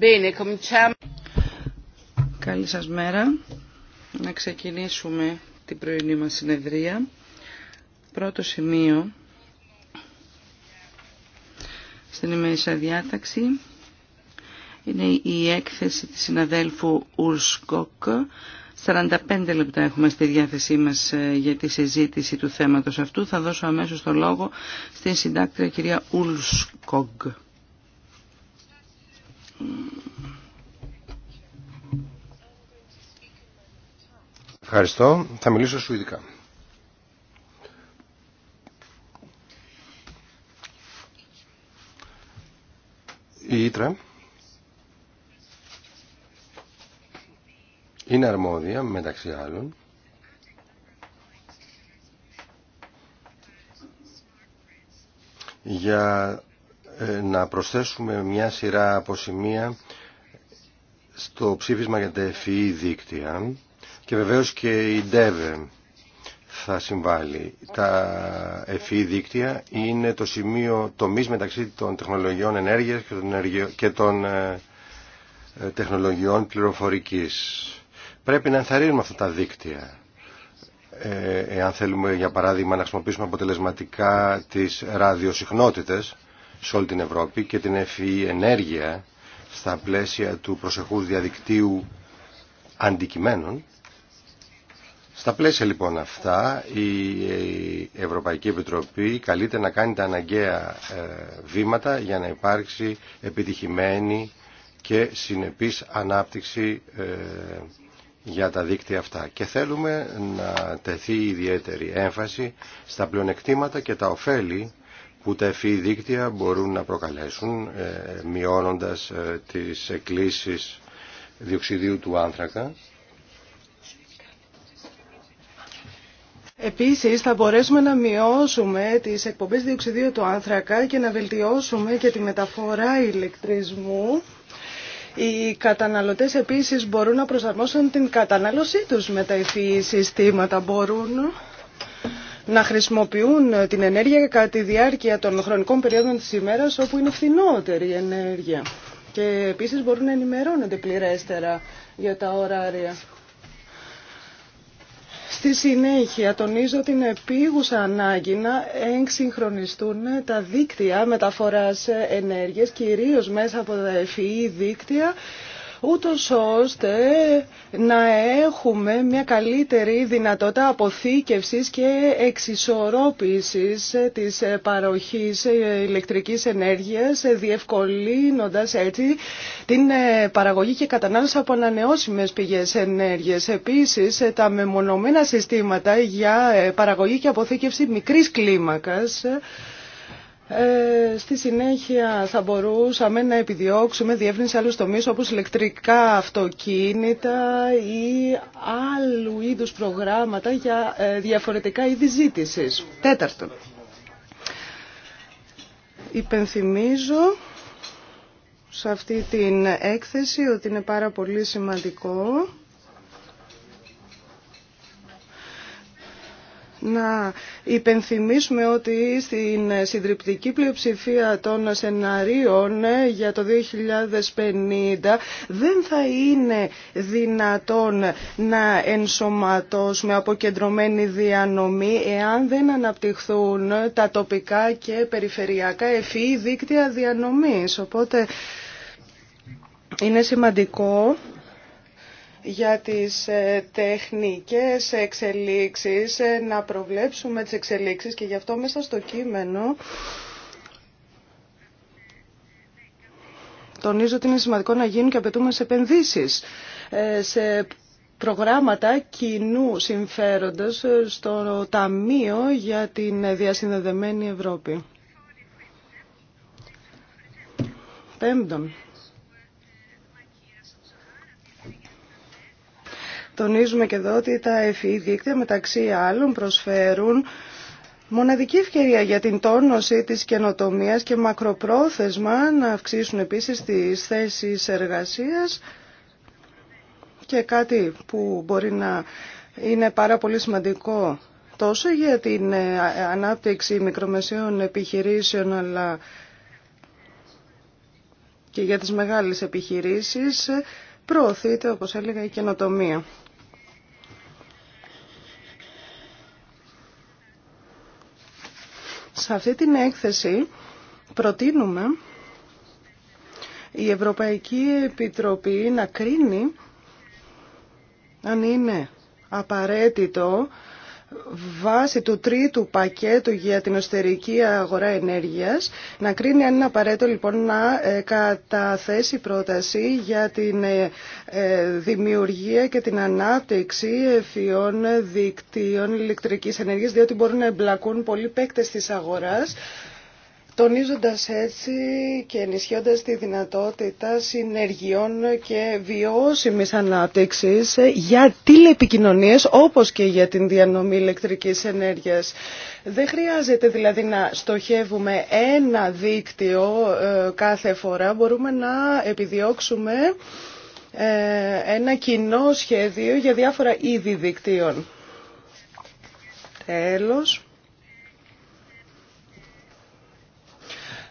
Bene, Καλή σας μέρα. Να ξεκινήσουμε την πρωινή μας συνεδρία. Πρώτο σημείο στην ημέρησα διάταξη είναι η έκθεση της συναδέλφου Ουρσκοκ. 45 λεπτά έχουμε στη διάθεσή μας ε, για τη συζήτηση του θέματος αυτού. Θα δώσω αμέσως το λόγο στην συντάκτρια κυρία Ουλσκοκ. Ευχαριστώ. Θα μιλήσω σου ειδικά. Η Ήτρα είναι αρμόδια μεταξύ άλλων για ε, να προσθέσουμε μια σειρά από στο ψήφισμα για τα FEE δίκτυα και βεβαίως και η ΔΕΒΕ θα συμβάλλει. Τα ΕΦΗ δίκτυα είναι το σημείο τομής μεταξύ των τεχνολογιών ενέργειας και των ε, ε, τεχνολογιών πληροφορικής. Πρέπει να ενθαρρύνουμε αυτά τα δίκτυα. Αν ε, θέλουμε, για παράδειγμα, να χρησιμοποιήσουμε αποτελεσματικά τις ραδιοσυχνότητες σε όλη την Ευρώπη και την εφή ενέργεια στα πλαίσια του προσεχούς διαδικτύου αντικειμένων, στα πλαίσια λοιπόν αυτά η Ευρωπαϊκή Επιτροπή καλείται να κάνει τα αναγκαία ε, βήματα για να υπάρξει επιτυχημένη και συνεπής ανάπτυξη ε, για τα δίκτυα αυτά. Και θέλουμε να τεθεί ιδιαίτερη έμφαση στα πλεονεκτήματα και τα ωφέλη που τα εφή δίκτυα μπορούν να προκαλέσουν ε, μειώνοντας τις εκκλήσεις διοξιδίου του άνθρακα Επίσης θα μπορέσουμε να μειώσουμε τις εκπομπές διοξιδίου του άνθρακα και να βελτιώσουμε και τη μεταφορά ηλεκτρισμού. Οι καταναλωτές επίσης μπορούν να προσαρμόσουν την κατανάλωσή τους με τα υφή συστήματα. Μπορούν να χρησιμοποιούν την ενέργεια κατά τη διάρκεια των χρονικών περίοδων της ημέρας όπου είναι φθηνότερη η ενέργεια. Και επίσης μπορούν να ενημερώνονται πληρέστερα για τα ωράρια. Στη συνέχεια τονίζω την επίγουσα ανάγκη να εξυγχρονιστούν τα δίκτυα μεταφοράς ενέργειας, κυρίως μέσα από τα εφή δίκτυα, ούτως ώστε να έχουμε μια καλύτερη δυνατότητα αποθήκευσης και εξισορρόπησης της παροχής ηλεκτρικής ενέργειας, διευκολύνοντας έτσι την παραγωγή και κατανάλωση από ανανεώσιμες πηγές ενέργειας. Επίσης, τα μεμονωμένα συστήματα για παραγωγή και αποθήκευση μικρής κλίμακας ε, στη συνέχεια θα μπορούσαμε να επιδιώξουμε διεύρυνση άλλους τομείς όπως ηλεκτρικά αυτοκίνητα ή άλλου είδους προγράμματα για ε, διαφορετικά είδη ζήτησης. Τέταρτον, υπενθυμίζω σε αυτή την έκθεση ότι είναι πάρα πολύ σημαντικό να υπενθυμίσουμε ότι στην συντριπτική πλειοψηφία των σεναρίων ε, για το 2050 δεν θα είναι δυνατόν να ενσωματώσουμε αποκεντρωμένη διανομή εάν δεν αναπτυχθούν τα τοπικά και περιφερειακά ευφυή δίκτυα διανομής. Οπότε είναι σημαντικό για τις ε, τεχνικές εξελίξεις, ε, να προβλέψουμε τις εξελίξεις και γι' αυτό μέσα στο κείμενο τονίζω ότι είναι σημαντικό να γίνουν και απαιτούμε σε επενδύσεις, ε, σε προγράμματα κοινού συμφέροντος στο Ταμείο για την Διασυνδεδεμένη Ευρώπη. Πέμπτον, Τονίζουμε και εδώ ότι τα ΕΦΗ e μεταξύ άλλων προσφέρουν Μοναδική ευκαιρία για την τόνωση της καινοτομίας και μακροπρόθεσμα να αυξήσουν επίσης τις θέσεις εργασίας και κάτι που μπορεί να είναι πάρα πολύ σημαντικό τόσο για την ε, ανάπτυξη μικρομεσαίων επιχειρήσεων αλλά και για τις μεγάλες επιχειρήσεις προωθείται όπως έλεγα η καινοτομία. Σε αυτή την έκθεση προτείνουμε η Ευρωπαϊκή Επιτροπή να κρίνει αν είναι απαραίτητο βάση του τρίτου πακέτου για την οστερική αγορά ενέργειας να κρίνει αν είναι απαραίτητο λοιπόν να ε, καταθέσει πρόταση για την ε, ε, δημιουργία και την ανάπτυξη εφιών δικτύων ηλεκτρικής ενέργειας διότι μπορούν να εμπλακούν πολλοί παίκτες της αγοράς τονίζοντας έτσι και ενισχύοντας τη δυνατότητα συνεργειών και βιώσιμης ανάπτυξης για τηλεπικοινωνίες όπως και για την διανομή ηλεκτρικής ενέργειας. Δεν χρειάζεται δηλαδή να στοχεύουμε ένα δίκτυο ε, κάθε φορά, μπορούμε να επιδιώξουμε ε, ένα κοινό σχέδιο για διάφορα είδη δικτύων. Τέλος.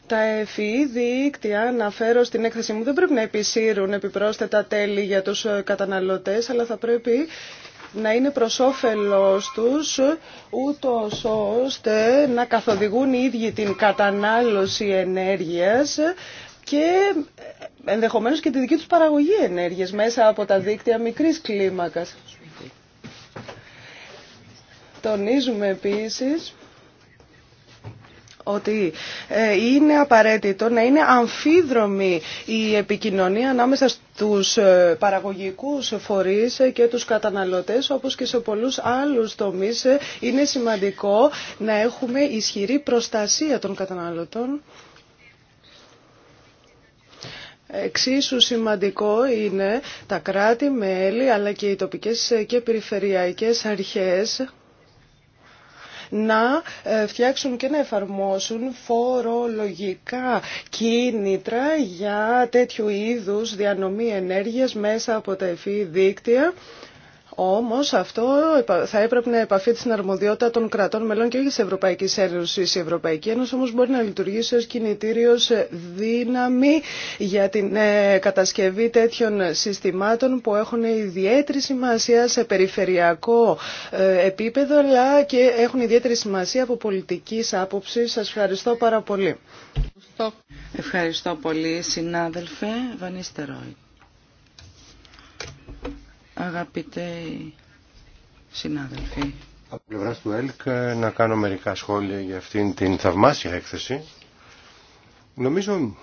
Τα ευφυή δίκτυα, αναφέρω στην έκθεση μου, δεν πρέπει να επισύρουν επιπρόσθετα τέλη για τους ε, καταναλωτές, αλλά θα πρέπει να είναι προ όφελο τους, ούτω ώστε να καθοδηγούν οι ίδιοι την κατανάλωση ενέργειας και ε, ενδεχομένως και τη δική τους παραγωγή ενέργειας μέσα από τα δίκτυα μικρής κλίμακας. Τονίζουμε επίσης ότι ε, είναι απαραίτητο να είναι αμφίδρομη η επικοινωνία ανάμεσα στους ε, παραγωγικούς φορείς ε, και τους καταναλωτές όπως και σε πολλούς άλλους τομείς είναι σημαντικό να έχουμε ισχυρή προστασία των καταναλωτών. Εξίσου σημαντικό είναι τα κράτη-μέλη αλλά και οι τοπικές και περιφερειακές αρχές να ε, φτιάξουν και να εφαρμόσουν φορολογικά κίνητρα για τέτοιου είδους διανομή ενέργειας μέσα από τα εφή δίκτυα όμως αυτό θα έπρεπε να επαφεί στην αρμοδιότητα των κρατών μελών και όχι τη Ευρωπαϊκή Ένωση, Η Ευρωπαϊκή Ένωση όμως μπορεί να λειτουργήσει ως κινητήριος δύναμη για την ε, κατασκευή τέτοιων συστημάτων που έχουν ιδιαίτερη σημασία σε περιφερειακό ε, επίπεδο αλλά και έχουν ιδιαίτερη σημασία από πολιτική άποψη. Σας ευχαριστώ πάρα πολύ. Ευχαριστώ πολύ συνάδελφε Βανίστερόι. Αγαπητοί συνάδελφοι. Από πλευρά του ΕΛΚ ε, να κάνω μερικά σχόλια για αυτήν την θαυμάσια έκθεση. Νομίζω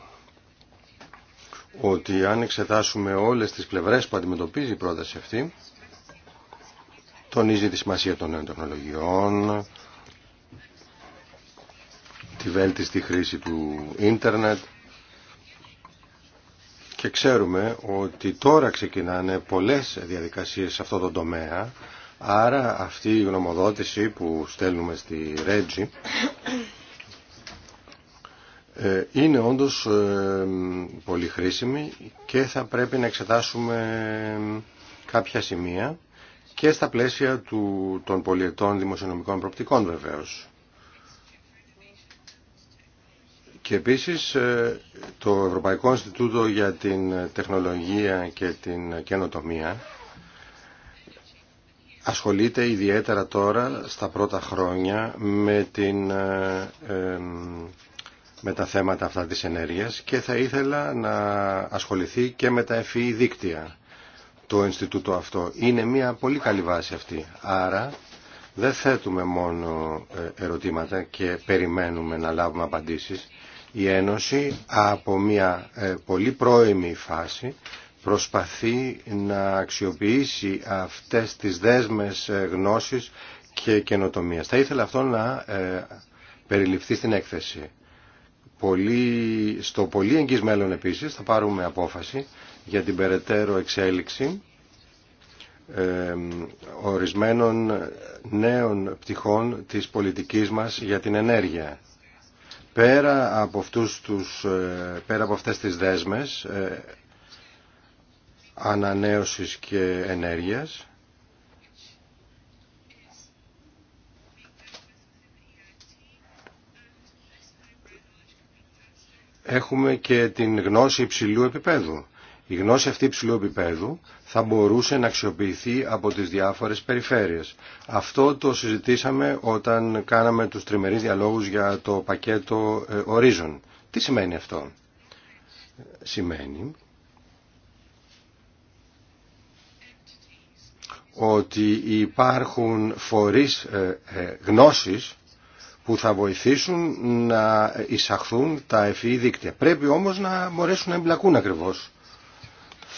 ότι αν εξετάσουμε όλες τις πλευρές που αντιμετωπίζει η πρόταση αυτή, τονίζει τη σημασία των νέων τεχνολογιών, τη βέλτιστη χρήση του ίντερνετ, και ξέρουμε ότι τώρα ξεκινάνε πολλές διαδικασίες σε αυτό το τομέα, άρα αυτή η γνωμοδότηση που στέλνουμε στη Ρέτζη ε, είναι όντως ε, πολύ χρήσιμη και θα πρέπει να εξετάσουμε κάποια σημεία και στα πλαίσια του, των πολιετών δημοσιονομικών προπτικών βεβαίως. Και επίσης ε, το Ευρωπαϊκό Ινστιτούτο για την Τεχνολογία και την Καινοτομία ασχολείται ιδιαίτερα τώρα στα πρώτα χρόνια με, την, ε, με τα θέματα αυτά της ενέργειας και θα ήθελα να ασχοληθεί και με τα ΕΦΗ e δίκτυα το Ινστιτούτο αυτό. Είναι μια πολύ καλή βάση αυτή. Άρα δεν θέτουμε μόνο ε, ερωτήματα και περιμένουμε να λάβουμε απαντήσεις η Ένωση από μια ε, πολύ πρώιμη φάση προσπαθεί να αξιοποιήσει αυτές τις δέσμες ε, γνώσης και καινοτομίας. Θα ήθελα αυτό να ε, περιληφθεί στην έκθεση. Πολύ, στο πολύ εγγύς μέλλον επίσης θα πάρουμε απόφαση για την περαιτέρω εξέλιξη ορισμένων νέων πτυχών της πολιτικής μας για την ενέργεια πέρα από, αυτούς τους, ε, πέρα από αυτές τις δέσμες ε, ανανέωσης και ενέργειας έχουμε και την γνώση υψηλού επίπεδου η γνώση αυτή υψηλού επίπεδου θα μπορούσε να αξιοποιηθεί από τις διάφορες περιφέρειες. Αυτό το συζητήσαμε όταν κάναμε τους τριμερείς διαλόγους για το πακέτο ορίζων. Ε, Τι σημαίνει αυτό. Σημαίνει ότι υπάρχουν φορείς ε, ε, γνώσης που θα βοηθήσουν να εισαχθούν τα ευφυή δίκτυα. Πρέπει όμως να μπορέσουν να εμπλακούν ακριβώς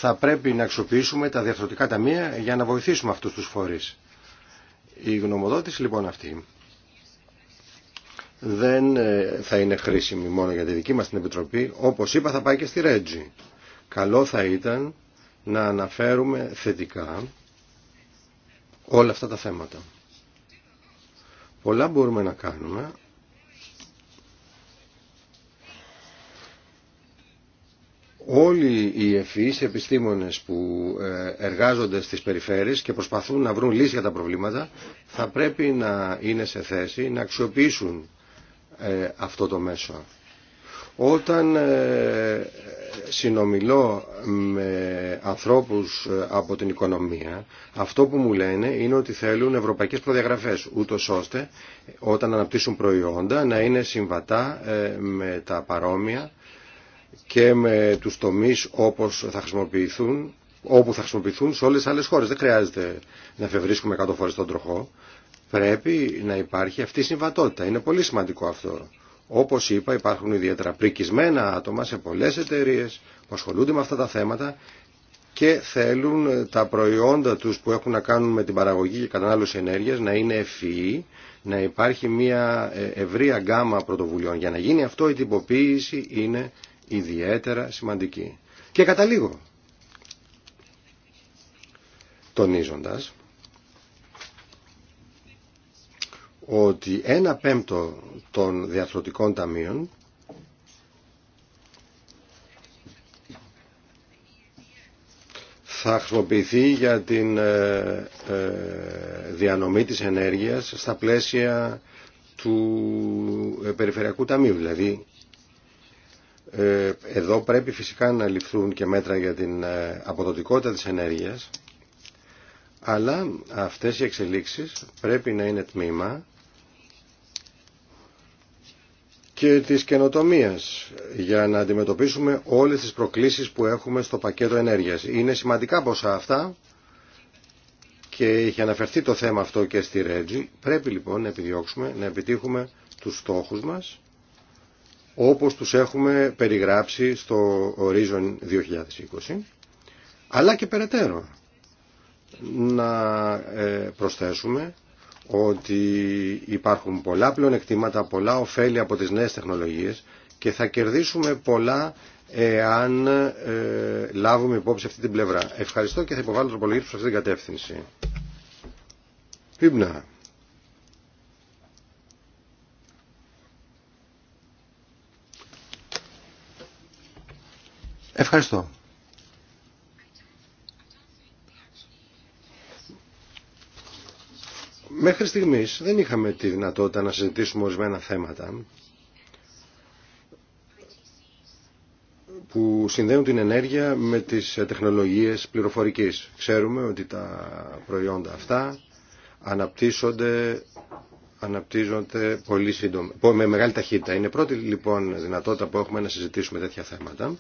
θα πρέπει να αξιοποιήσουμε τα διαφθορτικά ταμεία για να βοηθήσουμε αυτούς τους φορείς. Η γνωμοδότηση λοιπόν αυτή δεν ε, θα είναι χρήσιμη μόνο για τη δική μας την Επιτροπή. Όπως είπα θα πάει και στη Ρέτζη. Καλό θα ήταν να αναφέρουμε θετικά όλα αυτά τα θέματα. Πολλά μπορούμε να κάνουμε, όλοι οι ευφυείς επιστήμονες που ε, εργάζονται στις περιφέρειες και προσπαθούν να βρουν λύσεις για τα προβλήματα θα πρέπει να είναι σε θέση να αξιοποιήσουν ε, αυτό το μέσο. Όταν ε, συνομιλώ με ανθρώπους από την οικονομία, αυτό που μου λένε είναι ότι θέλουν ευρωπαϊκές προδιαγραφές, ούτω ώστε όταν αναπτύσσουν προϊόντα να είναι συμβατά με τα παρόμοια και με τους τομείς όπως θα χρησιμοποιηθούν, όπου θα χρησιμοποιηθούν σε όλες τις άλλες χώρες. Δεν χρειάζεται να εφευρίσκουμε 100 φορές τον τροχό. Πρέπει να υπάρχει αυτή η συμβατότητα. Είναι πολύ σημαντικό αυτό. Όπως είπα υπάρχουν ιδιαίτερα πρικισμένα άτομα σε πολλές εταιρείε που ασχολούνται με αυτά τα θέματα και θέλουν τα προϊόντα τους που έχουν να κάνουν με την παραγωγή και κατανάλωση ενέργειας να είναι ευφυή, να υπάρχει μια ευρία γκάμα πρωτοβουλειών. Για να γίνει αυτό η τυποποίηση είναι ιδιαίτερα σημαντική. Και καταλήγω τονίζοντας ότι ένα πέμπτο των διαθροτικών ταμείων θα χρησιμοποιηθεί για την ε, ε, διανομή της ενέργειας στα πλαίσια του ε, Περιφερειακού Ταμείου, δηλαδή ε, εδώ πρέπει φυσικά να ληφθούν και μέτρα για την ε, αποδοτικότητα της ενέργειας, αλλά αυτές οι εξελίξεις πρέπει να είναι τμήμα και της καινοτομίας για να αντιμετωπίσουμε όλες τις προκλήσεις που έχουμε στο πακέτο ενέργειας. Είναι σημαντικά ποσά αυτά και είχε αναφερθεί το θέμα αυτό και στη Ρέτζη. Πρέπει λοιπόν να επιδιώξουμε να επιτύχουμε τους στόχους μας όπως τους έχουμε περιγράψει στο Horizon 2020, αλλά και περαιτέρω να ε, προσθέσουμε ότι υπάρχουν πολλά πλεονεκτήματα, πολλά ωφέλη από τις νέες τεχνολογίες και θα κερδίσουμε πολλά εάν ε, λάβουμε υπόψη αυτή την πλευρά. Ευχαριστώ και θα υποβάλω πολύ σε αυτή την κατεύθυνση. Υπνά. Ευχαριστώ. Μέχρι στιγμής δεν είχαμε τη δυνατότητα να συζητήσουμε ορισμένα θέματα που συνδέουν την ενέργεια με τις τεχνολογίες πληροφορικής. Ξέρουμε ότι τα προϊόντα αυτά αναπτύσσονται, αναπτύσσονται πολύ σύντομα, με μεγάλη ταχύτητα. Είναι πρώτη λοιπόν δυνατότητα που έχουμε να συζητήσουμε τέτοια θέματα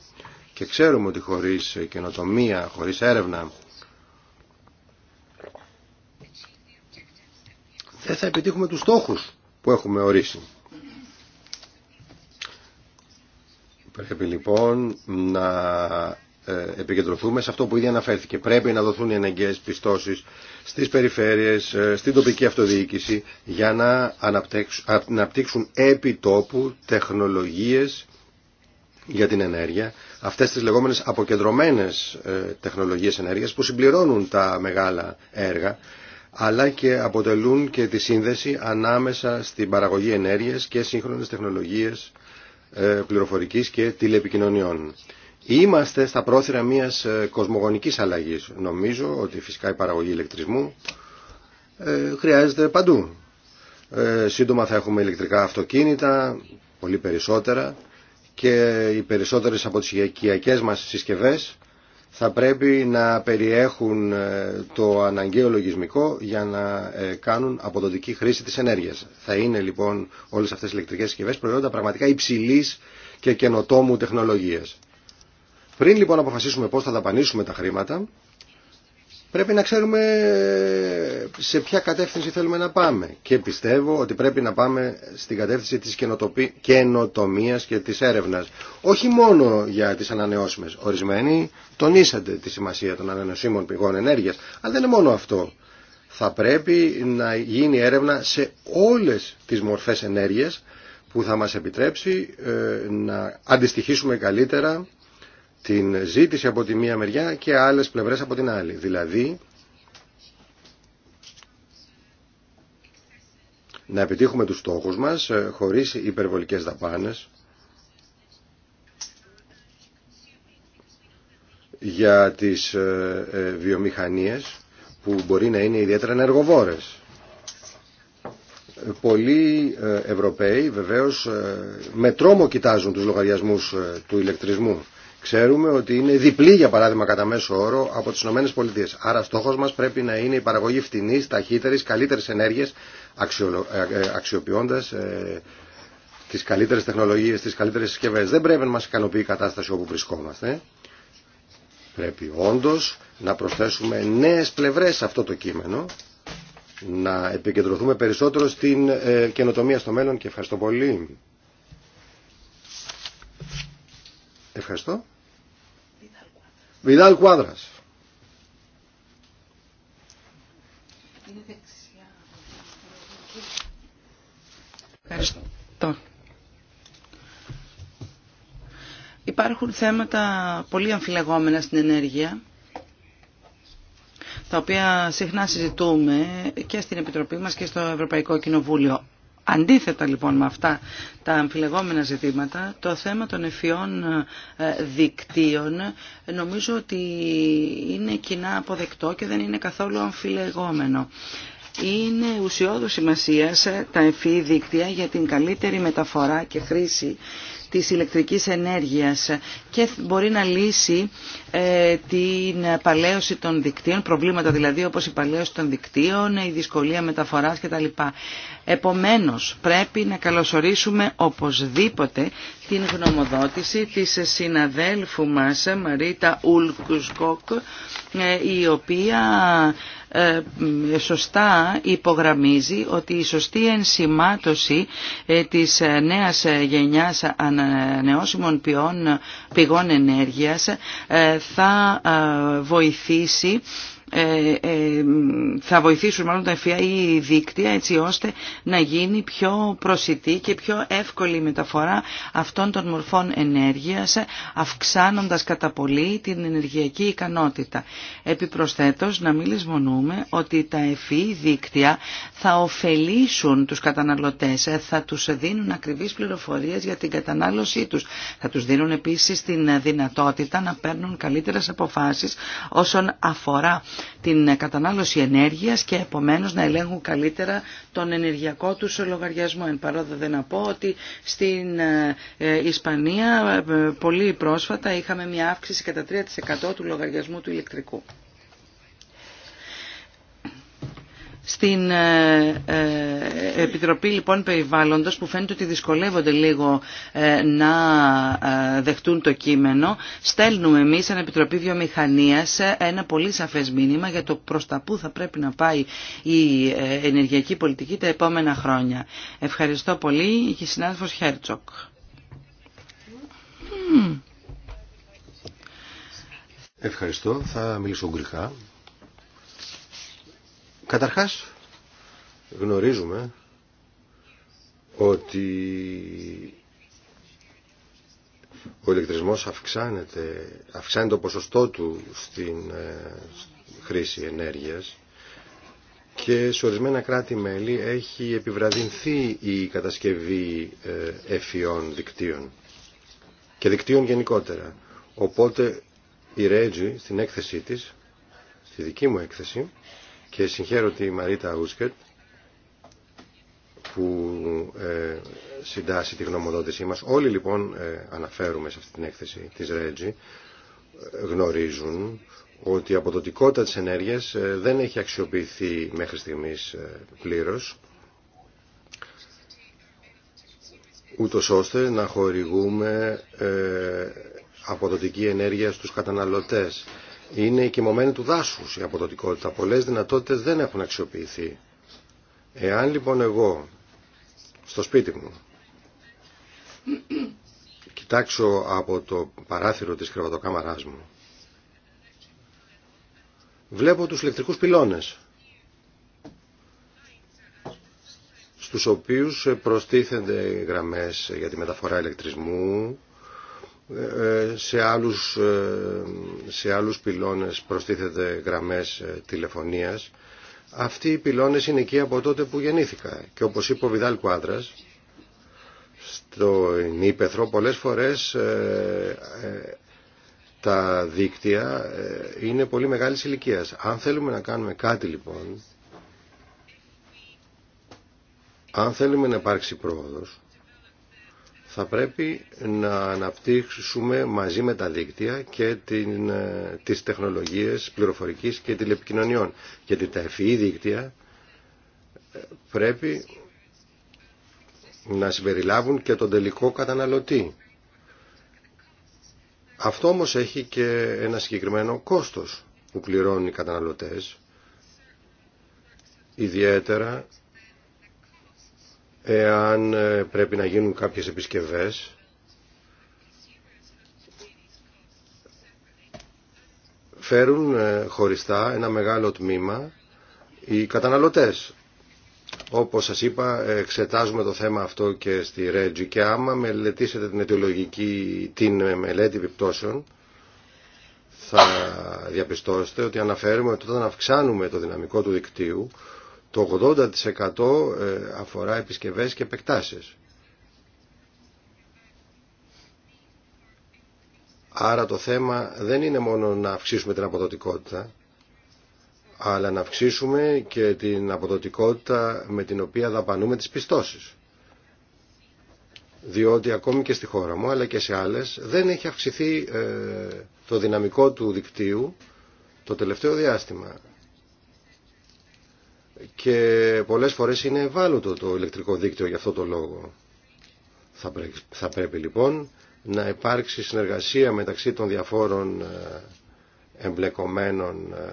και ξέρουμε ότι χωρίς καινοτομία, χωρίς έρευνα, δεν θα επιτύχουμε τους στόχους που έχουμε ορίσει. Πρέπει λοιπόν να ε, επικεντρωθούμε σε αυτό που ήδη αναφέρθηκε. Πρέπει να δοθούν οι αναγκαίες πιστώσεις στις περιφέρειες, ε, στην τοπική αυτοδιοίκηση για να αναπτύξουν επί τόπου τεχνολογίες για την ενέργεια αυτές τις λεγόμενες αποκεντρωμένες ε, τεχνολογίες ενέργειας που συμπληρώνουν τα μεγάλα έργα αλλά και αποτελούν και τη σύνδεση ανάμεσα στην παραγωγή ενέργειας και σύγχρονες τεχνολογίες ε, πληροφορικής και τηλεπικοινωνιών. Είμαστε στα πρόθυρα μιας ε, κοσμογονικής αλλαγής. Νομίζω ότι φυσικά η παραγωγή ηλεκτρισμού χρειάζεται παντού. Σύντομα θα έχουμε ηλεκτρικά αυτοκίνητα, πολύ περισσότερα και οι περισσότερες από τις οικιακές μας συσκευές θα πρέπει να περιέχουν ε, το αναγκαίο λογισμικό για να ε, κάνουν αποδοτική χρήση της ενέργειας. Θα είναι λοιπόν όλες αυτές οι ηλεκτρικές συσκευές προϊόντα πραγματικά υψηλής και καινοτόμου τεχνολογίας. Πριν λοιπόν αποφασίσουμε πώς θα δαπανίσουμε τα χρήματα, πρέπει να ξέρουμε σε ποια κατεύθυνση θέλουμε να πάμε. Και πιστεύω ότι πρέπει να πάμε στην κατεύθυνση της καινοτομία και της έρευνας. Όχι μόνο για τις ανανεώσιμες. Ορισμένοι τονίσατε τη σημασία των ανανεωσίμων πηγών ενέργειας. Αλλά δεν είναι μόνο αυτό. Θα πρέπει να γίνει έρευνα σε όλες τις μορφές ενέργειας που θα μας επιτρέψει ε, να αντιστοιχίσουμε καλύτερα την ζήτηση από τη μία μεριά και άλλες πλευρές από την άλλη. Δηλαδή, να επιτύχουμε τους στόχους μας ε, χωρίς υπερβολικές δαπάνες για τις ε, ε, βιομηχανίες που μπορεί να είναι ιδιαίτερα ενεργοβόρες. Πολλοί Ευρωπαίοι βεβαίως με τρόμο κοιτάζουν τους λογαριασμούς του ηλεκτρισμού Ξέρουμε ότι είναι διπλή, για παράδειγμα, κατά μέσο όρο από τι ΗΠΑ. Άρα, στόχος μας πρέπει να είναι η παραγωγή φτηνής, ταχύτερης, καλύτερη ενέργεια, ε, ε, αξιοποιώντας αξιοποιώντα ε, τι καλύτερε τεχνολογίε, τι καλύτερε συσκευέ. Δεν πρέπει να μα ικανοποιεί η κατάσταση όπου βρισκόμαστε. Πρέπει όντω να προσθέσουμε νέες πλευρές σε αυτό το κείμενο, να επικεντρωθούμε περισσότερο στην ε, καινοτομία στο μέλλον και ευχαριστώ πολύ. Ευχαριστώ. Βιδάλ Ευχαριστώ. Υπάρχουν θέματα πολύ αμφιλεγόμενα στην ενέργεια, τα οποία συχνά συζητούμε και στην Επιτροπή μας και στο Ευρωπαϊκό Κοινοβούλιο. Αντίθετα λοιπόν με αυτά τα αμφιλεγόμενα ζητήματα, το θέμα των ευφυών ε, δικτύων ε, νομίζω ότι είναι κοινά αποδεκτό και δεν είναι καθόλου αμφιλεγόμενο. Είναι ουσιώδου σημασία ε, τα ευφυή δίκτυα για την καλύτερη μεταφορά και χρήση της ηλεκτρικής ενέργειας και μπορεί να λύσει ε, την παλαίωση των δικτύων, προβλήματα δηλαδή όπως η παλαίωση των δικτύων, η δυσκολία μεταφοράς κτλ. Επομένως πρέπει να καλωσορίσουμε οπωσδήποτε την γνωμοδότηση της συναδέλφου μας Μαρίτα Ουλκουσκόκ ε, η οποία ε, σωστά υπογραμμίζει ότι η σωστή ενσημάτωση ε, της νέας γενιάς ανανεώσιμων πηγών ενέργειας θα βοηθήσει ε, ε, θα βοηθήσουν μάλλον τα FIA δίκτυα έτσι ώστε να γίνει πιο προσιτή και πιο εύκολη η μεταφορά αυτών των μορφών ενέργειας αυξάνοντας κατά πολύ την ενεργειακή ικανότητα. Επιπροσθέτως να μην λησμονούμε ότι τα FIA δίκτυα θα ωφελήσουν τους καταναλωτές, ε, θα τους δίνουν ακριβείς πληροφορίες για την κατανάλωσή τους. Θα τους δίνουν επίσης την δυνατότητα να παίρνουν καλύτερες αποφάσεις όσον αφορά την κατανάλωση ενέργειας και επομένως να ελέγχουν καλύτερα τον ενεργειακό τους λογαριασμό. Εν παρόδο δεν να πω ότι στην ε, Ισπανία ε, πολύ πρόσφατα είχαμε μια αύξηση κατά 3% του λογαριασμού του ηλεκτρικού. Στην ε, ε, Επιτροπή λοιπόν Περιβάλλοντος που φαίνεται ότι δυσκολεύονται λίγο ε, να δεχτούν το κείμενο στέλνουμε εμείς σαν Επιτροπή Βιομηχανίας ένα πολύ σαφές μήνυμα για το προς τα που θα πρέπει να πάει η ενεργειακή πολιτική τα επόμενα χρόνια. Ευχαριστώ πολύ και συνάδελφος Χέρτσοκ. Ευχαριστώ. Θα μιλήσω γκριχά. Καταρχάς γνωρίζουμε ότι ο ηλεκτρισμός αυξάνεται, αυξάνεται το ποσοστό του στην ε, χρήση ενέργειας και σε ορισμένα κράτη-μέλη έχει επιβραδυνθεί η κατασκευή ε, εφιών δικτύων και δικτύων γενικότερα. Οπότε η Ρέτζη στην έκθεσή της, στη δική μου έκθεση, και συγχαίρω τη Μαρίτα Ούσκετ που ε, συντάσσει τη γνωμοδότησή μας. Όλοι λοιπόν ε, αναφέρουμε σε αυτή την έκθεση της Ρέτζη ε, γνωρίζουν ότι η αποδοτικότητα της ενέργειας δεν έχει αξιοποιηθεί μέχρι στιγμής πλήρως ούτως ώστε να χορηγούμε αποδοτική ενέργεια στους καταναλωτές είναι η κοιμωμένη του δάσους η αποδοτικότητα. Πολλές δυνατότητες δεν έχουν αξιοποιηθεί. Εάν λοιπόν εγώ στο σπίτι μου κοιτάξω από το παράθυρο της κρεβατοκάμαράς μου βλέπω τους ηλεκτρικούς πυλώνες στους οποίους προστίθενται γραμμές για τη μεταφορά ηλεκτρισμού σε άλλους, ε, σε άλλους πυλώνες προστίθεται γραμμές ε, τηλεφωνίας. Αυτοί οι πυλώνες είναι εκεί από τότε που γεννήθηκα. Και όπως είπε ο Βιδάλ Κουάδρας, στο Πεθρό πολλές φορές ε, τα δίκτυα είναι πολύ μεγάλης ηλικία. Αν θέλουμε να κάνουμε κάτι λοιπόν, αν θέλουμε να υπάρξει πρόοδος, θα πρέπει να αναπτύξουμε μαζί με τα δίκτυα και την, ε, τις τεχνολογίες πληροφορικής και τηλεπικοινωνιών. Γιατί τα ευφυή e δίκτυα ε, πρέπει να συμπεριλάβουν και τον τελικό καταναλωτή. Αυτό όμως έχει και ένα συγκεκριμένο κόστος που πληρώνουν οι καταναλωτές, ιδιαίτερα εάν ε, πρέπει να γίνουν κάποιες επισκευές φέρουν ε, χωριστά ένα μεγάλο τμήμα οι καταναλωτές. Όπως σας είπα, εξετάζουμε το θέμα αυτό και στη Ρέτζη και άμα μελετήσετε την αιτιολογική, την μελέτη επιπτώσεων, θα διαπιστώσετε ότι αναφέρουμε ότι όταν αυξάνουμε το δυναμικό του δικτύου, το 80% ε, αφορά επισκευές και επεκτάσεις. Άρα το θέμα δεν είναι μόνο να αυξήσουμε την αποδοτικότητα, αλλά να αυξήσουμε και την αποδοτικότητα με την οποία δαπανούμε τις πιστώσεις. Διότι ακόμη και στη χώρα μου, αλλά και σε άλλες, δεν έχει αυξηθεί ε, το δυναμικό του δικτύου το τελευταίο διάστημα και πολλές φορές είναι ευάλωτο το ηλεκτρικό δίκτυο για αυτό το λόγο. Θα, πρέπει λοιπόν να υπάρξει συνεργασία μεταξύ των διαφόρων ε, εμπλεκομένων ε,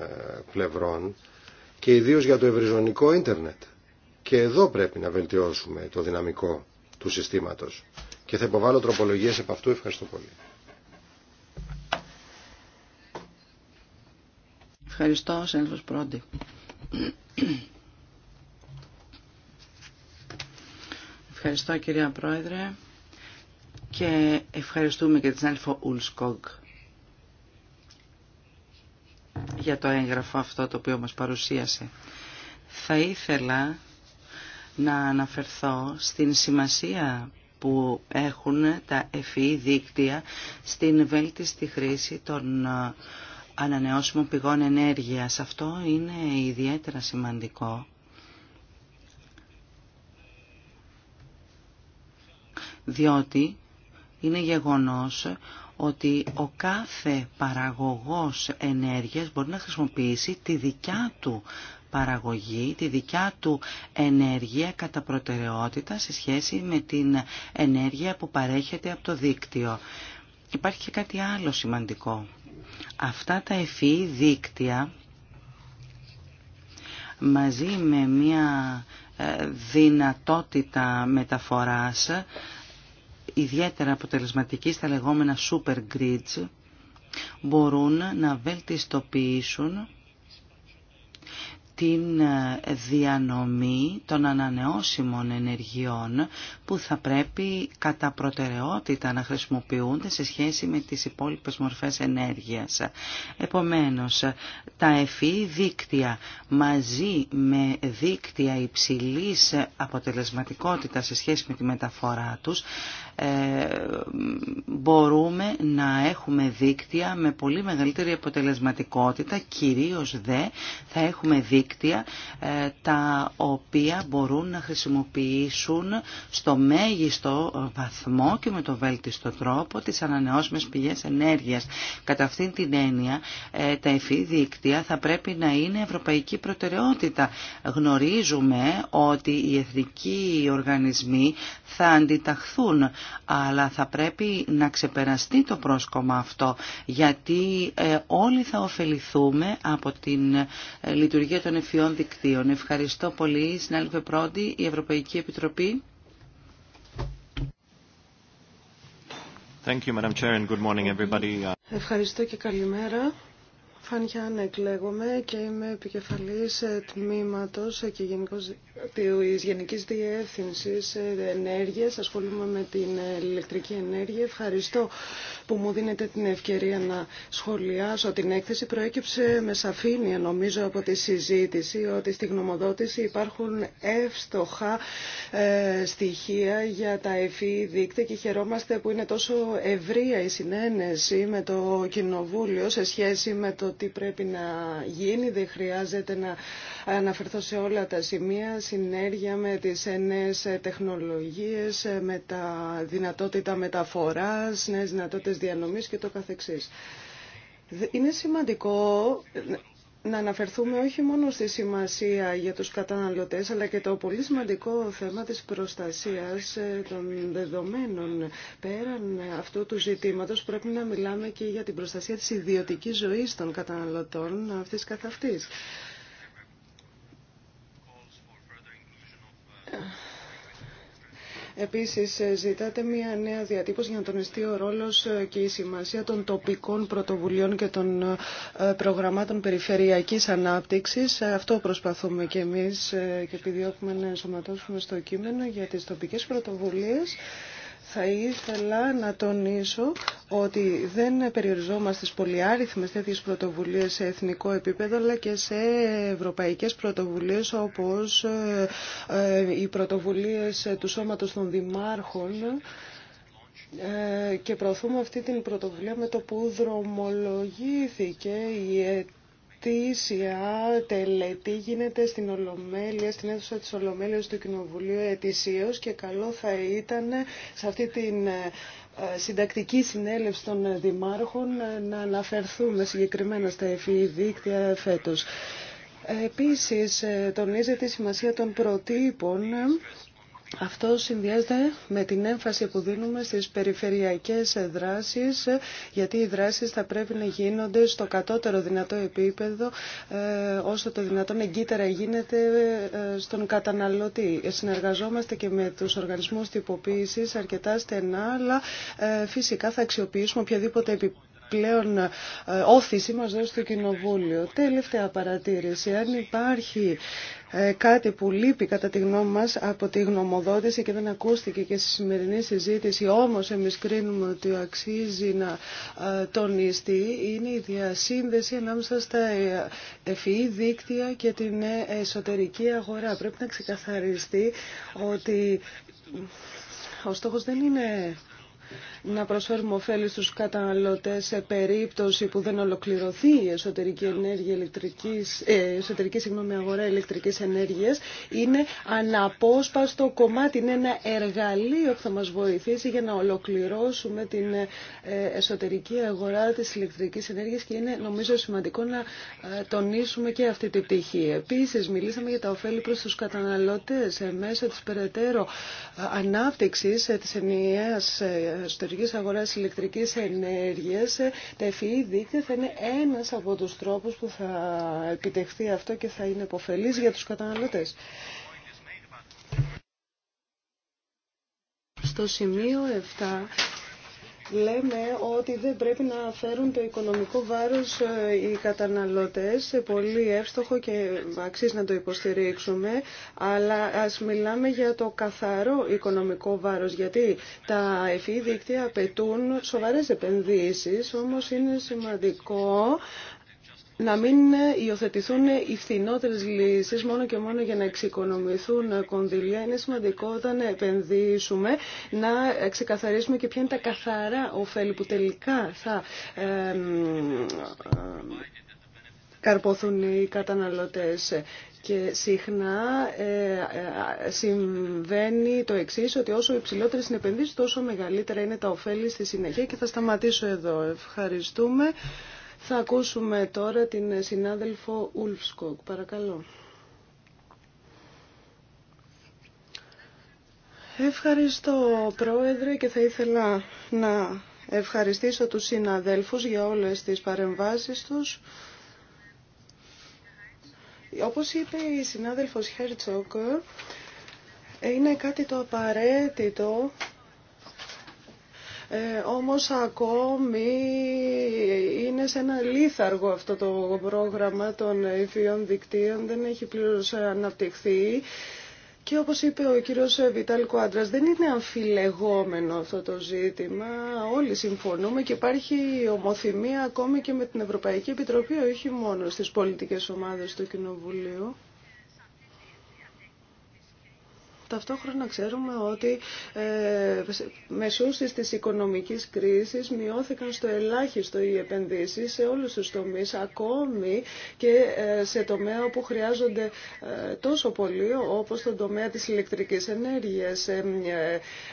πλευρών και ιδίως για το ευρυζωνικό ίντερνετ. Και εδώ πρέπει να βελτιώσουμε το δυναμικό του συστήματος. Και θα υποβάλω τροπολογίες επ' αυτού. Ευχαριστώ πολύ. Ευχαριστώ, Σέλφος Πρόντι. Ευχαριστώ κυρία Πρόεδρε και ευχαριστούμε και την Άλφο Ουλσκόγκ για το έγγραφο αυτό το οποίο μας παρουσίασε. Θα ήθελα να αναφερθώ στην σημασία που έχουν τα ΕΦΗ e δίκτυα στην βέλτιστη χρήση των ε, ανανεώσιμων πηγών ενέργειας. Αυτό είναι ιδιαίτερα σημαντικό διότι είναι γεγονός ότι ο κάθε παραγωγός ενέργειας μπορεί να χρησιμοποιήσει τη δικιά του παραγωγή, τη δικιά του ενέργεια κατά προτεραιότητα σε σχέση με την ενέργεια που παρέχεται από το δίκτυο. Υπάρχει και κάτι άλλο σημαντικό. Αυτά τα ευφυή δίκτυα μαζί με μια ε, δυνατότητα μεταφοράς ιδιαίτερα αποτελεσματικοί στα λεγόμενα super grids μπορούν να βελτιστοποιήσουν την ε, διανομή των ανανεώσιμων ενεργειών που θα πρέπει κατά προτεραιότητα να χρησιμοποιούνται σε σχέση με τις υπόλοιπες μορφές ενέργειας. Επομένως, τα εφή e δίκτυα μαζί με δίκτυα υψηλής αποτελεσματικότητας σε σχέση με τη μεταφορά τους ε, μπορούμε να έχουμε δίκτυα με πολύ μεγαλύτερη αποτελεσματικότητα, κυρίως δε θα έχουμε δίκτυα ε, τα οποία μπορούν να χρησιμοποιήσουν στο μέγιστο βαθμό και με το βέλτιστο τρόπο τις ανανεώσιμες πηγές ενέργειας. Κατά αυτήν την έννοια ε, τα εφή δίκτυα θα πρέπει να είναι ευρωπαϊκή προτεραιότητα. Γνωρίζουμε ότι οι εθνικοί οργανισμοί θα αντιταχθούν αλλά θα πρέπει να ξεπεραστεί το πρόσκομα αυτό γιατί ε, όλοι θα ωφεληθούμε από την ε, λειτουργία των ευφυών δικτύων. Ευχαριστώ πολύ. Συνάδελφε πρώτη η Ευρωπαϊκή Επιτροπή. Thank you, Madam Ευχαριστώ και καλημέρα. Φαν ναι, εκλέγομαι και είμαι επικεφαλής ε, τμήματος ε, και γενικός της Γενικής Διεύθυνσης ε, Ενέργειας. Ασχολούμαι με την ηλεκτρική ενέργεια. Ευχαριστώ που μου δίνετε την ευκαιρία να σχολιάσω την έκθεση. Προέκυψε με σαφήνεια νομίζω από τη συζήτηση ότι στη γνωμοδότηση υπάρχουν εύστοχα στοιχεία για τα ευφύ δίκτυα και χαιρόμαστε που είναι τόσο ευρία η συνένεση με το Κοινοβούλιο σε σχέση με το τι πρέπει να γίνει. Δεν χρειάζεται να αναφερθώ σε όλα τα σημεία. Συνέργεια με τις νέες τεχνολογίες, με τα δυνατότητα μεταφοράς, νέες δυνατότητες διανομής και το καθεξής. Είναι σημαντικό να αναφερθούμε όχι μόνο στη σημασία για τους καταναλωτές, αλλά και το πολύ σημαντικό θέμα της προστασίας ε, των δεδομένων. Πέραν αυτού του ζητήματος πρέπει να μιλάμε και για την προστασία της ιδιωτικής ζωής των καταναλωτών αυτής καθ' αυτής. Επίσης ε, ζητάτε μια νέα διατύπωση για να τονιστεί ο ρόλος ε, και η σημασία των τοπικών πρωτοβουλίων και των ε, προγραμμάτων περιφερειακής ανάπτυξης. Αυτό προσπαθούμε και εμείς και επιδιώκουμε να ενσωματώσουμε στο κείμενο για τις τοπικές πρωτοβουλίες. Θα ήθελα να τονίσω ότι δεν περιοριζόμαστε στις πολυάριθμες τέτοιες πρωτοβουλίες σε εθνικό επίπεδο αλλά και σε ευρωπαϊκές πρωτοβουλίες όπως ε, ε, οι πρωτοβουλίες του Σώματος των Δημάρχων ε, και προωθούμε αυτή την πρωτοβουλία με το που δρομολογήθηκε η ετήσια τελετή γίνεται στην Ολομέλεια, στην αίθουσα της Ολομέλειας του Κοινοβουλίου ετησίως και καλό θα ήταν σε αυτή την ε, συντακτική συνέλευση των δημάρχων ε, να αναφερθούμε συγκεκριμένα στα ΕΦΗ δίκτυα φέτος. Επίσης, ε, τονίζεται η σημασία των προτύπων αυτό συνδυάζεται με την έμφαση που δίνουμε στις περιφερειακές δράσεις, γιατί οι δράσεις θα πρέπει να γίνονται στο κατώτερο δυνατό επίπεδο, ε, όσο το δυνατόν εγκύτερα γίνεται ε, στον καταναλωτή. Συνεργαζόμαστε και με τους οργανισμούς τυποποίησης αρκετά στενά, αλλά ε, φυσικά θα αξιοποιήσουμε οποιαδήποτε επιπλέον πλέον ε, όθηση μας δώσει το Κοινοβούλιο. Τελευταία παρατήρηση. Αν υπάρχει ε, κάτι που λείπει κατά τη γνώμη μας από τη γνωμοδότηση και δεν ακούστηκε και στη σημερινή συζήτηση όμως εμείς κρίνουμε ότι αξίζει να ε, τονιστεί είναι η διασύνδεση ανάμεσα στα ευφυή δίκτυα και την εσωτερική αγορά. Πρέπει να ξεκαθαριστεί ότι ο στόχος δεν είναι να προσφέρουμε ωφέλη στους καταναλωτές σε περίπτωση που δεν ολοκληρωθεί η εσωτερική, ενέργεια ηλεκτρικής, ε, εσωτερική συγγνώμη, αγορά ηλεκτρικής ενέργειας είναι αναπόσπαστο κομμάτι, είναι ένα εργαλείο που θα μας βοηθήσει για να ολοκληρώσουμε την ε, εσωτερική αγορά της ηλεκτρικής ενέργειας και είναι νομίζω σημαντικό να ε, τονίσουμε και αυτή την πτυχή. Επίσης μιλήσαμε για τα ωφέλη προς τους καταναλωτές μέσω της περαιτέρω ανάπτυξης της ενιαίας εσωτερικής αγοράς ηλεκτρικής ενέργειας, τα FEE e δίκτυα θα είναι ένας από τους τρόπους που θα επιτευχθεί αυτό και θα είναι υποφελής για τους καταναλωτές. Στο σημείο λέμε ότι δεν πρέπει να φέρουν το οικονομικό βάρος ε, οι καταναλωτές, ε, πολύ εύστοχο και αξίζει να το υποστηρίξουμε, αλλά ας μιλάμε για το καθαρό οικονομικό βάρος, γιατί τα εφή δίκτυα απαιτούν σοβαρές επενδύσεις, όμως είναι σημαντικό να μην υιοθετηθούν οι φθηνότερε λύσεις μόνο και μόνο για να εξοικονομηθούν κονδυλία. Είναι σημαντικό όταν επενδύσουμε να ξεκαθαρίσουμε και ποια είναι τα καθαρά ωφέλη που τελικά θα καρποθούν οι καταναλωτές. Και συχνά ε, ε, συμβαίνει το εξή ότι όσο υψηλότερε είναι επενδύσει, τόσο μεγαλύτερα είναι τα ωφέλη στη συνέχεια. Και θα σταματήσω εδώ. Ευχαριστούμε. Θα ακούσουμε τώρα την συνάδελφο Ουλφσκοκ. Παρακαλώ. Ευχαριστώ Πρόεδρε και θα ήθελα να ευχαριστήσω τους συναδέλφους για όλες τις παρεμβάσεις τους. Όπως είπε η συνάδελφος Χέρτσοκ, είναι κάτι το απαραίτητο ε, όμως ακόμη είναι σε ένα λίθαργο αυτό το πρόγραμμα των υφείων δικτύων, δεν έχει πλήρως αναπτυχθεί. Και όπως είπε ο κύριος Βιτάλ Κουάντρας, δεν είναι αμφιλεγόμενο αυτό το ζήτημα. Όλοι συμφωνούμε και υπάρχει ομοθυμία ακόμη και με την Ευρωπαϊκή Επιτροπή, όχι μόνο στις πολιτικές ομάδες του Κοινοβουλίου. Ταυτόχρονα ξέρουμε ότι ε, τη της οικονομικής κρίσης μειώθηκαν στο ελάχιστο οι επενδύσεις σε όλους τους τομείς, ακόμη και ε, σε τομέα που χρειάζονται ε, τόσο πολύ όπως τον τομέα της ηλεκτρικής ενέργειας. Ε,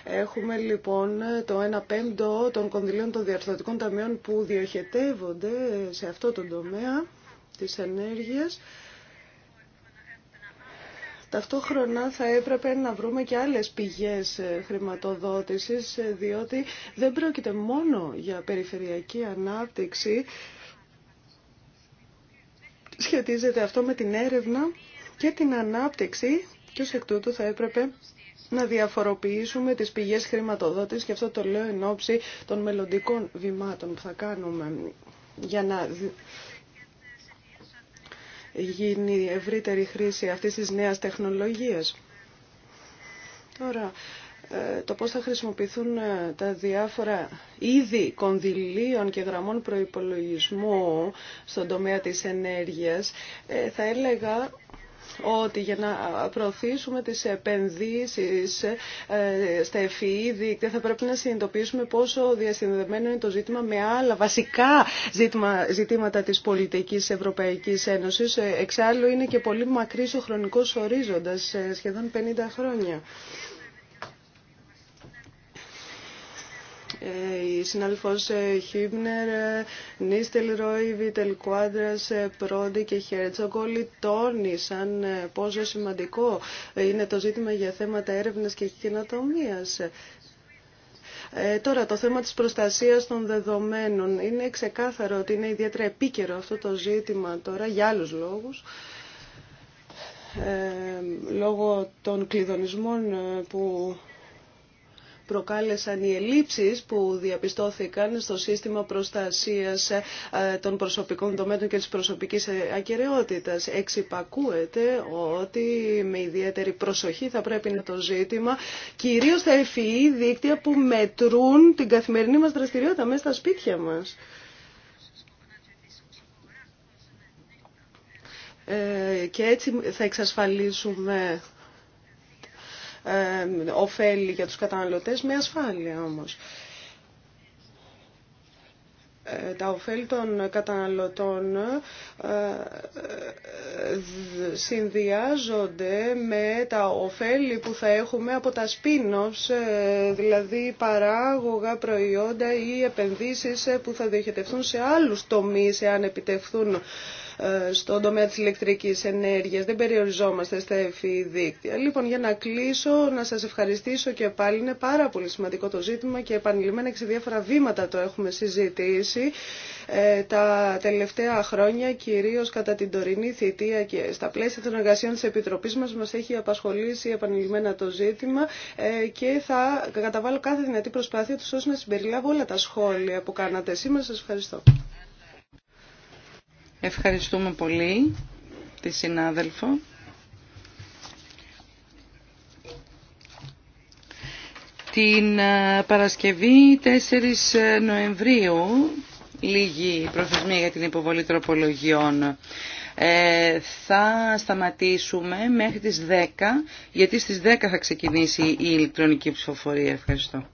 έχουμε λοιπόν το 1 πέμπτο των κονδυλίων των διαρθρωτικών ταμείων που διοχετεύονται σε αυτό το τομέα της ενέργειας. Ταυτόχρονα θα έπρεπε να βρούμε και άλλες πηγές ε, χρηματοδότησης, ε, διότι δεν πρόκειται μόνο για περιφερειακή ανάπτυξη. Σχετίζεται αυτό με την έρευνα και την ανάπτυξη και ως εκ τούτου θα έπρεπε να διαφοροποιήσουμε τις πηγές χρηματοδότησης και αυτό το λέω εν ώψη των μελλοντικών βημάτων που θα κάνουμε για να γίνει ευρύτερη χρήση αυτής της νέας τεχνολογίας. Τώρα, ε, το πώς θα χρησιμοποιηθούν ε, τα διάφορα είδη κονδυλίων και γραμμών προϋπολογισμού στον τομέα της ενέργειας, ε, θα έλεγα ότι για να προωθήσουμε τις επενδύσεις ε, στα FEE δίκτυα θα πρέπει να συνειδητοποιήσουμε πόσο διασυνδεμένο είναι το ζήτημα με άλλα βασικά ζητήματα της πολιτικής Ευρωπαϊκής Ένωσης. Ε, εξάλλου είναι και πολύ μακρύς ο χρονικός ορίζοντας, ε, σχεδόν 50 χρόνια. Ε, η συνάδελφό ε, Χίμπνερ, ε, Νίστελ Ρόι, Βίτελ Πρόντι και Χέρτσοκ όλοι τόνισαν πόσο σημαντικό είναι το ζήτημα για θέματα έρευνας και κοινοτομία. Ε, τώρα, το θέμα της προστασίας των δεδομένων. Είναι ξεκάθαρο ότι είναι ιδιαίτερα επίκαιρο αυτό το ζήτημα τώρα για άλλους λόγους. λόγω των κλειδονισμών που προκάλεσαν οι ελλείψεις που διαπιστώθηκαν στο σύστημα προστασίας ε, των προσωπικών δομένων και της προσωπικής ε, ακαιρεότητα. Εξυπακούεται ότι με ιδιαίτερη προσοχή θα πρέπει να το ζήτημα, κυρίως τα ευφυή e e δίκτυα που μετρούν την καθημερινή μας δραστηριότητα μέσα στα σπίτια μας. Ε, και έτσι θα εξασφαλίσουμε ε, ωφέλη για τους καταναλωτές με ασφάλεια όμως. Ε, τα ωφέλη των καταναλωτών ε, συνδυάζονται με τα ωφέλη που θα έχουμε από τα σπίνος, δηλαδή παράγωγα προϊόντα ή επενδύσεις που θα διοχετευτούν σε άλλους τομείς εάν επιτευχθούν ε, στον τομέα της ηλεκτρικής ενέργειας. Δεν περιοριζόμαστε στα εφηδίκτυα. δίκτυα. Λοιπόν, για να κλείσω, να σας ευχαριστήσω και πάλι. Είναι πάρα πολύ σημαντικό το ζήτημα και επανειλημμένα και σε διάφορα βήματα το έχουμε συζητήσει ε, τα τελευταία χρόνια, κυρίως κατά την τωρινή θητεία και στα πλαίσια των εργασιών της Επιτροπής μας, μας έχει απασχολήσει επανειλημμένα το ζήτημα ε, και θα καταβάλω κάθε δυνατή προσπάθεια του ώστε να συμπεριλάβω όλα τα σχόλια που κάνατε σήμερα. Σας ευχαριστώ. Ευχαριστούμε πολύ τη συνάδελφο. Την ε, Παρασκευή 4 ε, Νοεμβρίου λίγη προθεσμία για την υποβολή τροπολογιών. Ε, θα σταματήσουμε μέχρι τις 10, γιατί στις 10 θα ξεκινήσει η ηλεκτρονική ψηφοφορία. Ευχαριστώ.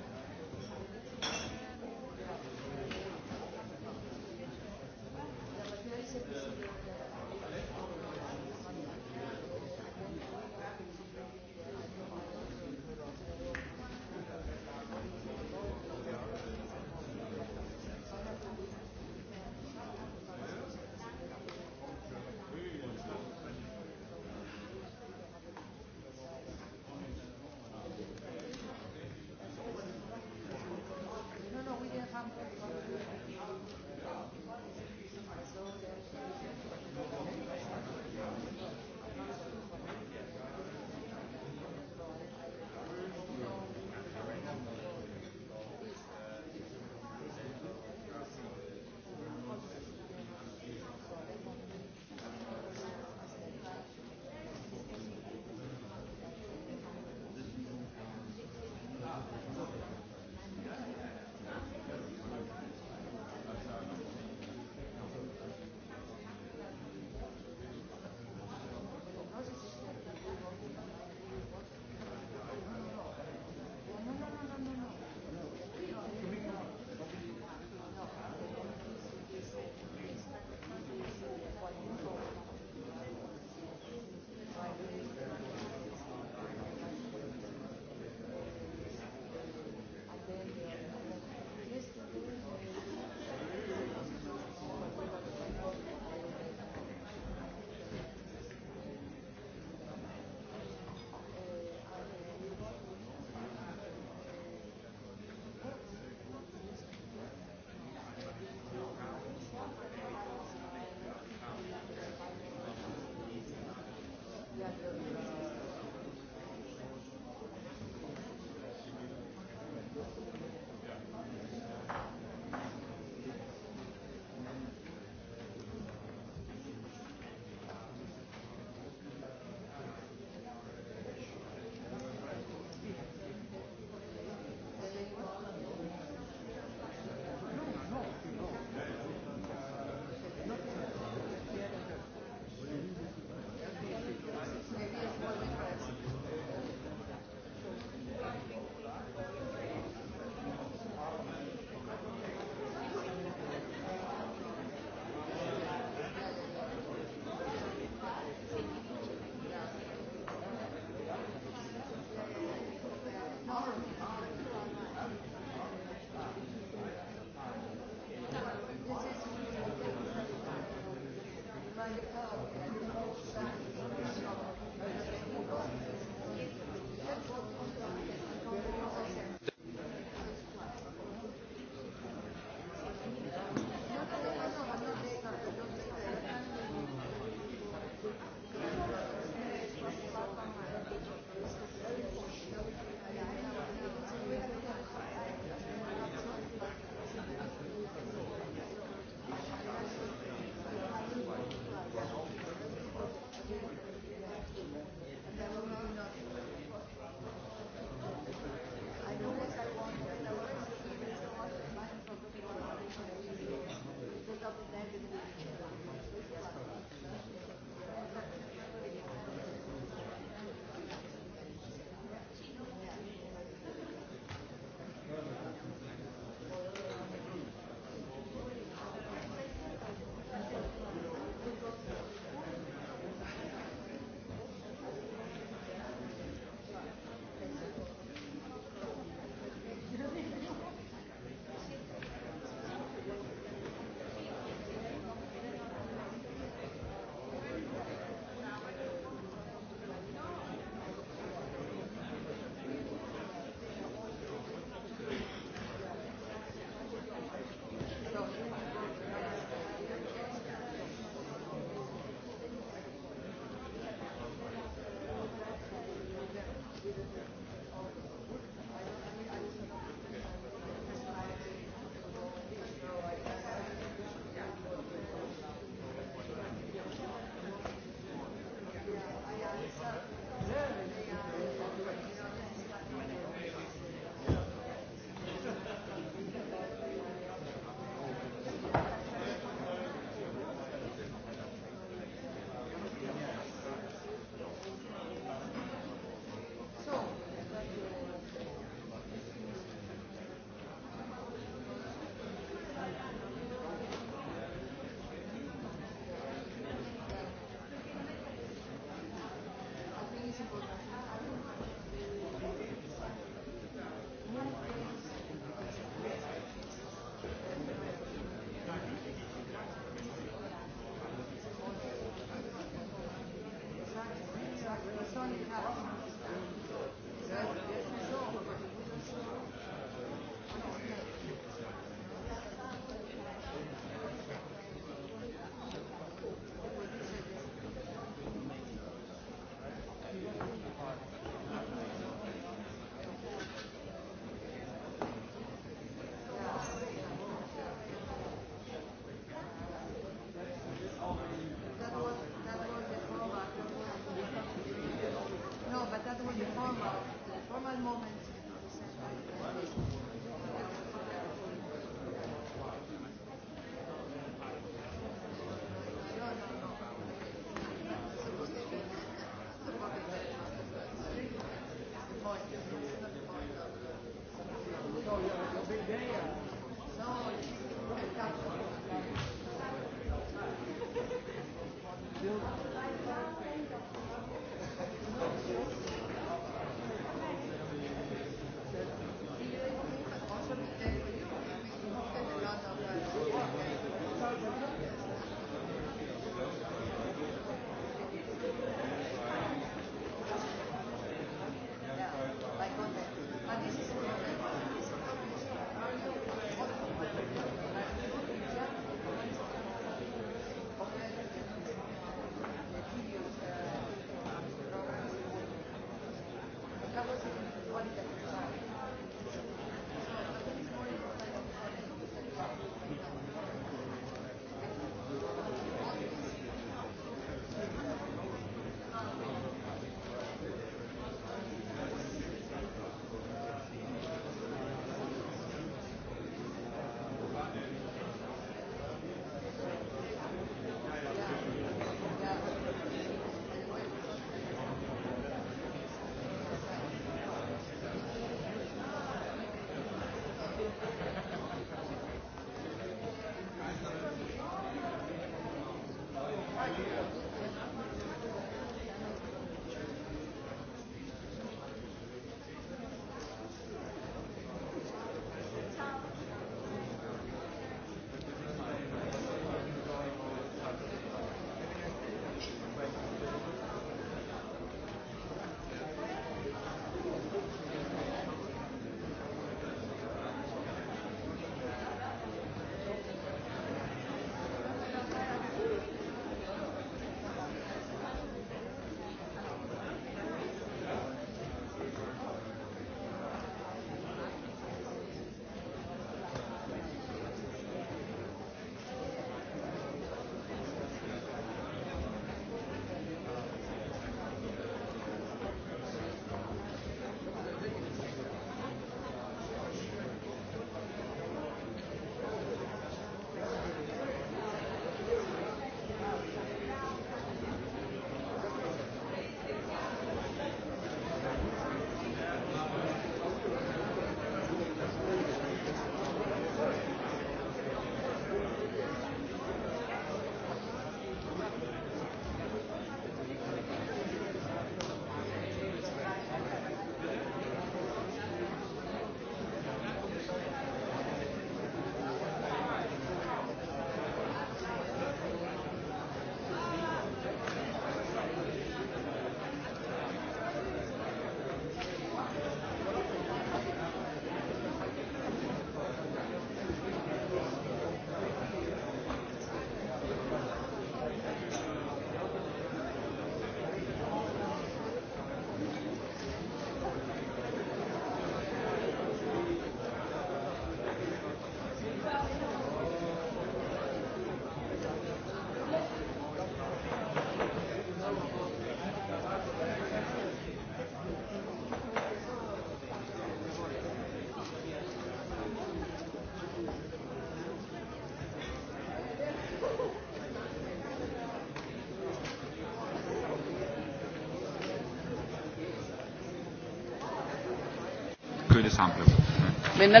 Bene,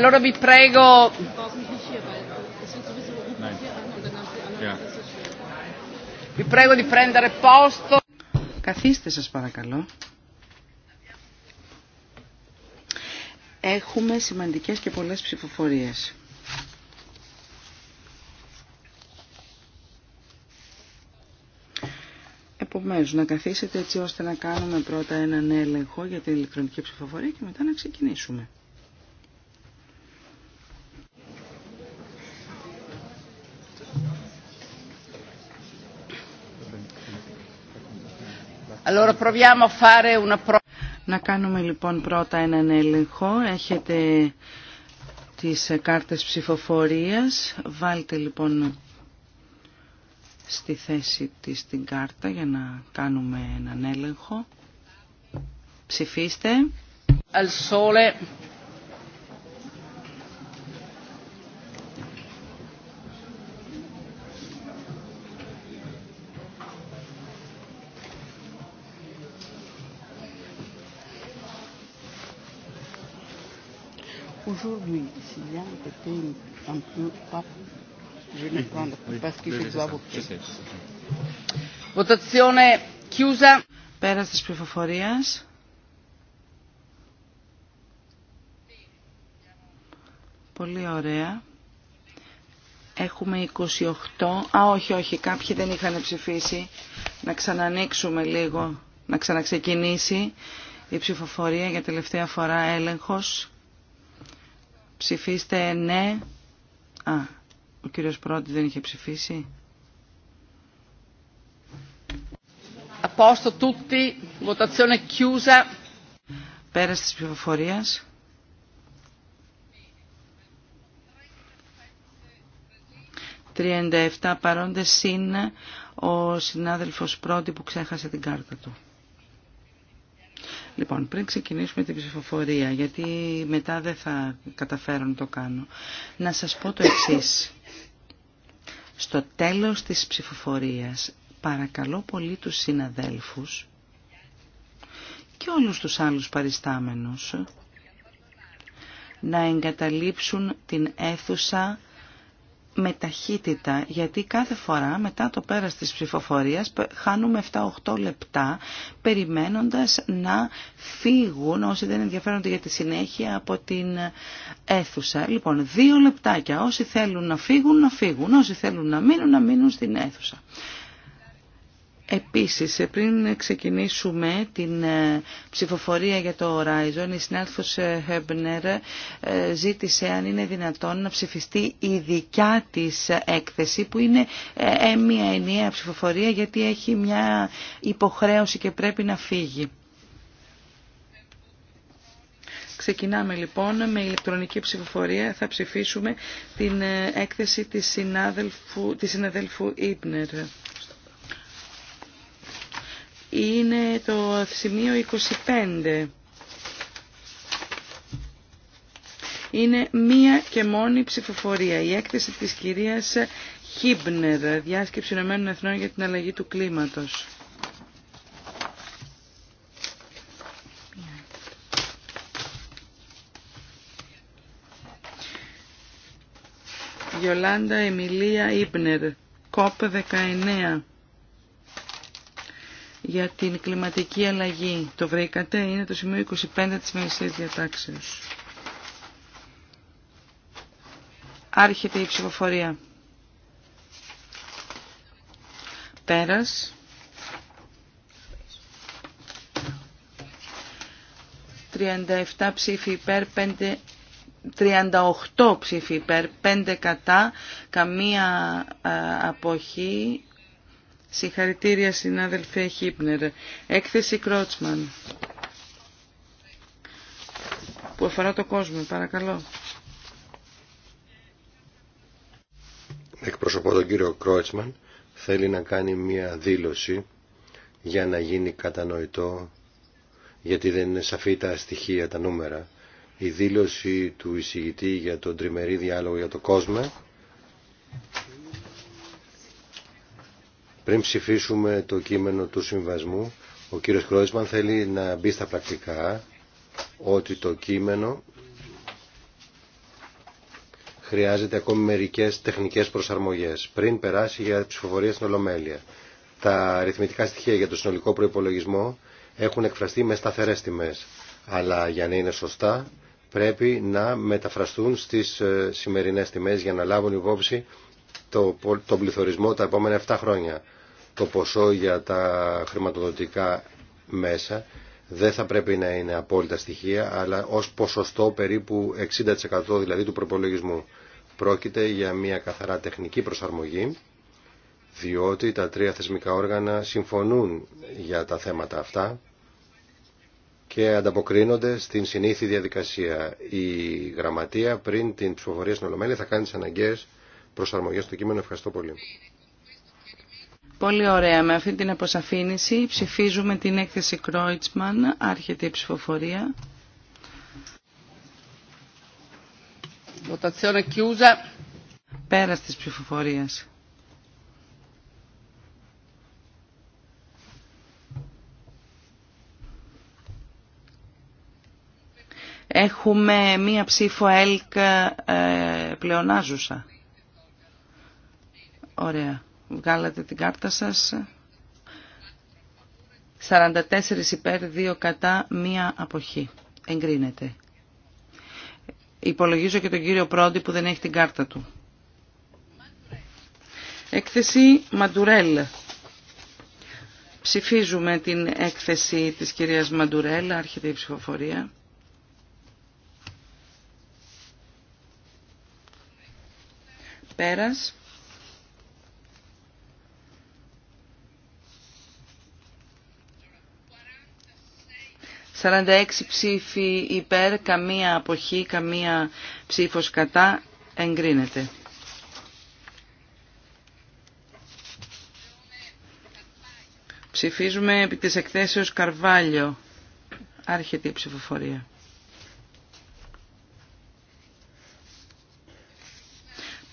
Καθίστε σας παρακαλώ. Έχουμε σημαντικές και πολλές ψηφοφορίες. Επομένως, να καθίσετε έτσι ώστε να κάνουμε πρώτα έναν έλεγχο για την ηλεκτρονική ψηφοφορία και μετά να ξεκινήσουμε. να κάνουμε λοιπόν πρώτα έναν έλεγχο. Έχετε τις κάρτες ψηφοφορίας. Βάλτε λοιπόν στη θέση της την κάρτα για να κάνουμε έναν έλεγχο. Ψηφίστε. Aujourd'hui, si y a un peu pas, je ne prends parce que je dois voter. Votazione chiusa. Πέρα τη ψηφοφορία. Πολύ ωραία. Έχουμε 28. Α, όχι, όχι, κάποιοι δεν είχαν ψηφίσει. Να ξανανοίξουμε λίγο, να ξαναξεκινήσει η ψηφοφορία για τελευταία φορά έλεγχος. Ψηφίστε ναι. Α, ο κύριος Πρώτη δεν είχε ψηφίσει. Απόστο τούτη, πληροφορια κιούζα. Πέρας της ψηφοφορίας. ...37 παρόντες συν ο συνάδελφος πρώτη που ξέχασε την κάρτα του. Λοιπόν, πριν ξεκινήσουμε την ψηφοφορία, γιατί μετά δεν θα καταφέρω να το κάνω, να σας πω το εξής. Στο τέλος της ψηφοφορίας, παρακαλώ πολύ τους συναδέλφους και όλους τους άλλους παριστάμενους να εγκαταλείψουν την αίθουσα με ταχύτητα, γιατί κάθε φορά μετά το πέρας της ψηφοφορίας χάνουμε 7-8 λεπτά περιμένοντας να φύγουν όσοι δεν ενδιαφέρονται για τη συνέχεια από την αίθουσα. Λοιπόν, δύο λεπτάκια. Όσοι θέλουν να φύγουν, να φύγουν. Όσοι θέλουν να μείνουν, να μείνουν στην αίθουσα. Επίσης, ε, πριν ξεκινήσουμε την ε, ψηφοφορία για το Horizon, η συνάδελφος ε, Χέμπνερ ζήτησε αν είναι δυνατόν να ψηφιστεί η δικιά της έκθεση, που είναι μια ενιαία ψηφοφορία γιατί έχει μια υποχρέωση και πρέπει να φύγει. Ξεκινάμε λοιπόν με ηλεκτρονική ψηφοφορία. Θα ψηφίσουμε την έκθεση της συναδέλφου Ήπνερ είναι το σημείο 25. Είναι μία και μόνη ψηφοφορία. Η έκθεση της κυρίας Χίμπνερ, διάσκεψη Ηνωμένων Εθνών για την αλλαγή του κλίματος. Γιολάντα Εμιλία Ήμπνερ, ΚΟΠ 19 για την κλιματική αλλαγή. Το βρήκατε, είναι το σημείο 25 της μερικής διατάξεως. Άρχεται η ψηφοφορία. Πέρας. 37 ψήφοι υπέρ, 5, 38 ψήφοι υπέρ, 5 κατά, καμία ε, αποχή Συγχαρητήρια συνάδελφε Χίπνερ. Έκθεση Κρότσμαν. Που αφορά το κόσμο, παρακαλώ. Εκπροσωπώ τον κύριο Κρότσμαν. Θέλει να κάνει μία δήλωση για να γίνει κατανοητό, γιατί δεν είναι σαφή τα στοιχεία, τα νούμερα. Η δήλωση του εισηγητή για τον τριμερή διάλογο για το κόσμο πριν ψηφίσουμε το κείμενο του συμβασμού, ο κύριος Κρόισμαν θέλει να μπει στα πρακτικά ότι το κείμενο χρειάζεται ακόμη μερικές τεχνικές προσαρμογές πριν περάσει για ψηφοφορία στην Ολομέλεια. Τα αριθμητικά στοιχεία για το συνολικό προϋπολογισμό έχουν εκφραστεί με σταθερές τιμές, αλλά για να είναι σωστά πρέπει να μεταφραστούν στις ε, σημερινές τιμές για να λάβουν υπόψη τον πληθωρισμό τα επόμενα 7 χρόνια το ποσό για τα χρηματοδοτικά μέσα δεν θα πρέπει να είναι απόλυτα στοιχεία, αλλά ως ποσοστό περίπου 60% δηλαδή του προπολογισμού. Πρόκειται για μια καθαρά τεχνική προσαρμογή, διότι τα τρία θεσμικά όργανα συμφωνούν για τα θέματα αυτά και ανταποκρίνονται στην συνήθη διαδικασία. Η Γραμματεία πριν την ψηφοφορία στην Ολομέλη θα κάνει τι αναγκαίε προσαρμογές στο κείμενο. Ευχαριστώ πολύ. Πολύ ωραία. Με αυτή την αποσαφήνιση ψηφίζουμε την έκθεση Κρόιτσμαν. Άρχεται η ψηφοφορία. Votazione chiusa. Πέρα της ψηφοφορίας. Έχουμε μία ψήφο ΕΛΚ ε, πλεονάζουσα. Ωραία βγάλατε την κάρτα σας. 44 υπέρ, 2 κατά, μία αποχή. Εγκρίνεται. Υπολογίζω και τον κύριο Πρόντι που δεν έχει την κάρτα του. Έκθεση Μαντουρέλ. Ψηφίζουμε την έκθεση της κυρίας Μαντουρέλ, άρχεται η ψηφοφορία. Πέρας. 46 ψήφοι υπέρ, καμία αποχή, καμία ψήφος κατά, εγκρίνεται. Ψηφίζουμε επί της εκθέσεως Καρβάλιο. Άρχεται η ψηφοφορία.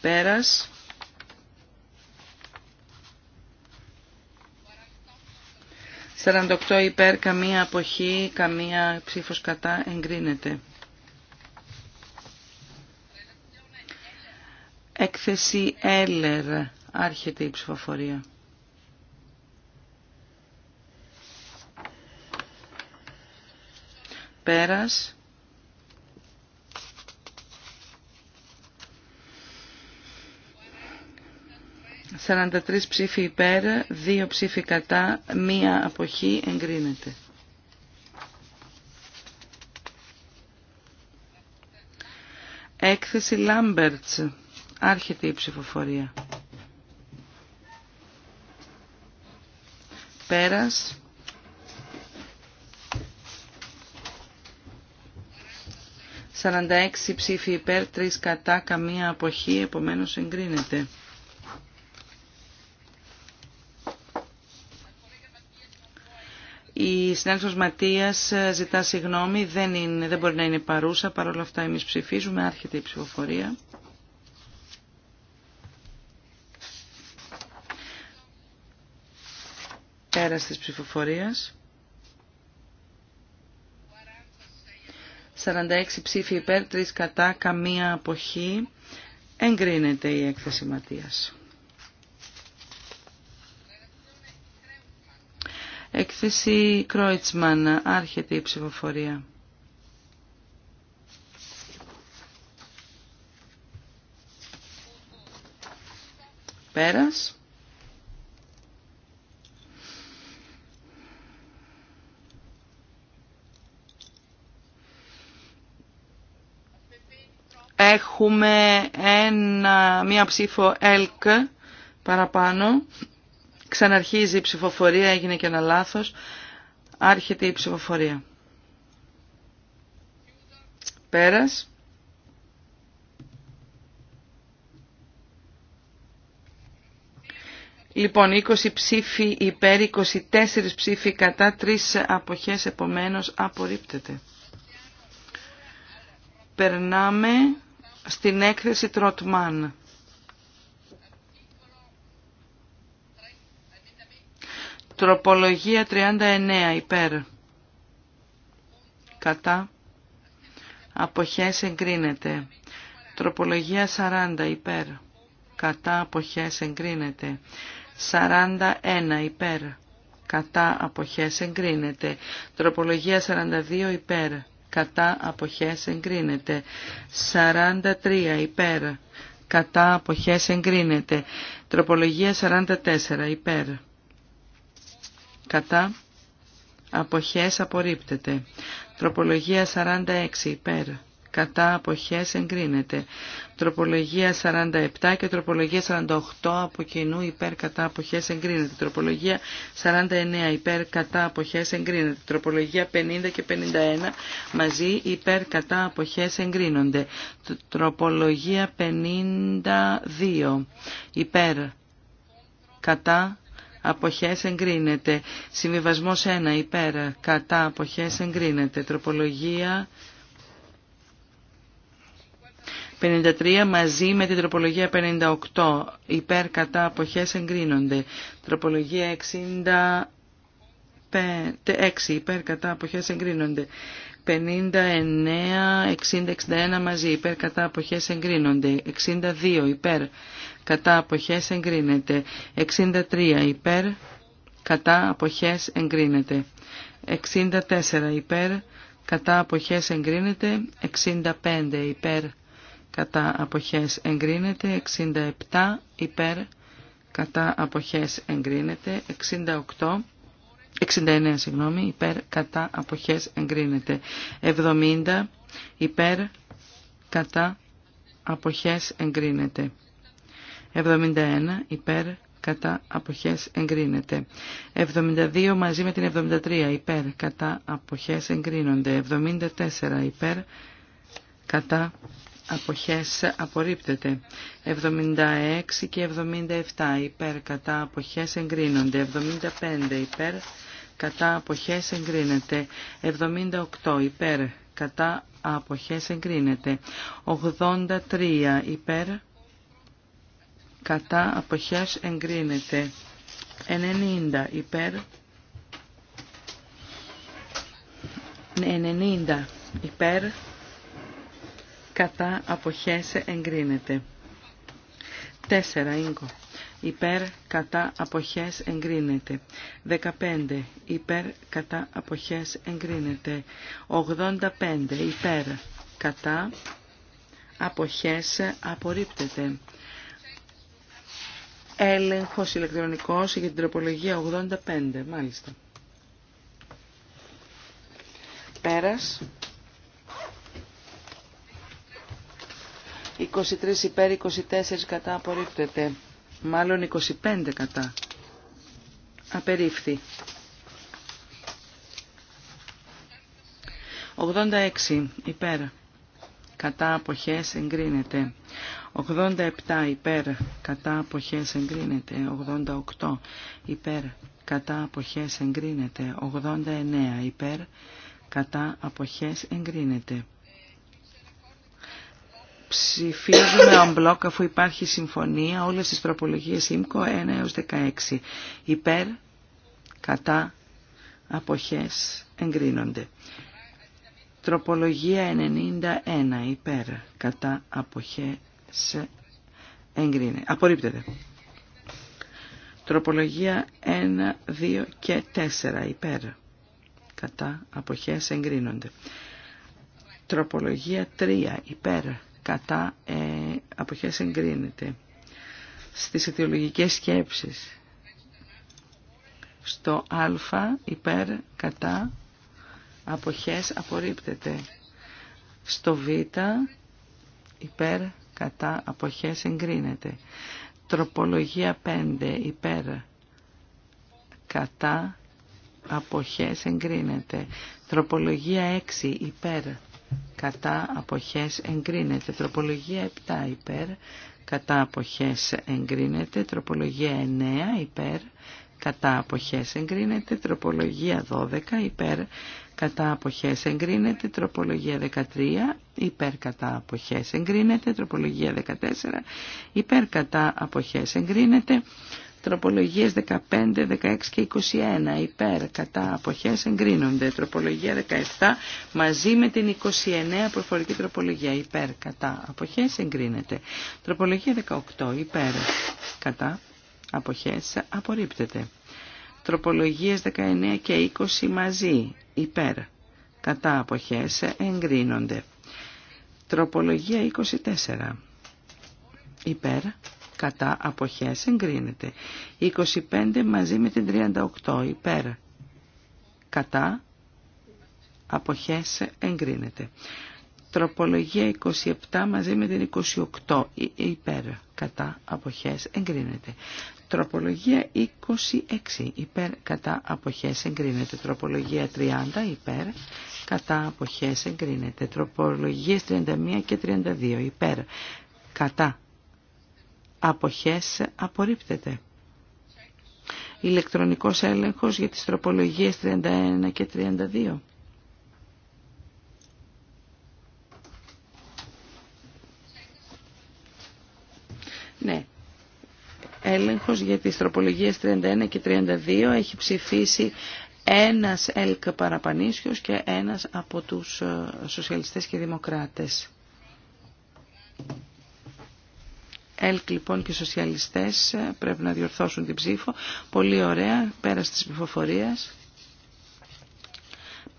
Πέρας. 48 υπέρ, καμία αποχή, καμία ψήφος κατά εγκρίνεται. Έκθεση Έλερ. Άρχεται η ψηφοφορία. Πέρας. 43 ψήφοι υπέρ, 2 ψήφοι κατά, 1 αποχή εγκρίνεται. Έκθεση Λάμπερτς. Άρχεται η ψηφοφορία. Πέρας. 46 ψήφοι υπέρ, 3 κατά, καμία αποχή, επομένως εγκρίνεται. συνάδελφος Ματίας ε, ζητά συγγνώμη, δεν, είναι, δεν μπορεί να είναι παρούσα, παρόλα αυτά εμείς ψηφίζουμε, άρχεται η ψηφοφορία. Πέρας της ψηφοφορίας. 46 ψήφοι υπέρ, 3 κατά, καμία αποχή. Εγκρίνεται η έκθεση Ματίας. Έκθεση Κρόιτσμαν. Άρχεται η ψηφοφορία. Πέρας. Έχουμε ένα, μία ψήφο ΕΛΚ παραπάνω. Ξαναρχίζει η ψηφοφορία, έγινε και ένα λάθος. Άρχεται η ψηφοφορία. Πέρας. Λοιπόν, 20 ψήφοι υπέρ, 24 ψήφοι κατά, 3 αποχές, επομένως απορρίπτεται. Περνάμε στην έκθεση Τροτμάν. Τροπολογία 39 υπέρ. Κατά. Αποχές εγκρίνεται. Τροπολογία 40 υπέρ. Κατά αποχές εγκρίνεται. 41 υπέρ. Κατά αποχές εγκρίνεται. Τροπολογία 42 υπέρ. Κατά αποχές εγκρίνεται. 43 υπέρ. Κατά αποχές εγκρίνεται. Τροπολογία 44 υπέρ κατά αποχές απορρίπτεται. Τροπολογία 46 υπέρ κατά αποχές εγκρίνεται. Τροπολογία 47 και τροπολογία 48 από κοινού υπέρ κατά αποχές εγκρίνεται. Τροπολογία 49 υπέρ κατά αποχές εγκρίνεται. Τροπολογία 50 και 51 μαζί υπέρ κατά αποχές εγκρίνονται. Τροπολογία 52 υπέρ κατά αποχές εγκρίνεται. Συμβιβασμός 1 υπέρ κατά αποχές εγκρίνεται. Τροπολογία 53 μαζί με την τροπολογία 58 υπέρ κατά αποχές εγκρίνονται. Τροπολογία 60... 6 υπέρ κατά αποχές εγκρίνονται. 59, 60, 61 μαζί υπέρ κατά αποχές εγκρίνονται. 62 υπέρ κατά αποχές εγκρίνεται. 63 υπέρ, κατά αποχές εγκρίνεται. 64 υπέρ, κατά αποχές εγκρίνεται. 65 υπέρ, κατά αποχές εγκρίνεται. 67 υπέρ, κατά αποχές εγκρίνεται. 68 69 συγγνώμη, υπέρ κατά αποχές εγκρίνεται. 70 υπέρ κατά αποχές εγκρίνεται. 71 υπέρ κατά αποχές εγκρίνεται. 72 μαζί με την 73 υπέρ κατά αποχές εγκρίνονται. 74 υπέρ κατά αποχές απορρίπτεται. 76 και 77 υπέρ κατά αποχές εγκρίνονται. 75 υπέρ κατά αποχές εγκρίνεται. 78 υπέρ κατά αποχές εγκρίνεται. 83 υπέρ κατά αποχές εγκρίνεται 90 υπέρ 90 ναι, υπέρ κατά αποχές εγκρίνεται 4 ίγκο υπέρ κατά αποχές εγκρίνεται 15 υπέρ κατά αποχές εγκρίνεται 85 υπέρ κατά αποχές απορρίπτεται Έλεγχος ηλεκτρονικός για την τροπολογία 85, μάλιστα. Πέρας. 23 υπέρ, 24 κατά απορρίπτεται. Μάλλον 25 κατά. Απερίφθη. 86 υπέρ. Κατά αποχές εγκρίνεται. 87 υπέρ κατά αποχές εγκρίνεται, 88 υπέρ κατά αποχές εγκρίνεται, 89 υπέρ κατά αποχές εγκρίνεται. Ψηφίζουμε on αφού υπάρχει συμφωνία όλες τις τροπολογίες ΥΜΚΟ 1 έως 16 υπέρ κατά αποχές εγκρίνονται. Τροπολογία 91 υπέρ κατά αποχέ σε εγκρίνει. Απορρίπτεται. Τροπολογία 1, 2 και 4 υπέρ. Κατά αποχές εγκρίνονται. Τροπολογία 3 υπέρ. Κατά ε, αποχές εγκρίνεται. Στις αιτιολογικές σκέψεις. Στο α υπέρ κατά αποχές απορρίπτεται. Στο β υπέρ κατά αποχές εγκρίνεται. Τροπολογία 5 υπέρ κατά αποχές εγκρίνεται. Τροπολογία 6 υπέρ κατά αποχές εγκρίνεται. Τροπολογία 7 υπέρ κατά αποχές εγκρίνεται. Τροπολογία 9 υπέρ κατά αποχές εγκρίνεται. Τροπολογία 12 υπέρ κατά αποχές εγκρίνεται, τροπολογία 13, υπέρ κατά αποχές εγκρίνεται, τροπολογία 14, υπέρ κατά αποχές εγκρίνεται, τροπολογίες 15, 16 και 21, υπέρ κατά αποχές εγκρίνονται, τροπολογία 17 μαζί με την 29 προφορική τροπολογία, υπέρ κατά αποχές εγκρίνεται, τροπολογία 18, υπέρ κατά αποχές απορρίπτεται. Τροπολογίες 19 και 20 μαζί, υπέρ. Κατά αποχές εγκρίνονται. Τροπολογία 24. Υπέρ, κατά αποχές εγκρίνεται. 25 μαζί με την 38. Υπέρ, κατά αποχές εγκρίνεται. Τροπολογία 27 μαζί με την 28 υπέρ κατά αποχές εγκρίνεται. Τροπολογία 26 υπέρ κατά αποχές εγκρίνεται. Τροπολογία 30 υπέρ κατά αποχές εγκρίνεται. Τροπολογίες 31 και 32 υπέρ κατά αποχές απορρίπτεται. Ηλεκτρονικός έλεγχος για τις τροπολογίες 31 και 32. Δήμαρχος για τις τροπολογίες 31 και 32. Έχει ψηφίσει ένας Ελκ Παραπανίσιος και ένας από τους ε, σοσιαλιστές και δημοκράτες. ΕΛΚ λοιπόν και οι σοσιαλιστές ε, πρέπει να διορθώσουν την ψήφο. Πολύ ωραία, πέρας της ψηφοφορίας.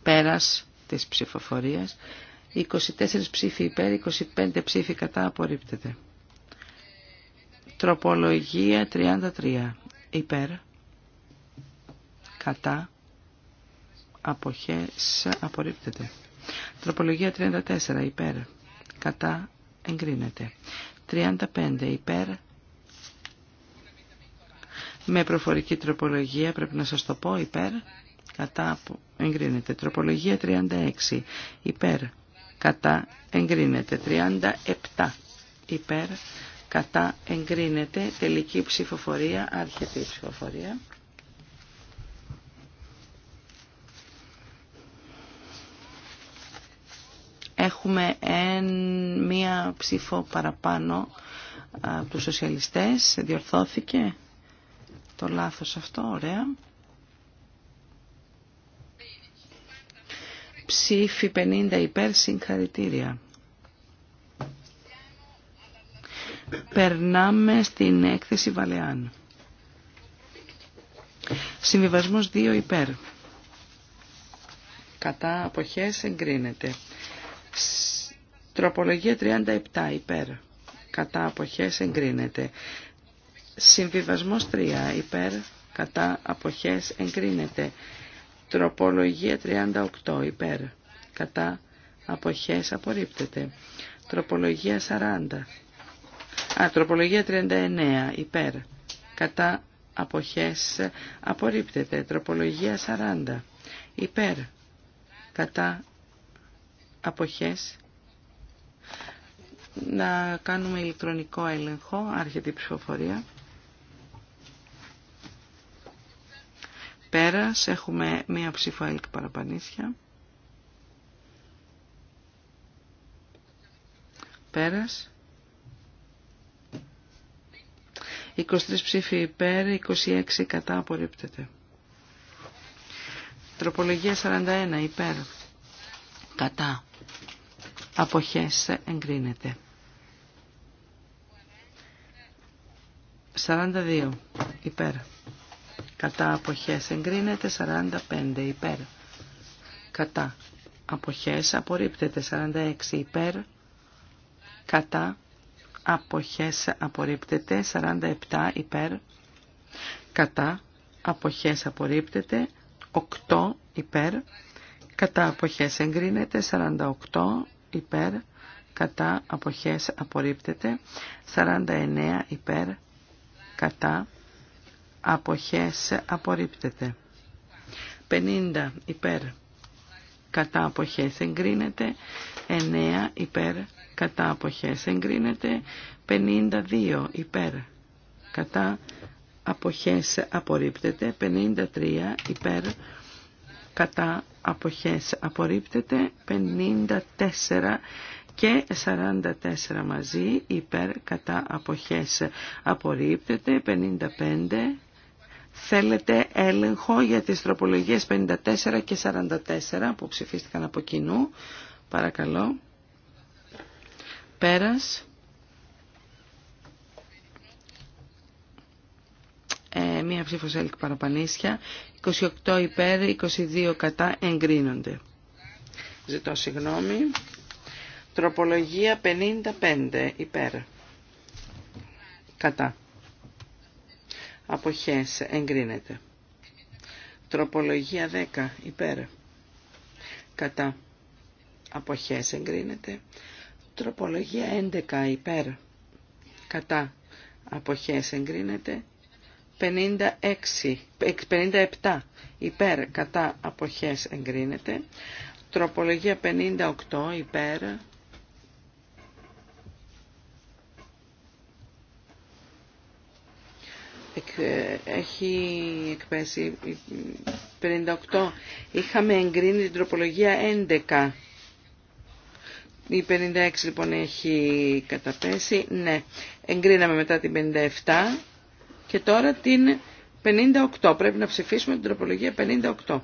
Πέρας της ψηφοφορίας. 24 ψήφοι υπέρ, 25 ψήφοι κατά απορρίπτεται. Τροπολογία 33. Υπέρ. Κατά. Αποχές. Απορρίπτεται. Τροπολογία 34. Υπέρ. Κατά. Εγκρίνεται. 35. Υπέρ. Με προφορική τροπολογία πρέπει να σας το πω. Υπέρ. Κατά. Εγκρίνεται. Τροπολογία 36. Υπέρ. Κατά. Εγκρίνεται. 37. Υπέρ κατά εγκρίνεται τελική ψηφοφορία, άρχεται η ψηφοφορία. Έχουμε εν, μία ψήφο παραπάνω από τους σοσιαλιστές, διορθώθηκε το λάθος αυτό, ωραία. Ψήφι 50 υπέρ συγχαρητήρια. Περνάμε στην έκθεση Βαλεάν. Συμβιβασμός 2 υπέρ. Κατά αποχές εγκρίνεται. Τροπολογία 37 υπέρ. Κατά αποχές εγκρίνεται. Συμβιβασμός 3 υπέρ. Κατά αποχές εγκρίνεται. Τροπολογία 38 υπέρ. Κατά αποχές απορρίπτεται. Τροπολογία 40 Α, τροπολογία 39, υπέρ. Κατά αποχές απορρίπτεται. Τροπολογία 40, υπέρ. Κατά αποχές να κάνουμε ηλεκτρονικό έλεγχο, άρχεται η ψηφοφορία. Πέρας, έχουμε μία ψήφο παραπανίσια. Πέρας. 23 ψήφοι υπέρ, 26 κατά απορρίπτεται. Τροπολογία 41 υπέρ, κατά, αποχές εγκρίνεται. 42 υπέρ, κατά αποχές εγκρίνεται. 45 υπέρ, κατά αποχές απορρίπτεται. 46 υπέρ, κατά αποχές απορρίπτεται 47 υπέρ κατά αποχές απορρίπτεται 8 υπέρ κατά αποχές εγκρίνεται 48 υπέρ κατά αποχές απορρίπτεται 49 υπέρ κατά αποχές απορρίπτεται 50 υπέρ κατά αποχές εγκρίνεται 9 υπέρ κατά αποχές εγκρίνεται 52 υπέρ κατά αποχές απορρίπτεται 53 υπέρ κατά αποχές απορρίπτεται 54 και 44 μαζί υπέρ κατά αποχές απορρίπτεται 55 Θέλετε έλεγχο για τις τροπολογίες 54 και 44 που ψηφίστηκαν από κοινού. Παρακαλώ. Πέρας. Ε, μία ψήφος έλκ παραπανήσια. 28 υπέρ, 22 κατά εγκρίνονται. Ζητώ συγγνώμη. Τροπολογία 55 υπέρ. Κατά. Αποχές εγκρίνεται. Τροπολογία 10 υπέρ. Κατά. Αποχές εγκρίνεται. Τροπολογία 11 υπέρ κατά αποχές εγκρίνεται. 56, 57 υπέρ κατά αποχές εγκρίνεται. Τροπολογία 58 υπέρ έχει εκπέσει 58. Είχαμε εγκρίνει την τροπολογία 11. Η 56 λοιπόν έχει καταπέσει. Ναι, εγκρίναμε μετά την 57 και τώρα την 58. Πρέπει να ψηφίσουμε την τροπολογία 58.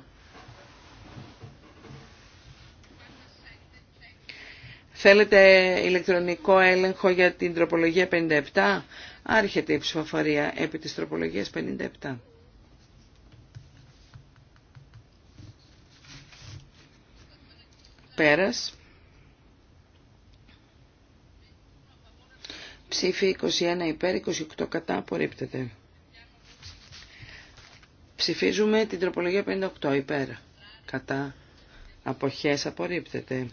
Θέλετε ηλεκτρονικό έλεγχο για την τροπολογία 57. Άρχεται η ψηφοφορία επί της τροπολογίας 57. Πέρας. Ψήφι 21 υπέρ, 28 κατά, απορρίπτεται. Ψηφίζουμε την τροπολογία 58 υπέρ, κατά, αποχές, απορρίπτεται.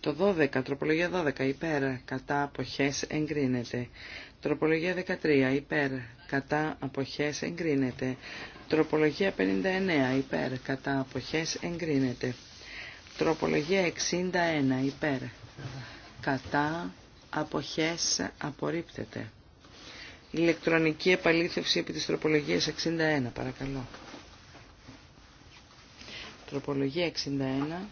Το 12, τροπολογία 12 υπέρ, κατά, αποχές, εγκρίνεται. Τροπολογία 13 υπέρ, κατά, αποχές, εγκρίνεται. Τροπολογία 59 υπέρ, κατά, αποχές, εγκρίνεται. Τροπολογία 61 υπέρ, κατά, αποχές απορρίπτεται. Ηλεκτρονική επαλήθευση επί της τροπολογίας 61, παρακαλώ. Τροπολογία 61.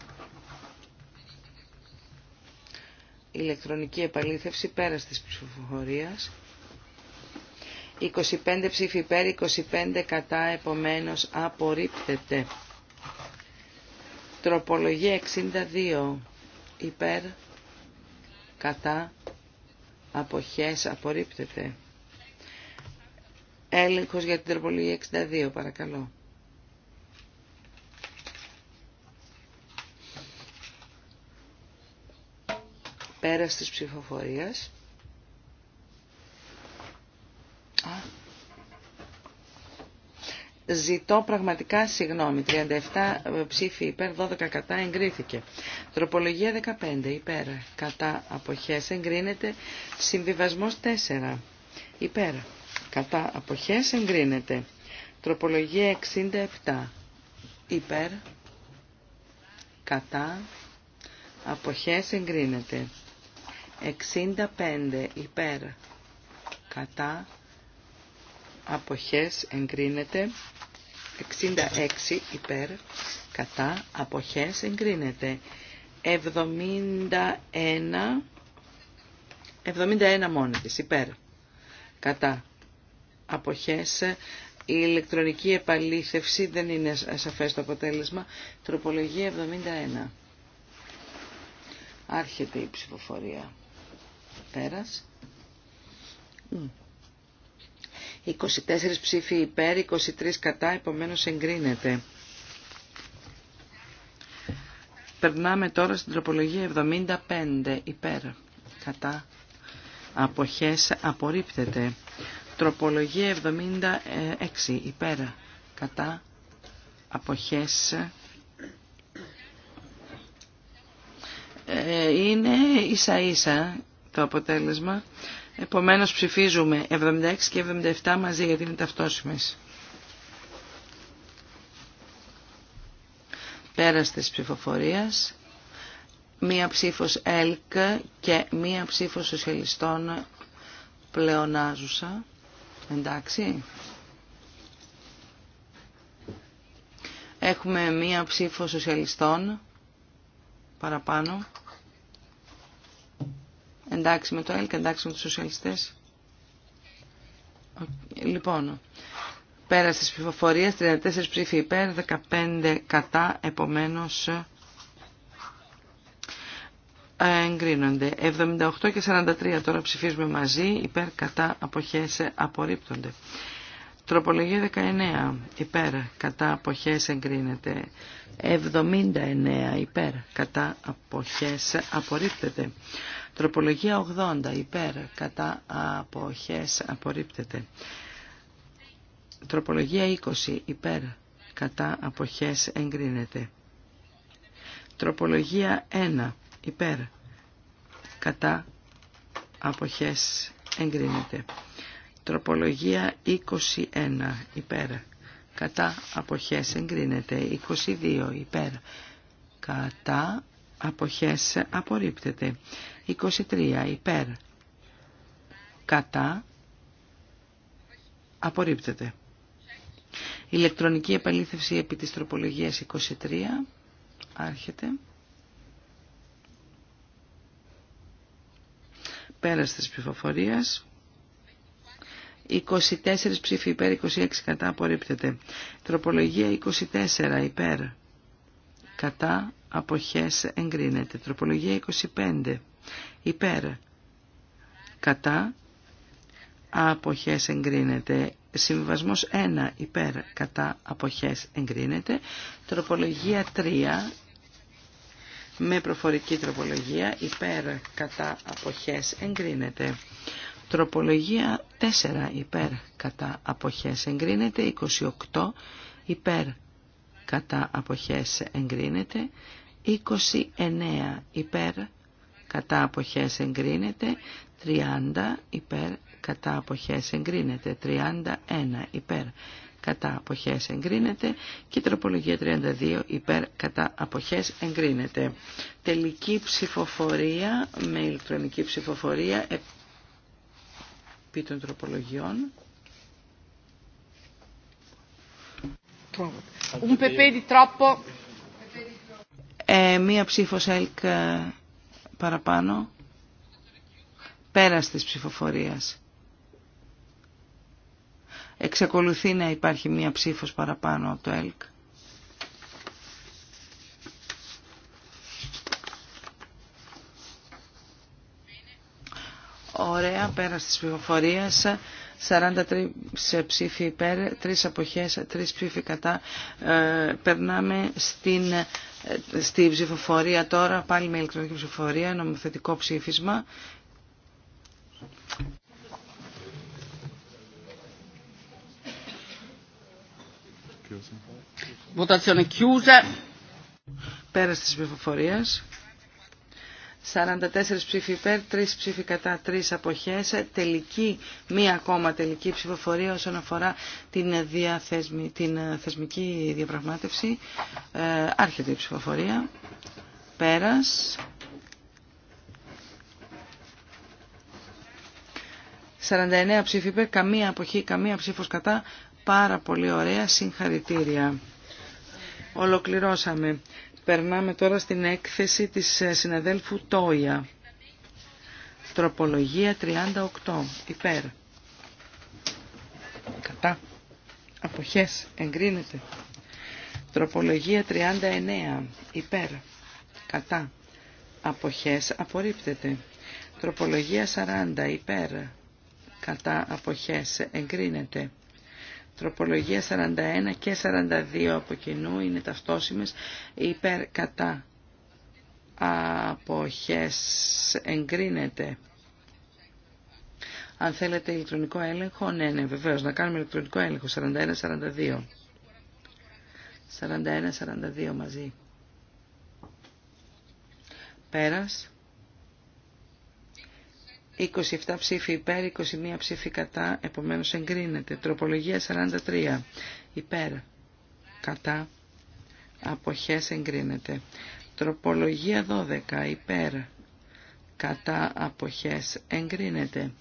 Ηλεκτρονική επαλήθευση πέρας της ψηφοφορίας. 25 ψηφί, υπέρ, 25 κατά, επομένως απορρίπτεται. Τροπολογία 62 υπέρ, κατά, αποχές απορρίπτεται. Έλεγχος για την τροπολογία 62 παρακαλώ. Πέρας της ψηφοφορίας. Α, Ζητώ πραγματικά συγγνώμη. 37 ψήφοι υπέρ, 12 κατά εγκρίθηκε. Τροπολογία 15 υπέρ, κατά αποχές εγκρίνεται. Συμβιβασμός 4 υπέρ, κατά αποχές εγκρίνεται. Τροπολογία 67 υπέρ, κατά αποχές εγκρίνεται. 65 υπέρ, κατά αποχές εγκρίνεται 66 υπέρ κατά αποχές εγκρίνεται 71 71 μόνη της υπέρ κατά αποχές η ηλεκτρονική επαλήθευση δεν είναι σαφές το αποτέλεσμα τροπολογία 71 άρχεται η ψηφοφορία πέρας 24 ψήφοι υπέρ, 23 κατά, επομένως εγκρίνεται. Περνάμε τώρα στην τροπολογία 75 υπέρ, κατά, αποχές απορρίπτεται. Τροπολογία 76 υπέρ, κατά, αποχές ε, είναι ίσα ίσα το αποτέλεσμα Επομένως ψηφίζουμε 76 και 77 μαζί γιατί είναι ταυτόσιμες. Πέρας της ψηφοφορίας, μία ψήφος ΕΛΚ και μία ψήφος σοσιαλιστών πλεονάζουσα. Εντάξει. Έχουμε μία ψήφο σοσιαλιστών παραπάνω εντάξει με το ΕΛΚ, εντάξει με τους σοσιαλιστές. Λοιπόν, πέρα στις ψηφοφορίες, 34 ψήφοι υπέρ, 15 κατά, επομένως ε, εγκρίνονται. 78 και 43 τώρα ψηφίζουμε μαζί, υπέρ, κατά, αποχές, ε, απορρίπτονται. Τροπολογία 19, υπέρ, κατά, αποχές, εγκρίνεται. 79, υπέρ, κατά, αποχές, απορρίπτεται. Τροπολογία 80 υπέρ κατά αποχές απορρίπτεται. Τροπολογία 20 υπέρ κατά αποχές εγκρίνεται. Τροπολογία 1 υπέρ κατά αποχές εγκρίνεται. Τροπολογία 21 υπέρ κατά αποχές εγκρίνεται. 22 υπέρ κατά αποχές απορρίπτεται. 23 υπέρ κατά απορρίπτεται. Ηλεκτρονική επαλήθευση επί της τροπολογίας 23 άρχεται. Πέρας της ψηφοφορίας. 24 ψήφοι υπέρ, 26 κατά απορρίπτεται. Τροπολογία 24 υπέρ, κατά αποχές εγκρίνεται. Τροπολογία 25 υπέρ κατά αποχές εγκρίνεται Συμβασμός 1 υπέρ κατά αποχές εγκρίνεται τροπολογία 3 με προφορική τροπολογία υπέρ κατά αποχές εγκρίνεται τροπολογία 4 υπέρ κατά αποχές εγκρίνεται 28 υπέρ κατά αποχές εγκρίνεται 29 υπέρ κατά αποχές εγκρίνεται 30 υπέρ κατά αποχές εγκρίνεται 31 υπέρ κατά αποχές εγκρίνεται και η τροπολογία 32 υπέρ κατά αποχές εγκρίνεται. Τελική ψηφοφορία με ηλεκτρονική ψηφοφορία επί των τροπολογιών. Ε, μία ψήφος ΕΛΚ παραπάνω πέρας της ψηφοφορίας. Εξακολουθεί να υπάρχει μία ψήφος παραπάνω από το ΕΛΚ. Ωραία, πέρα της ψηφοφορίας, 43 ψήφοι υπέρ, 3 αποχές, 3 ψήφοι κατά. Ε, περνάμε στην ε, στη ψηφοφορία τώρα, πάλι με ηλεκτρονική ψηφοφορία, νομοθετικό ψήφισμα. Votazione chiusa. ψηφοφορία. 44 ψήφοι υπέρ, 3 ψήφοι κατά, 3 αποχές. Τελική, μία ακόμα τελική ψηφοφορία όσον αφορά την, την θεσμική διαπραγμάτευση. Ε, άρχεται η ψηφοφορία. Πέρας. 49 ψήφοι υπέρ, καμία αποχή, καμία ψήφος κατά. Πάρα πολύ ωραία. Συγχαρητήρια. Ολοκληρώσαμε Περνάμε τώρα στην έκθεση της ε, συναδέλφου Τόια. Τροπολογία 38. Υπέρ. Κατά. Αποχές. Εγκρίνεται. Τροπολογία 39. Υπέρ. Κατά. Αποχές. Απορρίπτεται. Τροπολογία 40. Υπέρ. Κατά. Αποχές. Εγκρίνεται. Τροπολογία 41 και 42 από κοινού είναι ταυτόσιμες υπέρ κατά αποχές εγκρίνεται. Αν θέλετε ηλεκτρονικό έλεγχο, ναι, ναι, βεβαίως, να κάνουμε ηλεκτρονικό έλεγχο, 41-42. 41-42 μαζί. Πέρας. 27 ψήφοι υπέρ, 21 ψήφοι κατά, επομένως εγκρίνεται. Τροπολογία 43 υπέρ, κατά, αποχές εγκρίνεται. Τροπολογία 12 υπέρ, κατά, αποχές εγκρίνεται.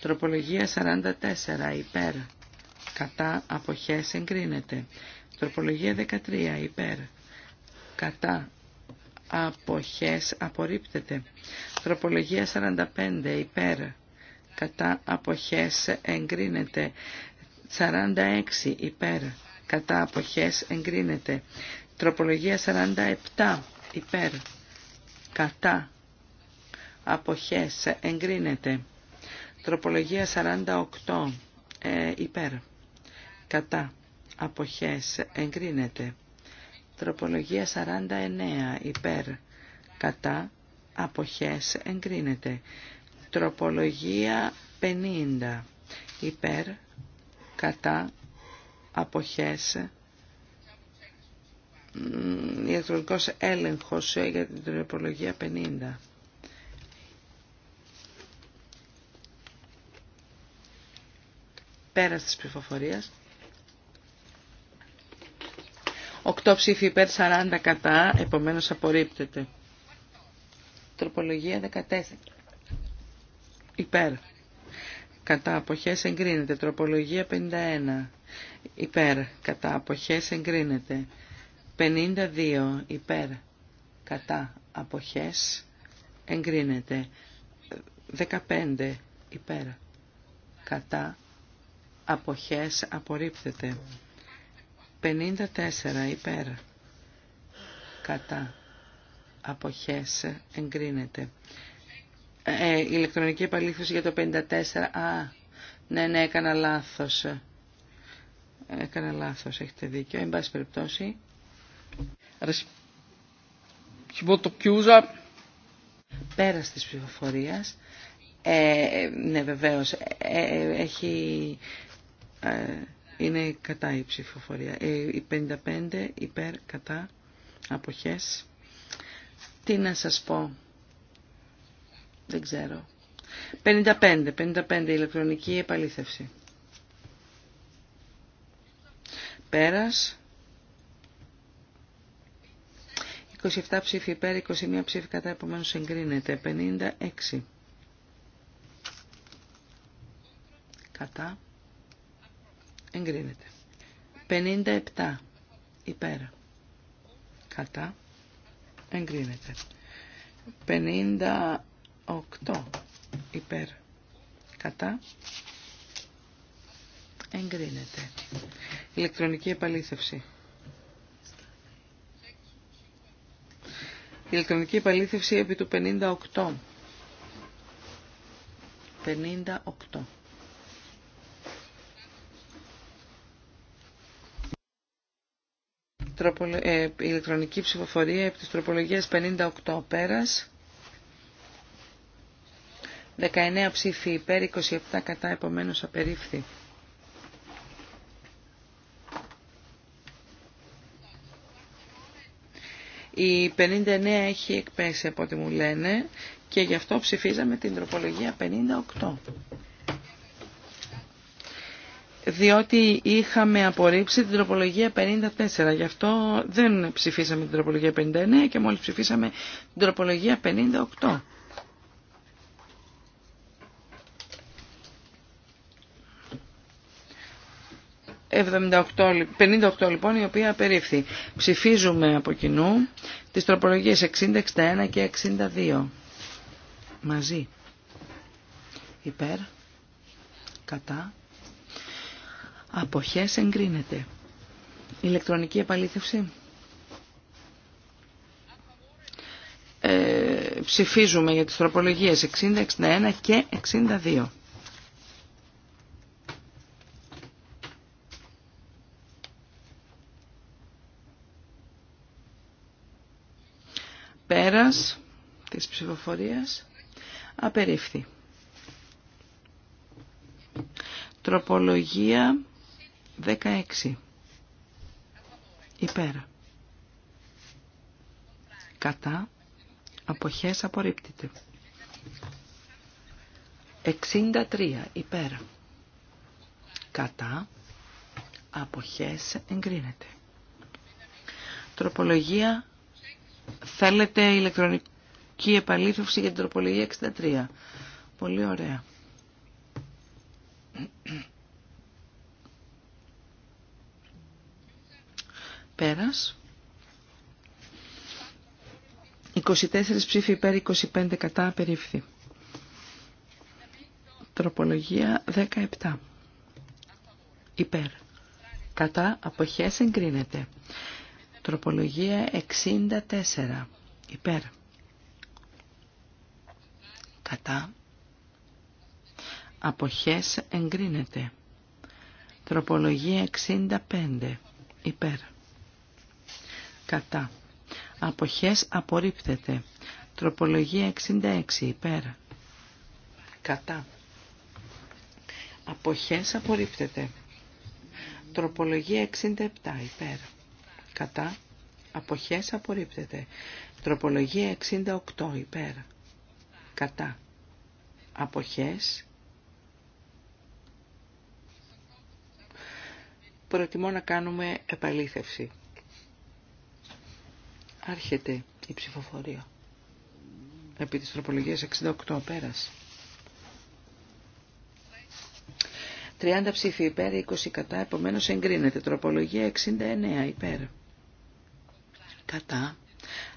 Τροπολογία 44 υπέρ, κατά, αποχές εγκρίνεται. Τροπολογία 13 υπέρ, κατά, αποχές απορρίπτεται. Τροπολογία 45 υπέρ κατά αποχές εγκρίνεται. 46 υπέρ κατά αποχές εγκρίνεται. Τροπολογία 47 υπέρ κατά αποχές εγκρίνεται. Τροπολογία 48 ε, υπέρ κατά αποχές εγκρίνεται. Τροπολογία 49 υπέρ κατά αποχές εγκρίνεται. Τροπολογία 50 υπέρ κατά αποχές ηλεκτρονικός έλεγχος για την τροπολογία 50. Πέρας της ψηφοφορίας. 8 ψήφοι υπέρ 40 κατά, επομένως απορρίπτεται. Τροπολογία 14. Υπέρ. Κατά αποχές εγκρίνεται. Τροπολογία 51. Υπέρ. Κατά αποχές εγκρίνεται. 52. Υπέρ. Κατά αποχές εγκρίνεται. 15. Υπέρ. Κατά αποχές απορρίπτεται. 54. Υπέρ. Κατά αποχές εγκρίνεται. Ε, ηλεκτρονική επαλήθωση για το 54. Α, ναι, ναι, έκανα λάθος. Έκανα λάθος, έχετε δίκιο. Εν πάση περιπτώσει. Πέρας της ψηφοφορίας. Ε, ναι, βεβαίως. Ε, ε, έχει... Ε, είναι κατά η ψηφοφορία. η 55 υπέρ κατά αποχές τι να σας πω. Δεν ξέρω. 55, 55 ηλεκτρονική επαλήθευση. Πέρας. 27 27ψηφί υπέρ, 21 21ψηφί κατά, επομένως εγκρίνεται. 56. Κατά. Εγκρίνεται. 57 υπέρ. Κατά εγκρίνεται. 58 υπέρ κατά εγκρίνεται. Ηλεκτρονική επαλήθευση. Ηλεκτρονική επαλήθευση επί του 58. 58. Ε, ηλεκτρονική ψηφοφορία επί της τροπολογίας 58 πέρας. 19 ψήφοι υπέρ, 27 κατά, επομένως απερίφθη. Η 59 έχει εκπέσει από ό,τι μου λένε και γι' αυτό ψηφίζαμε την τροπολογία 58 διότι είχαμε απορρίψει την τροπολογία 54. Γι' αυτό δεν ψηφίσαμε την τροπολογία 59 και μόλις ψηφίσαμε την τροπολογία 58. ...58, λοιπόν η οποία απερίφθη. Ψηφίζουμε από κοινού τις τροπολογίες 60, 61 και 62 μαζί. Υπέρ, κατά, Αποχές εγκρίνεται. Ηλεκτρονική επαλήθευση. Ε, ψηφίζουμε για τις τροπολογίες 60, 61 και 62. Πέρας της ψηφοφορίας απερίφθη. Τροπολογία 16. Υπέρ. Κατά. Αποχές απορρίπτεται. 63. Υπέρ. Κατά. Αποχές εγκρίνεται. Τροπολογία. Θέλετε ηλεκτρονική επαλήθευση για την τροπολογία 63. Πολύ ωραία. Πέρας. 24 ψήφοι υπέρ, 25 κατά απερίφθη. Τροπολογία 17. Υπέρ. Κατά αποχές εγκρίνεται. Τροπολογία 64. Υπέρ. Κατά. Αποχές εγκρίνεται. Τροπολογία 65. Υπέρ κατά. Αποχές απορρίπτεται. Τροπολογία 66 υπέρ. Κατά. Αποχές απορρίπτεται. Τροπολογία 67 υπέρ. Κατά. Αποχές απορρίπτεται. Τροπολογία 68 υπέρ. Κατά. Αποχές. Προτιμώ να κάνουμε επαλήθευση. Άρχεται η ψηφοφορία. Επί της τροπολογίας 68 πέρας. 30 ψήφοι υπέρ, 20 κατά, επομένως εγκρίνεται. Τροπολογία 69 υπέρ. Κατά.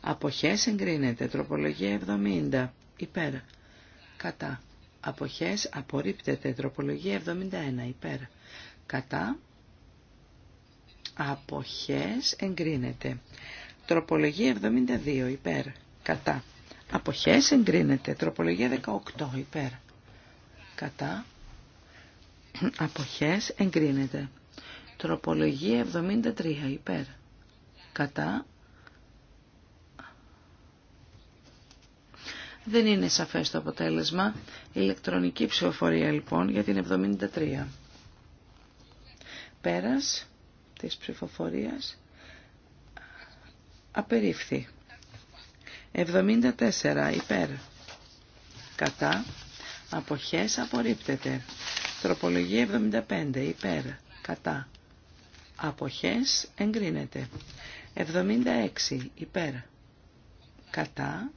Αποχές εγκρίνεται. Τροπολογία 70 υπέρ. Κατά. Αποχές απορρίπτεται. Τροπολογία 71 υπέρ. Κατά. Αποχές εγκρίνεται. Τροπολογία 72 υπέρ. Κατά. Αποχές εγκρίνεται. Τροπολογία 18 υπέρ. Κατά. Αποχές εγκρίνεται. Τροπολογία 73 υπέρ. Κατά. Δεν είναι σαφές το αποτέλεσμα. Ηλεκτρονική ψηφοφορία λοιπόν για την 73. Πέρας της ψηφοφορίας Απερίφθη. 74 υπέρ. Κατά. Αποχές απορρίπτεται. Τροπολογία 75 υπέρ. Κατά. Αποχές εγκρίνεται. 76 υπέρ. Κατά.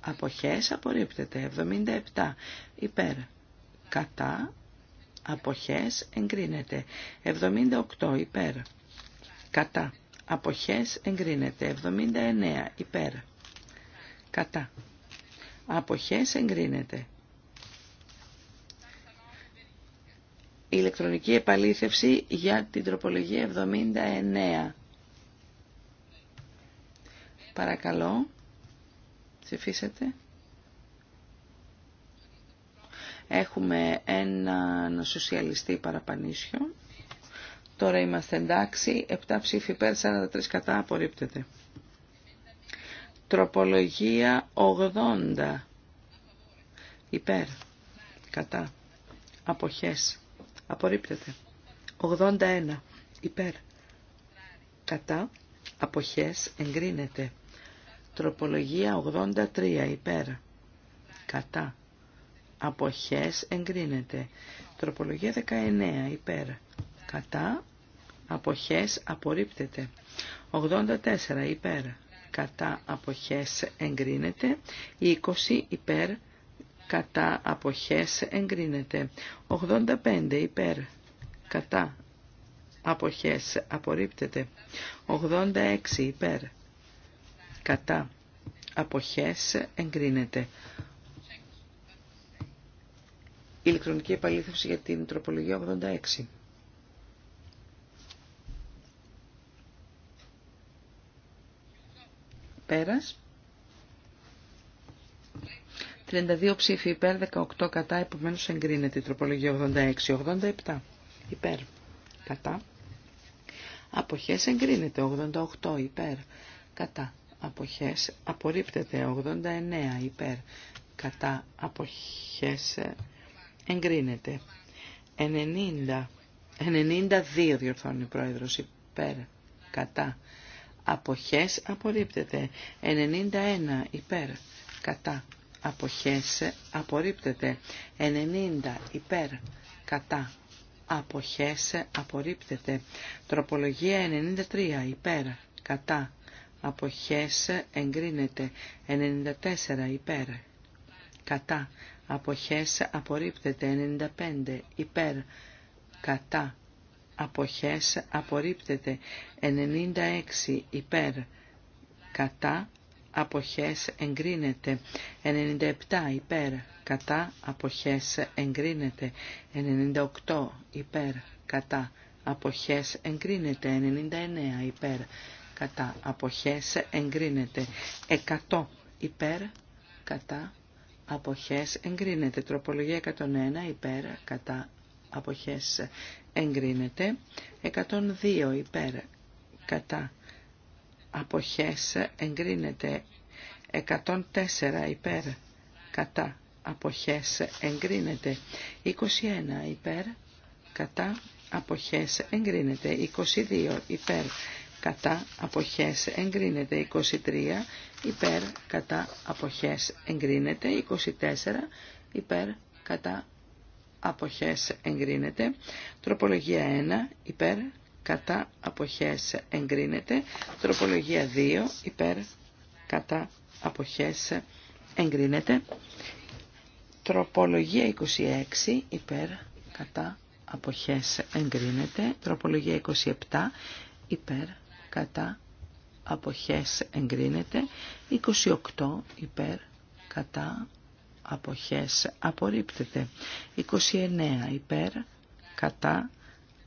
Αποχές απορρίπτεται. 77 υπέρ. Κατά. Αποχές εγκρίνεται. 78 υπέρ. Κατά. Αποχές εγκρίνεται. 79 υπέρ. Κατά. Αποχές εγκρίνεται. Ηλεκτρονική επαλήθευση για την τροπολογία 79. Παρακαλώ, ψηφίσετε. Έχουμε έναν σοσιαλιστή παραπανίσιο. Τώρα είμαστε εντάξει. 7 ψήφοι υπέρ, 43 κατά απορρίπτεται. Τροπολογία 80. Υπέρ. Κατά. Αποχές. Απορρίπτεται. 81. Υπέρ. Κατά. Αποχές. Εγκρίνεται. Τροπολογία 83. Υπέρ. Κατά. Αποχές. Εγκρίνεται. Τροπολογία 19. Υπέρ κατά, αποχές απορρίπτεται. 84 υπέρ, κατά, αποχές εγκρίνεται. 20 υπέρ, κατά, αποχές εγκρίνεται. 85 υπέρ, κατά, αποχές απορρίπτεται. 86 υπέρ, κατά, αποχές εγκρίνεται. Ηλεκτρονική επαλήθευση για την τροπολογία 86. Πέρας. 32 ψήφοι υπέρ, 18 κατά, επομένως εγκρίνεται η τροπολογία 86, 87 υπέρ, κατά. Αποχές εγκρίνεται 88 υπέρ, κατά. Αποχές απορρίπτεται 89 υπέρ, κατά. Αποχές εγκρίνεται 90, 92 διορθώνει η πρόεδρος υπέρ, κατά αποχές απορρίπτεται. 91 υπέρ κατά αποχές απορρίπτεται. 90 υπέρ κατά αποχές απορρίπτεται. Τροπολογία 93 υπέρ κατά αποχές εγκρίνεται. 94 υπέρ κατά αποχές απορρίπτεται. 95 υπέρ κατά αποχές απορρίπτεται 96 υπέρ κατά αποχές εγκρίνεται 97 υπέρ κατά αποχές εγκρίνεται 98 υπέρ κατά αποχές εγκρίνεται 99 υπέρ κατά αποχές εγκρίνεται 100 υπέρ κατά αποχές εγκρίνεται τροπολογία 101 υπέρ κατά αποχές εγκρίνεται 102 υπέρ κατά αποχές εγκρίνεται 104 υπέρ κατά αποχές εγκρίνεται 21 υπέρ κατά αποχές εγκρίνεται 22 υπέρ κατά αποχές εγκρίνεται 23 υπέρ κατά αποχές εγκρίνεται 24 υπέρ κατά αποχές εγκρίνεται. Τροπολογία 1 υπέρ κατά αποχές εγκρίνεται. Τροπολογία 2 υπέρ κατά αποχές εγκρίνεται. Τροπολογία 26 υπέρ κατά αποχές εγκρίνεται. Τροπολογία 27 υπέρ κατά αποχές εγκρίνεται. 28 υπέρ κατά αποχές απορρίπτεται. 29 υπέρ κατά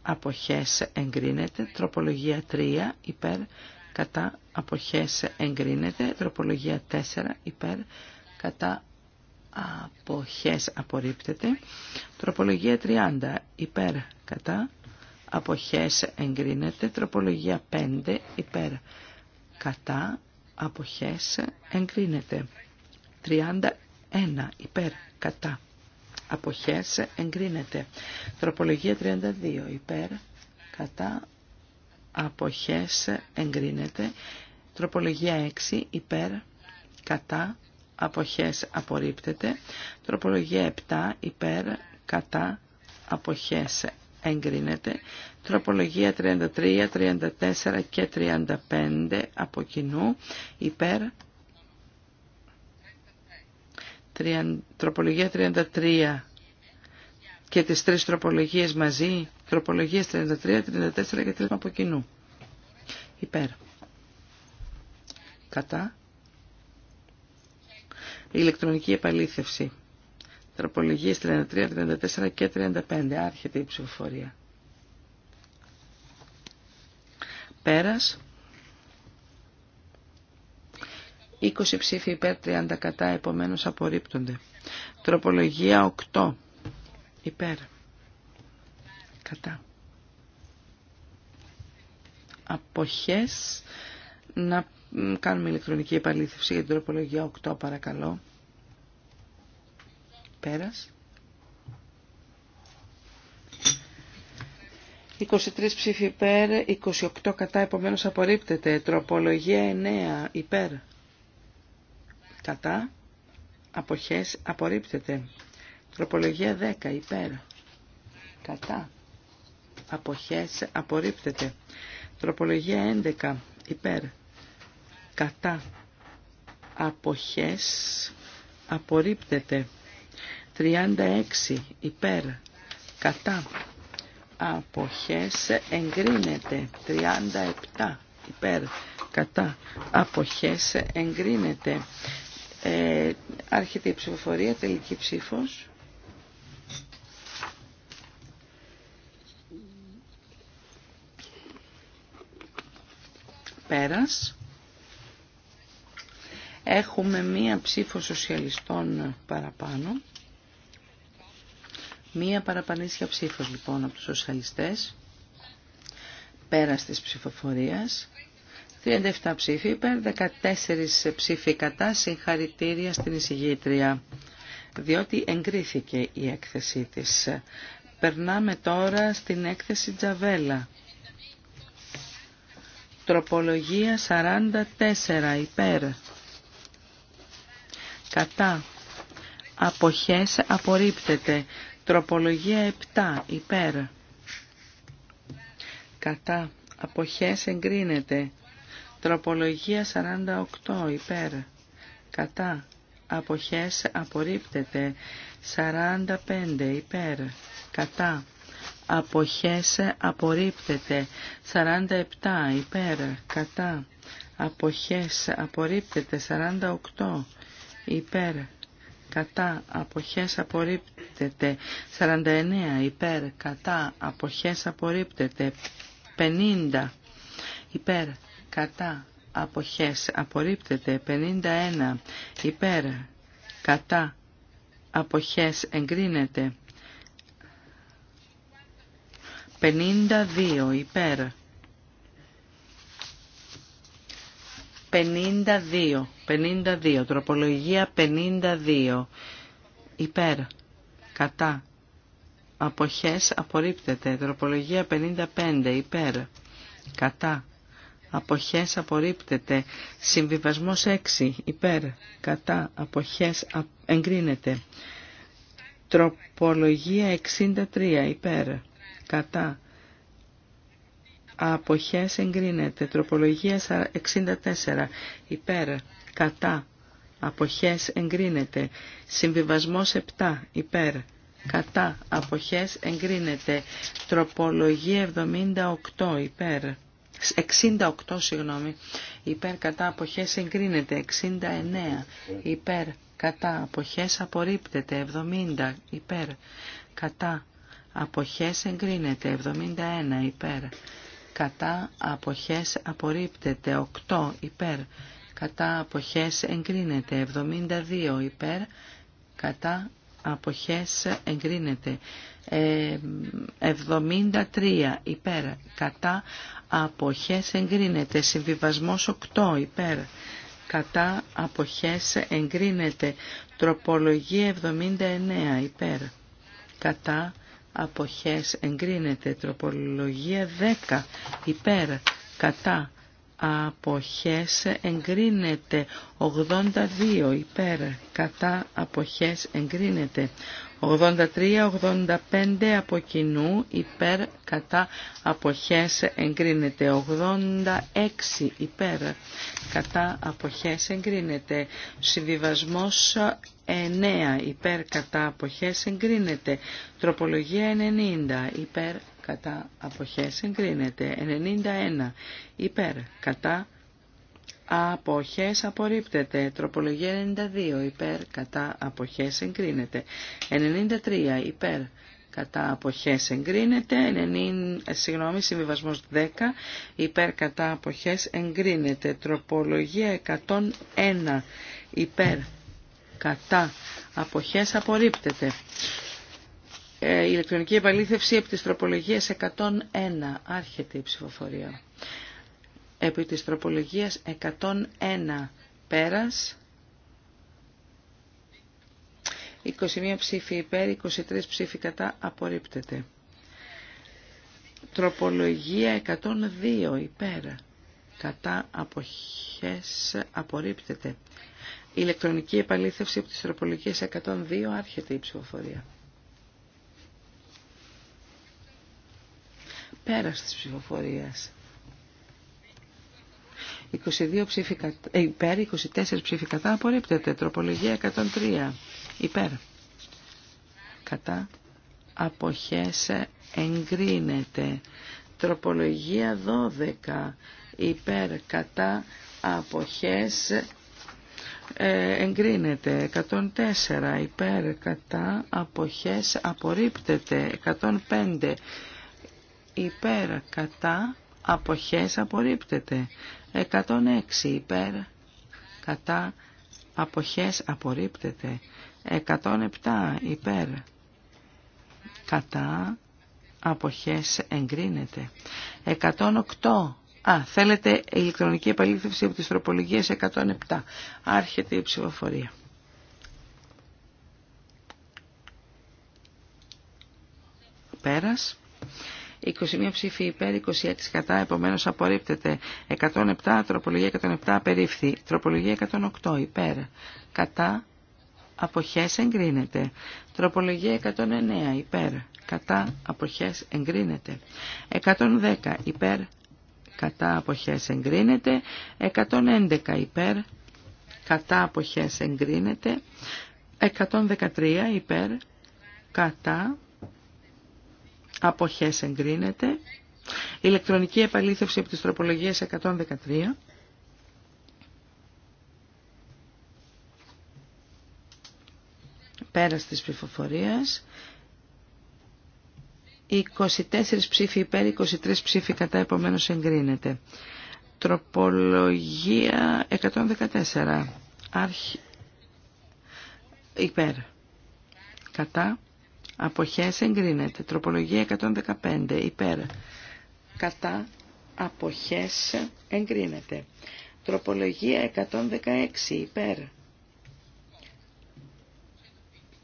αποχές εγκρίνεται. Τροπολογία 3 υπέρ κατά αποχές εγκρίνεται. Τροπολογία 4 υπέρ κατά αποχές απορρίπτεται. Τροπολογία 30 υπέρ κατά αποχές εγκρίνεται. Τροπολογία 5 υπέρ κατά αποχές εγκρίνεται. 30 ένα υπέρ κατά αποχές εγκρίνεται. Τροπολογία 32 υπέρ κατά αποχές εγκρίνεται. Τροπολογία 6 υπέρ κατά αποχές απορρίπτεται. Τροπολογία 7 υπέρ κατά αποχές εγκρίνεται. Τροπολογία 33, 34 και 35 από κοινού υπέρ τροπολογία 33 και τις τρεις τροπολογίες μαζί, τροπολογίες 33, 34 και 3 από κοινού. Υπέρ. Κατά. Ηλεκτρονική επαλήθευση. Τροπολογίες 33, 34 και 35. Άρχεται η ψηφοφορία. Πέρας. 20 ψήφοι υπέρ 30 κατά, επομένως απορρίπτονται. Τροπολογία 8 υπέρ κατά. Αποχές να κάνουμε ηλεκτρονική επαλήθευση για την τροπολογία 8 παρακαλώ. Πέρας. 23 ψήφοι υπέρ, 28 κατά, επομένως απορρίπτεται. Τροπολογία 9 υπέρ κατά, αποχές, απορρίπτεται. Τροπολογία 10, υπέρ, κατά, αποχές, απορρίπτεται. Τροπολογία 11, υπέρ, κατά, αποχές, απορρίπτεται. 36, υπέρ, κατά, αποχές, εγκρίνεται. 37, υπέρ, κατά, αποχές, εγκρίνεται. Ε, άρχεται η ψηφοφορία, τελική ψήφος. Πέρας. Έχουμε μία ψήφο σοσιαλιστών παραπάνω. Μία παραπανήσια ψήφος λοιπόν από τους σοσιαλιστές. Πέρας της ψηφοφορίας. 37 ψήφοι υπέρ, 14 ψήφοι κατά, συγχαρητήρια στην εισηγήτρια, διότι εγκρίθηκε η έκθεσή της. Περνάμε τώρα στην έκθεση Τζαβέλα. Τροπολογία 44 υπέρ. Κατά. Αποχές απορρίπτεται. Τροπολογία 7 υπέρ. Κατά. Αποχές εγκρίνεται. Τροπολογία 48 υπέρ. Κατά. Αποχές απορρίπτεται. 45 υπέρ. Κατά. Αποχές απορρίπτεται. 47 υπέρ. Κατά. Αποχές απορρίπτεται. 48 υπέρ. Κατά. Αποχές απορρίπτεται. 49 υπέρ. Κατά. Αποχές απορρίπτεται. 50 υπέρ κατά αποχές απορρίπτεται 51 υπέρ κατά αποχές εγκρίνεται 52 υπέρ 52 52 τροπολογία 52 υπέρ κατά αποχές απορρίπτεται τροπολογία 55 υπέρ κατά αποχές απορρίπτεται. Συμβιβασμός 6 υπέρ κατά αποχές εγκρίνεται. Τροπολογία 63 υπέρ κατά αποχές εγκρίνεται. Τροπολογία 64 υπέρ κατά αποχές εγκρίνεται. Συμβιβασμός 7 υπέρ κατά αποχές εγκρίνεται. Τροπολογία 78 υπέρ 68 συγγνώμη, υπέρ κατά αποχές εγκρίνεται, 69 υπέρ κατά αποχές απορρίπτεται, 70 υπέρ κατά αποχές εγκρίνεται, 71 υπέρ κατά αποχές απορρίπτεται, 8 υπέρ κατά αποχές εγκρίνεται, 72 υπέρ κατά αποχές εγκρίνεται. 73 ε, υπέρ κατά αποχές εγκρίνεται. Συμβιβασμός 8 υπέρ κατά αποχές εγκρίνεται. Τροπολογία 79 υπέρ κατά αποχές εγκρίνεται. Τροπολογία 10 υπέρ κατά αποχές εγκρίνεται 82 υπέρ κατά αποχές εγκρίνεται 83-85 από κοινού υπέρ κατά αποχές εγκρίνεται 86 υπέρ κατά αποχές εγκρίνεται συμβιβασμός 9 υπέρ κατά αποχές εγκρίνεται τροπολογία 90 υπέρ κατά αποχές εγκρίνεται 91 υπέρ κατά αποχές απορρίπτεται τροπολογία 92 υπέρ κατά αποχές εγκρίνεται 93 υπέρ κατά αποχές εγκρίνεται 90, συγγνώμη συμβιβασμός 10 υπέρ κατά αποχές εγκρίνεται τροπολογία 101 υπέρ κατά αποχές απορρίπτεται ε, η ηλεκτρονική επαλήθευση επί της τροπολογίας 101. Άρχεται η ψηφοφορία. Επί της τροπολογίας 101. Πέρας. 21 ψήφοι υπέρ, 23 ψήφοι κατά απορρίπτεται. Τροπολογία 102 υπέρ. Κατά αποχές απορρίπτεται. Ηλεκτρονική επαλήθευση από τις τροπολογίες 102 άρχεται η ψηφοφορία. Πέρας της ψηφοφορίας. 22 ε, υπέρ, 24 ψήφι κατά, απορρίπτεται. Τροπολογία 103. Υπέρ. Κατά. Αποχές ε, εγκρίνεται. Τροπολογία 12. Υπέρ, κατά, αποχές ε, εγκρίνεται 104 υπέρ κατά αποχές απορρίπτεται 105 υπέρ κατά αποχές απορρίπτεται. 106 υπέρ κατά αποχές απορρίπτεται. 107 υπέρ κατά αποχές εγκρίνεται. 108 Α, θέλετε ηλεκτρονική επαλήθευση από τις τροπολογίες 107. Άρχεται η ψηφοφορία. Πέρας. 21 ψήφοι υπέρ, 26 κατά, επομένω απορρίπτεται. 107, τροπολογία 107 απερίφθη. Τροπολογία 108 υπέρ, κατά, αποχές εγκρίνεται. Τροπολογία 109 υπέρ, κατά, αποχές εγκρίνεται. 110 υπέρ, κατά, αποχές εγκρίνεται. 111 υπέρ, κατά, αποχές εγκρίνεται. 113 υπέρ, κατά, αποχές εγκρίνεται. Ηλεκτρονική επαλήθευση από τις τροπολογίες 113. Πέρας της ψηφοφορίας. 24 ψήφοι υπέρ, 23 ψήφοι κατά, επομένως εγκρίνεται. Τροπολογία 114. Άρχι... Υπέρ. Κατά. Αποχές εγκρίνεται. Τροπολογία 115 υπέρ. Κατά αποχές εγκρίνεται. Τροπολογία 116 υπέρ.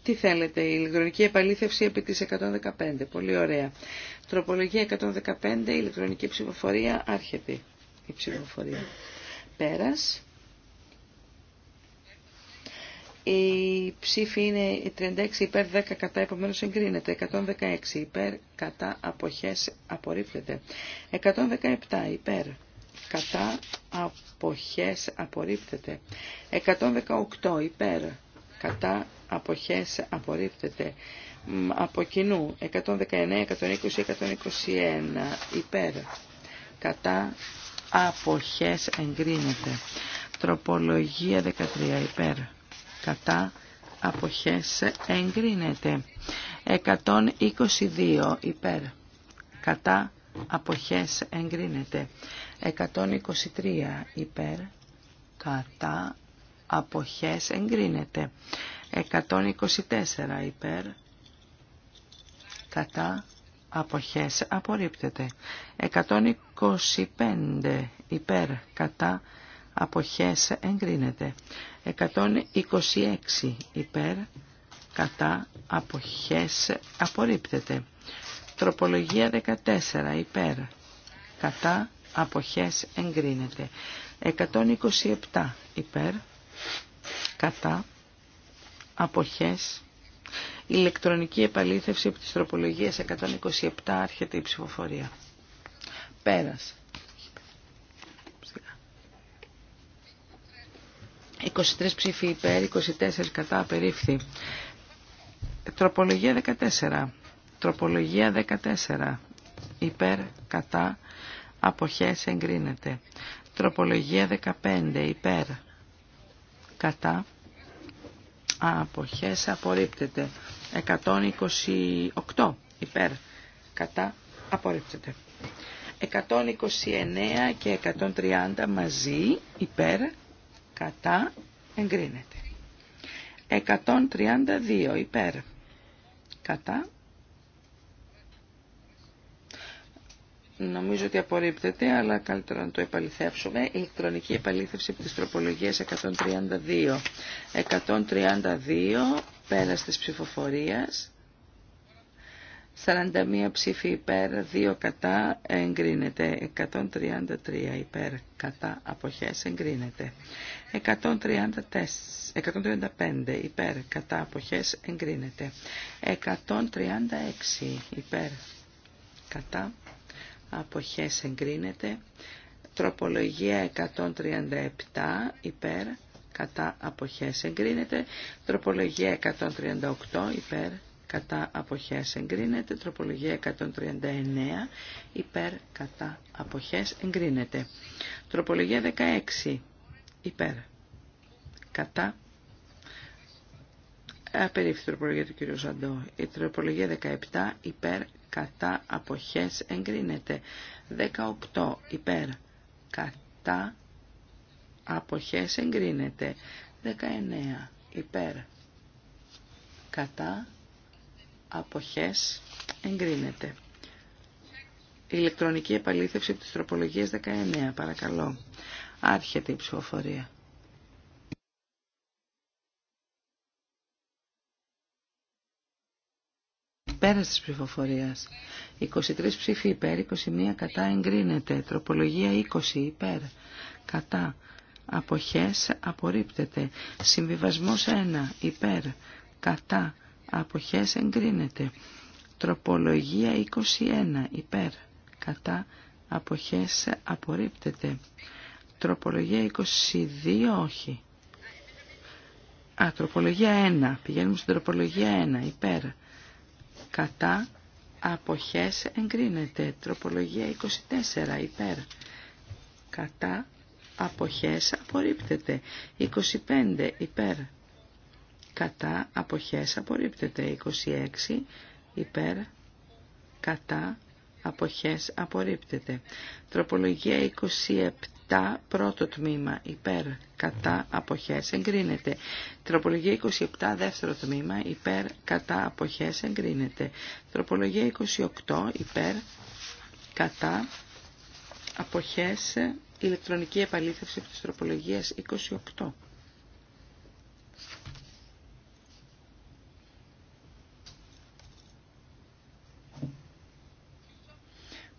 Τι θέλετε, η ηλεκτρονική επαλήθευση επί της 115. Πολύ ωραία. Τροπολογία 115, ηλεκτρονική ψηφοφορία, άρχεται η ψηφοφορία. Πέρας η ψήφη είναι 36 υπέρ 10 κατά, επομένω εγκρίνεται. 116 υπέρ κατά αποχές απορρίπτεται. 117 υπέρ κατά αποχές απορρίπτεται. 118 υπέρ κατά αποχές απορρίπτεται. Από κοινού 119, 120, 121 υπέρ κατά αποχές εγκρίνεται. Τροπολογία 13 υπέρ κατά αποχές εγκρίνεται. 122 υπέρ κατά αποχές εγκρίνεται. 123 υπέρ κατά αποχές εγκρίνεται. 124 υπέρ κατά αποχές απορρίπτεται. 125 υπέρ κατά αποχές εγκρίνεται. 126 υπέρ κατά αποχές απορρίπτεται. Τροπολογία 14 υπέρ κατά αποχές εγκρίνεται. 127 υπέρ κατά αποχές ηλεκτρονική επαλήθευση από τις τροπολογίες 127 άρχεται η ψηφοφορία. Πέρασε. 23 ψήφοι υπέρ, 24 κατά, απερίφθη. Τροπολογία 14. Τροπολογία 14. Υπέρ, κατά, αποχές εγκρίνεται. Τροπολογία 15. Υπέρ, κατά, αποχές απορρίπτεται. 128. Υπέρ, κατά, απορρίπτεται. 129 και 130 μαζί, υπέρ, κατά εγκρίνεται. 132 υπέρ κατά Νομίζω ότι απορρίπτεται, αλλά καλύτερα να το επαληθεύσουμε. Η ηλεκτρονική επαλήθευση από τις τροπολογίες 132. 132, πέρας της ψηφοφορίας. 41 ψήφοι υπέρ, 2 κατά, εγκρίνεται. 133 υπέρ, κατά, αποχές, εγκρίνεται. 135 υπέρ κατά αποχές εγκρίνεται. 136 υπέρ κατά αποχές εγκρίνεται. Τροπολογία 137 υπέρ κατά αποχές εγκρίνεται. Τροπολογία 138 υπέρ κατά αποχές εγκρίνεται. Τροπολογία 139 υπέρ κατά αποχές εγκρίνεται. Τροπολογία 16 υπέρ. Κατά. Απερίφθη τροπολογία του κ. Ζαντό. Η τροπολογία 17 υπέρ κατά αποχές εγκρίνεται. 18 υπέρ κατά αποχές εγκρίνεται. 19 υπέρ κατά αποχές εγκρίνεται. ηλεκτρονική επαλήθευση της τροπολογίας 19 παρακαλώ. Άρχεται η ψηφοφορία. Πέρα τη ψηφοφορία. 23 ψήφοι υπέρ, 21 κατά εγκρίνεται. Τροπολογία 20 υπέρ, κατά. απόχέ απορρίπτεται. Συμβιβασμό 1 υπέρ, κατά. απόχέ εγκρίνεται. Τροπολογία 21 υπέρ, κατά. απόχέ απορρίπτεται. Τροπολογία 22, όχι. Α, τροπολογία 1. Πηγαίνουμε στην τροπολογία 1, υπέρ. Κατά, αποχές, εγκρίνεται. Τροπολογία 24, υπέρ. Κατά, αποχές, απορρίπτεται. 25, υπέρ. Κατά, αποχές, απορρίπτεται. 26, υπέρ. Κατά, αποχές απορρίπτεται. Τροπολογία 27 πρώτο τμήμα υπέρ κατά αποχές εγκρίνεται. Τροπολογία 27 δεύτερο τμήμα υπέρ κατά αποχές εγκρίνεται. Τροπολογία 28 υπέρ κατά αποχές ηλεκτρονική επαλήθευση της τροπολογίας 28.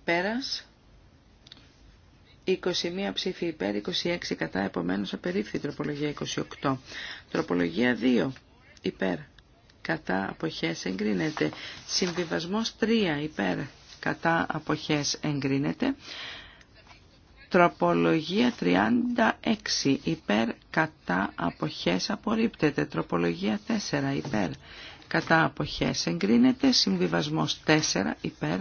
Πέρας. 21 ψήφοι υπέρ, 26 κατά, επομένως απερίφθη τροπολογία 28. Τροπολογία 2 υπέρ, κατά, αποχές, εγκρίνεται. Συμβιβασμός 3 υπέρ, κατά, αποχές, εγκρίνεται. Τροπολογία 36 υπέρ, κατά, αποχές, απορρίπτεται. Τροπολογία 4 υπέρ, κατά αποχές εγκρίνεται, συμβιβασμός 4 υπέρ,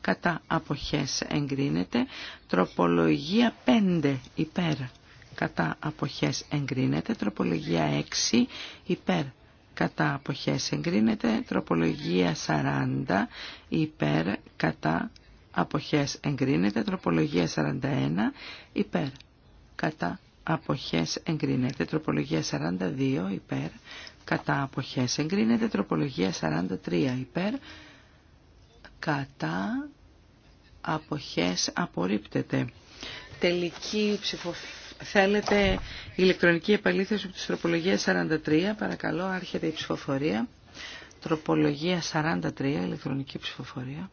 κατά αποχές εγκρίνεται. Τροπολογία 5 υπέρ κατά αποχές εγκρίνεται. Τροπολογία 6 υπέρ κατά αποχές εγκρίνεται. Τροπολογία 40 υπέρ κατά αποχές εγκρίνεται. Τροπολογία 41 υπέρ κατά αποχές εγκρίνεται. Τροπολογία 42 υπέρ κατά αποχές εγκρίνεται. Τροπολογία 43 υπέρ κατά αποχές απορρίπτεται. Τελική ψηφοφορία. Θέλετε ηλεκτρονική επαλήθευση από τη τροπολογία 43. Παρακαλώ, άρχεται η ψηφοφορία. Τροπολογία 43, ηλεκτρονική ψηφοφορία.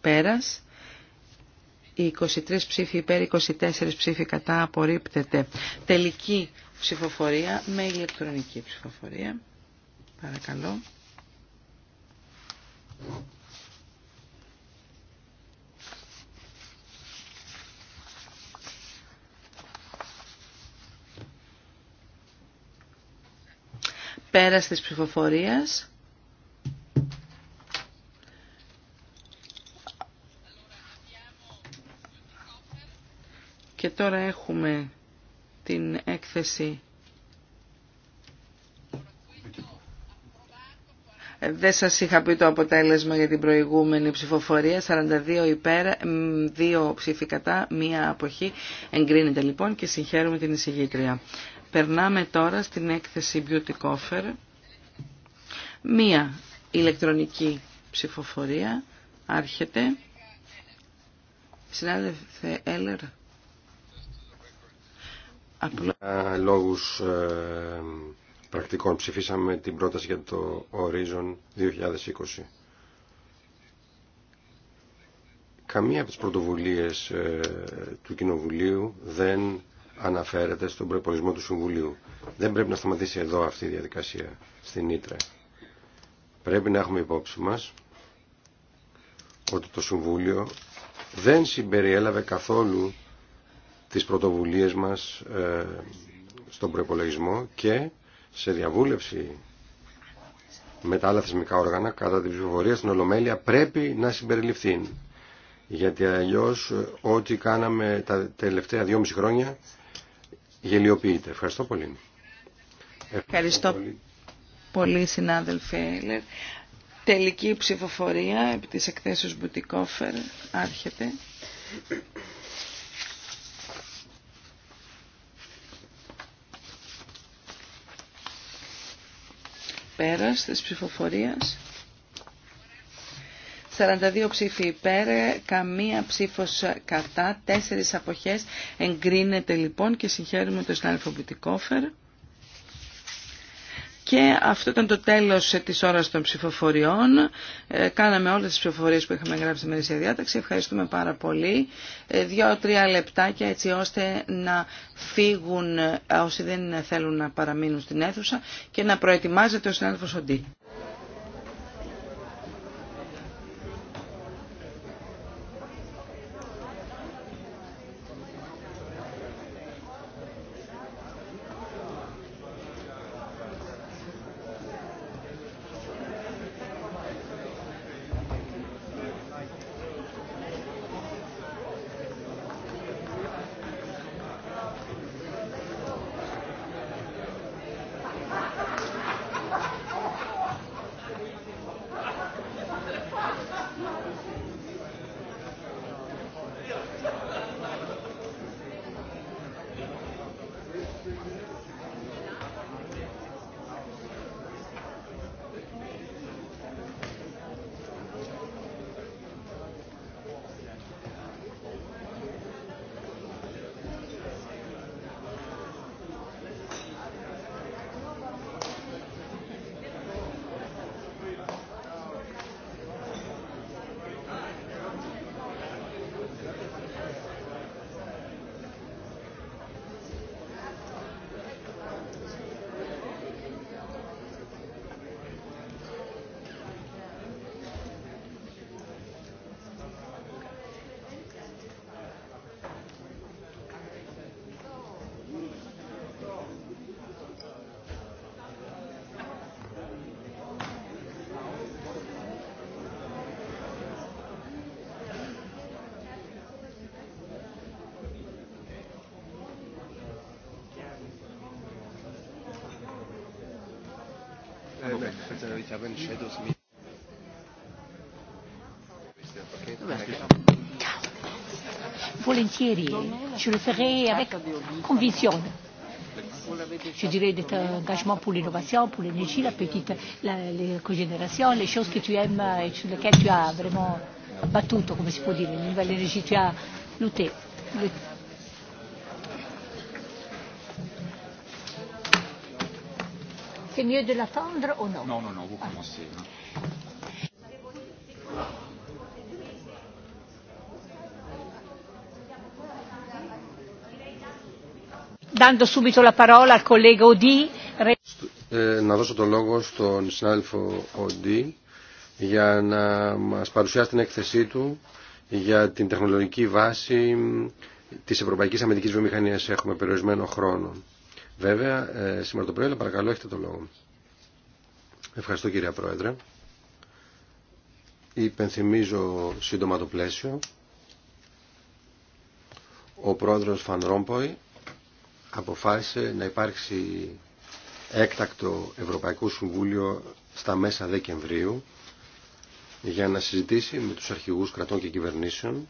Πέρας. 23 ψήφοι υπέρ, 24 ψήφοι κατά, απορρίπτεται. Τελική ψηφοφορία με ηλεκτρονική ψηφοφορία. Παρακαλώ πέρα της ψηφοφορίας. Και τώρα έχουμε την έκθεση Δεν σας είχα πει το αποτέλεσμα για την προηγούμενη ψηφοφορία. 42 υπέρ, 2 ψήφοι κατά, 1 αποχή. Εγκρίνεται λοιπόν και συγχαίρουμε την εισηγήτρια. Περνάμε τώρα στην έκθεση Beauty Coffer. Μία ηλεκτρονική ψηφοφορία. Άρχεται. Συνάδελφε Έλερ. Απλώς... Λόγους ε, πρακτικών. Ψηφίσαμε την πρόταση για το Horizon 2020. Καμία από τις πρωτοβουλίες ε, του Κοινοβουλίου δεν αναφέρεται στον προπολισμό του Συμβουλίου. Δεν πρέπει να σταματήσει εδώ αυτή η διαδικασία στην Ήτρε. Πρέπει να έχουμε υπόψη μας ότι το Συμβούλιο δεν συμπεριέλαβε καθόλου τις πρωτοβουλίες μας ε, στον προπολογισμό και σε διαβούλευση με τα άλλα θεσμικά όργανα κατά την ψηφοφορία στην Ολομέλεια πρέπει να συμπεριληφθεί. Γιατί αλλιώ ό,τι κάναμε τα τελευταία δυόμιση χρόνια γελιοποιείται. Ευχαριστώ πολύ. Ευχαριστώ πολύ, πολύ συνάδελφε Τελική ψηφοφορία επί της εκθέσεως Μπουτικόφερ άρχεται. πέρας της ψηφοφορίας. 42 ψήφοι υπέρ, καμία ψήφος κατά, τέσσερις αποχές. Εγκρίνεται λοιπόν και συγχαίρουμε τον συνάδελφο Μπουτικόφερ. Και αυτό ήταν το τέλος της ώρας των ψηφοφοριών. Ε, κάναμε όλες τις ψηφοφορίες που είχαμε γράψει στη μερίσια διάταξη. Ευχαριστούμε πάρα πολύ. Ε, δύο-τρία λεπτάκια έτσι ώστε να φύγουν ε, όσοι δεν θέλουν να παραμείνουν στην αίθουσα και να προετοιμάζεται ο συνάδελφος Οντή. Volentieri, je le ferai avec conviction. Je dirais d'être engagement pour l'innovation, pour l'énergie, la petite, la, les les choses que tu aimes et sur lesquelles tu as vraiment battu, comme si peut dire, l'énergie, tu as lutté. c'est mieux de l'attendre ou non Non, non, non, vous commencez. Dando subito la parola al collega Odi. Eh, να δώσω το λόγο στον συνάδελφο Οντή για να μας παρουσιάσει την έκθεσή του για την τεχνολογική βάση της Ευρωπαϊκής Αμυντικής Βιομηχανίας. Έχουμε περιορισμένο χρόνο. Βέβαια, ε, σήμερα το πρωί, αλλά παρακαλώ έχετε το λόγο. Ευχαριστώ κυρία Πρόεδρε. Υπενθυμίζω σύντομα το πλαίσιο. Ο πρόεδρος Φαν αποφάσισε να υπάρξει έκτακτο Ευρωπαϊκό Συμβούλιο στα μέσα Δεκεμβρίου για να συζητήσει με τους αρχηγούς κρατών και κυβερνήσεων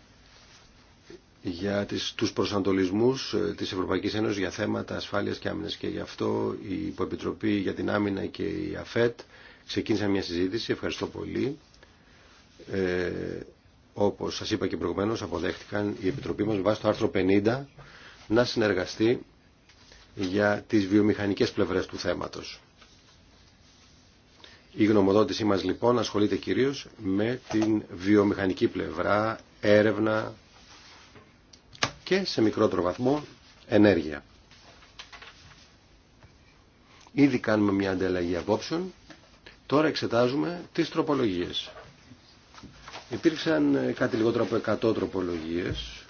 για τις, τους προσανατολισμούς ε, της Ευρωπαϊκής Ένωσης για θέματα ασφάλειας και άμυνας και γι' αυτό η Υποεπιτροπή για την Άμυνα και η ΑΦΕΤ ξεκίνησαν μια συζήτηση, ευχαριστώ πολύ. Ε, όπως σας είπα και προηγουμένως αποδέχτηκαν η Επιτροπή μας βάσει το άρθρο 50 να συνεργαστεί για τις βιομηχανικές πλευρές του θέματος. Η γνωμοδότησή μας λοιπόν ασχολείται κυρίως με την βιομηχανική πλευρά, έρευνα, και σε μικρότερο βαθμό ενέργεια. Ήδη κάνουμε μια ανταλλαγή απόψεων. Τώρα εξετάζουμε τις τροπολογίες. Υπήρξαν ε, κάτι λιγότερο από 100 τροπολογίες.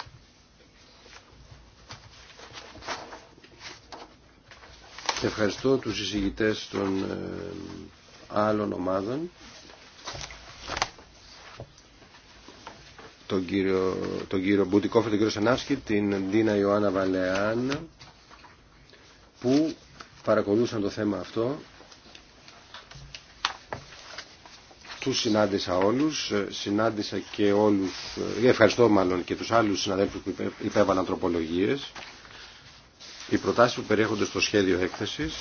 Ευχαριστώ τους εισηγητές των ε, άλλων ομάδων τον κύριο, τον κύριο τον κύριο Σανάφσκι, την Ντίνα Ιωάννα Βαλεάν που παρακολούσαν το θέμα αυτό. Τους συνάντησα όλους, συνάντησα και όλους, ευχαριστώ μάλλον και τους άλλους συναδέλφους που υπέβαλαν τροπολογίες. Οι προτάσεις που περιέχονται στο σχέδιο έκθεσης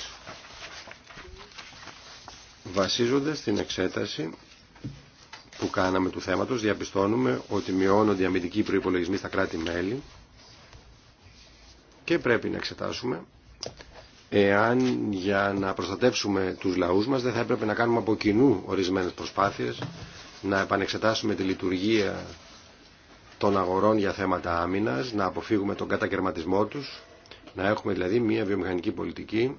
βασίζονται στην εξέταση που κάναμε του θέματος διαπιστώνουμε ότι μειώνονται οι αμυντικοί προϋπολογισμοί στα κράτη-μέλη και πρέπει να εξετάσουμε εάν για να προστατεύσουμε τους λαούς μας δεν θα έπρεπε να κάνουμε από κοινού ορισμένες προσπάθειες να επανεξετάσουμε τη λειτουργία των αγορών για θέματα άμυνας, να αποφύγουμε τον κατακαιρματισμό τους, να έχουμε δηλαδή μια βιομηχανική πολιτική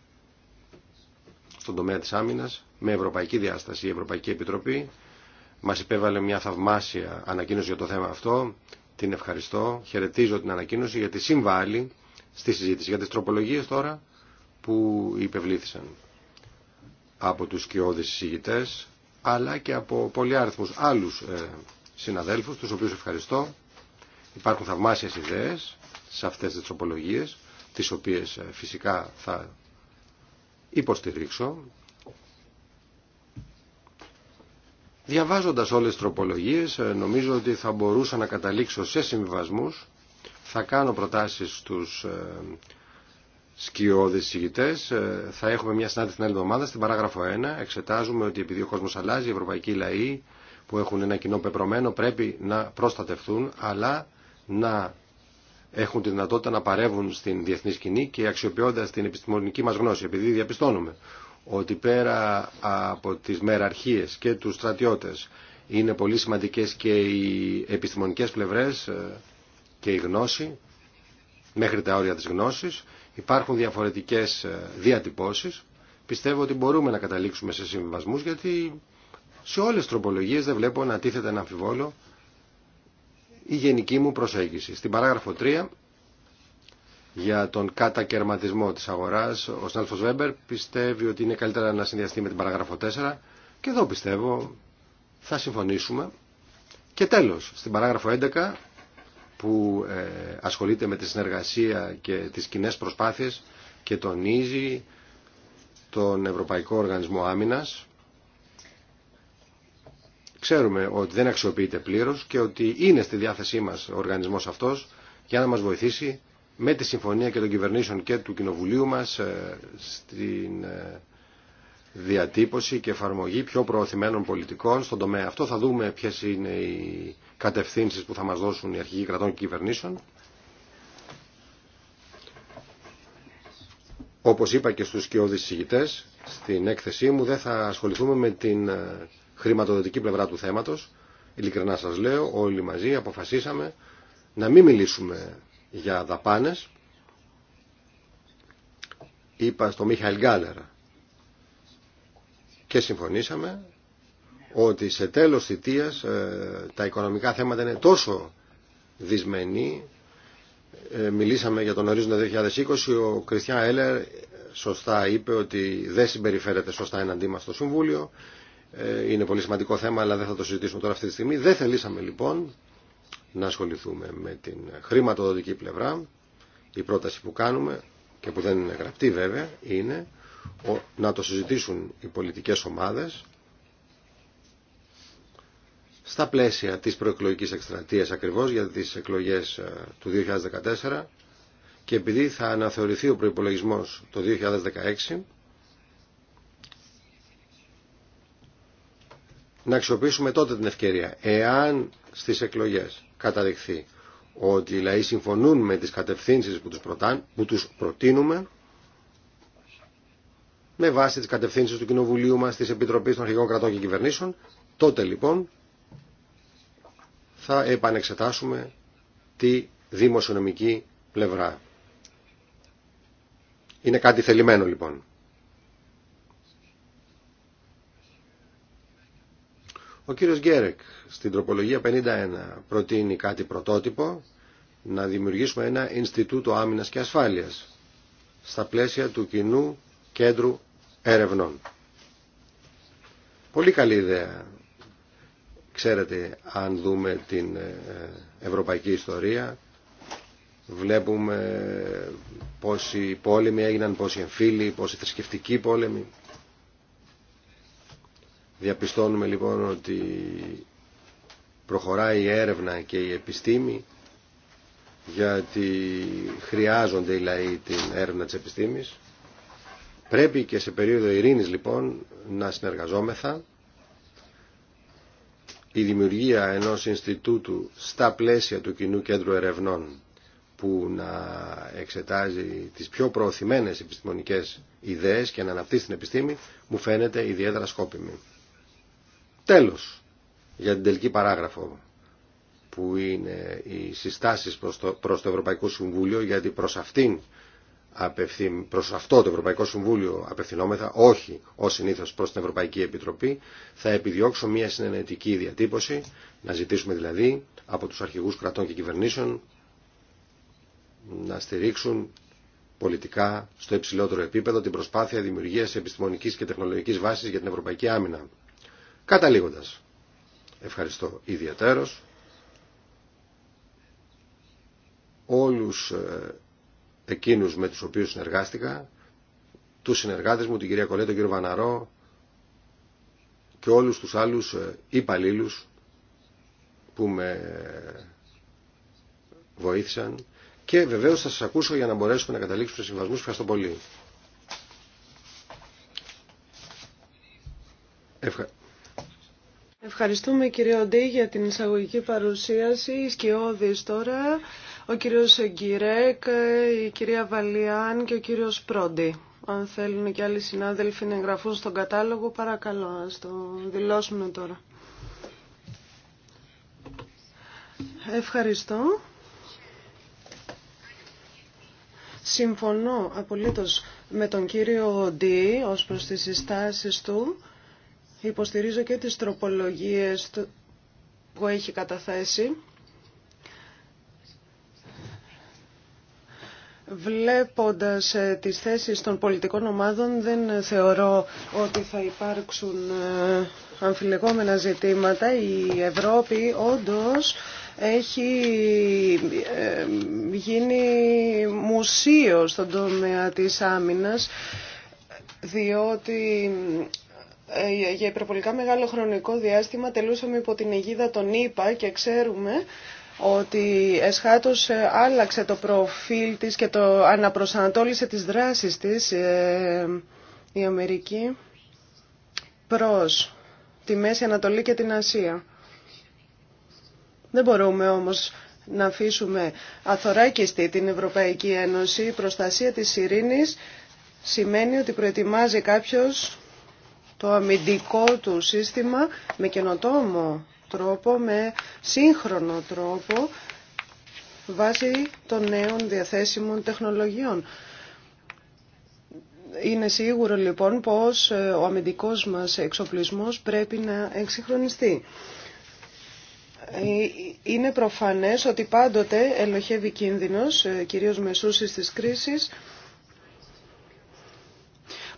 στον τομέα της άμυνας με ευρωπαϊκή διάσταση. Η Ευρωπαϊκή Επιτροπή μας υπέβαλε μια θαυμάσια ανακοίνωση για το θέμα αυτό. Την ευχαριστώ. Χαιρετίζω την ανακοίνωση γιατί συμβάλλει στη συζήτηση για τις τροπολογίες τώρα που υπευλήθησαν από τους κοιόδης συζητητές αλλά και από πολλοί άριθμους άλλους ε, συναδέλφους τους οποίους ευχαριστώ. Υπάρχουν θαυμάσιες ιδέες σε αυτές τις τροπολογίες τις οποίες ε, φυσικά θα υποστηρίξω Διαβάζοντας όλες τις τροπολογίες ε, νομίζω ότι θα μπορούσα να καταλήξω σε συμβιβασμούς. Θα κάνω προτάσεις στους ε, σκιώδες συγητές. Ε, θα έχουμε μια συνάντηση την άλλη εβδομάδα στην παράγραφο 1. Εξετάζουμε ότι επειδή ο κόσμος αλλάζει, οι ευρωπαϊκοί λαοί που έχουν ένα κοινό πεπρωμένο πρέπει να προστατευτούν αλλά να έχουν τη δυνατότητα να παρεύουν στην διεθνή σκηνή και αξιοποιώντας την επιστημονική μας γνώση. Επειδή διαπιστώνουμε ότι πέρα από τις μεραρχίες και τους στρατιώτες είναι πολύ σημαντικές και οι επιστημονικές πλευρές ε, και η γνώση, μέχρι τα όρια της γνώσης. Υπάρχουν διαφορετικές ε, διατυπώσεις. Πιστεύω ότι μπορούμε να καταλήξουμε σε συμβιβασμούς γιατί σε όλες τις τροπολογίες δεν βλέπω να τίθεται ένα αμφιβόλο η γενική μου προσέγγιση. Στην παράγραφο 3 για τον κατακαιρματισμό της αγοράς. Ο Σνάλφος Βέμπερ πιστεύει ότι είναι καλύτερα να συνδυαστεί με την παράγραφο 4 και εδώ πιστεύω θα συμφωνήσουμε. Και τέλος, στην παράγραφο 11 που ε, ασχολείται με τη συνεργασία και τις κοινέ προσπάθειες και τονίζει τον Ευρωπαϊκό Οργανισμό Άμυνας. Ξέρουμε ότι δεν αξιοποιείται πλήρως και ότι είναι στη διάθεσή μας ο οργανισμός αυτός για να μας βοηθήσει με τη συμφωνία και των κυβερνήσεων και του Κοινοβουλίου μας ε, στην ε, διατύπωση και εφαρμογή πιο προωθημένων πολιτικών στον τομέα αυτό. Θα δούμε ποιες είναι οι κατευθύνσεις που θα μας δώσουν οι αρχηγοί κρατών και κυβερνήσεων. Όπως είπα και στους κοιόδης συγητές, στην έκθεσή μου δεν θα ασχοληθούμε με την ε, χρηματοδοτική πλευρά του θέματος. Ειλικρινά σας λέω, όλοι μαζί αποφασίσαμε να μην μιλήσουμε για δαπάνες είπα στο Μίχαελ Γκάλερα και συμφωνήσαμε ότι σε τέλος θητείας ε, τα οικονομικά θέματα είναι τόσο δυσμενή. Ε, μιλήσαμε για τον ορίζοντα 2020. Ο Κριστιαν Έλερ σωστά είπε ότι δεν συμπεριφέρεται σωστά εναντί μας στο Συμβούλιο. Ε, είναι πολύ σημαντικό θέμα, αλλά δεν θα το συζητήσουμε τώρα αυτή τη στιγμή. Δεν θελήσαμε λοιπόν να ασχοληθούμε με την χρηματοδοτική πλευρά. Η πρόταση που κάνουμε και που δεν είναι γραπτή βέβαια είναι να το συζητήσουν οι πολιτικές ομάδες στα πλαίσια της προεκλογικής εκστρατείας ακριβώς για τις εκλογές ε, του 2014 και επειδή θα αναθεωρηθεί ο προϋπολογισμός το 2016 να αξιοποιήσουμε τότε την ευκαιρία εάν στις εκλογές καταδειχθεί ότι οι λαοί συμφωνούν με τις κατευθύνσεις που τους, προτάν, που τους προτείνουμε με βάση τις κατευθύνσεις του Κοινοβουλίου μας, της Επιτροπής των Αρχικών Κρατών και Κυβερνήσεων, τότε λοιπόν θα επανεξετάσουμε τη δημοσιονομική πλευρά. Είναι κάτι θελημένο λοιπόν. Ο κύριος Γκέρεκ στην τροπολογία 51 προτείνει κάτι πρωτότυπο να δημιουργήσουμε ένα Ινστιτούτο Άμυνας και Ασφάλειας στα πλαίσια του κοινού κέντρου έρευνών. Πολύ καλή ιδέα. Ξέρετε, αν δούμε την ε, ευρωπαϊκή ιστορία, βλέπουμε πόσοι πόλεμοι έγιναν, πόσοι εμφύλοι, πόσοι θρησκευτικοί πόλεμοι. Διαπιστώνουμε λοιπόν ότι προχωράει η έρευνα και η επιστήμη γιατί χρειάζονται οι λαοί την έρευνα της επιστήμης. Πρέπει και σε περίοδο ειρήνης λοιπόν να συνεργαζόμεθα η δημιουργία ενός Ινστιτούτου στα πλαίσια του Κοινού Κέντρου Ερευνών που να εξετάζει τις πιο προωθημένες επιστημονικές ιδέες και να αναπτύσσει την επιστήμη μου φαίνεται ιδιαίτερα σκόπιμη. Τέλος, για την τελική παράγραφο που είναι οι συστάσεις προς το, Ευρωπαϊκό Συμβούλιο γιατί προς, αυτήν προς αυτό το Ευρωπαϊκό Συμβούλιο απευθυνόμεθα όχι ως συνήθως προς την Ευρωπαϊκή Επιτροπή θα επιδιώξω μια συνενετική διατύπωση να ζητήσουμε δηλαδή από τους αρχηγούς κρατών και κυβερνήσεων να στηρίξουν πολιτικά στο υψηλότερο επίπεδο την προσπάθεια δημιουργίας επιστημονικής και τεχνολογικής βάσης για την Ευρωπαϊκή Άμυνα. Καταλήγοντας, ευχαριστώ ιδιαίτερος όλους ε, εκείνους με τους οποίους συνεργάστηκα, τους συνεργάτες μου, την κυρία Κολέ, τον κύριο Βαναρό και όλους τους άλλους ε, υπαλλήλου που με βοήθησαν και βεβαίως θα σας ακούσω για να μπορέσουμε να καταλήξουμε σε συμβασμούς. Ευχαριστώ πολύ. Ευχαριστούμε κύριε Οντή για την εισαγωγική παρουσίαση. Οι τώρα, ο κύριος Γκυρέκ, η κυρία Βαλιάν και ο κύριος Πρόντι. Αν θέλουν και άλλοι συνάδελφοι να εγγραφούν στον κατάλογο, παρακαλώ, ας το δηλώσουμε τώρα. Ευχαριστώ. Συμφωνώ απολύτως με τον κύριο Οντή ως προς τις συστάσεις του. Υποστηρίζω και τις τροπολογίες που έχει καταθέσει. Βλέποντας ε, τις θέσεις των πολιτικών ομάδων δεν θεωρώ ότι θα υπάρξουν ε, αμφιλεγόμενα ζητήματα. Η Ευρώπη όντως έχει ε, γίνει μουσείο στον τομέα της άμυνας διότι ε, για υπερβολικά μεγάλο χρονικό διάστημα τελούσαμε υπό την αιγίδα των ΗΠΑ και ξέρουμε ότι εσχάτως ε, άλλαξε το προφίλ της και το αναπροσανατόλησε τις δράσεις της ε, η Αμερική προς τη Μέση Ανατολή και την Ασία. Δεν μπορούμε όμως να αφήσουμε αθωράκιστη την Ευρωπαϊκή Ένωση. Η προστασία της ειρήνης σημαίνει ότι προετοιμάζει κάποιος το αμυντικό του σύστημα με καινοτόμο τρόπο, με σύγχρονο τρόπο βάσει των νέων διαθέσιμων τεχνολογιών. Είναι σίγουρο λοιπόν πως ε, ο αμυντικός μας εξοπλισμός πρέπει να εξυγχρονιστεί. Ε, είναι προφανές ότι πάντοτε ελοχεύει κίνδυνος, ε, κυρίως μεσούσης της κρίσης,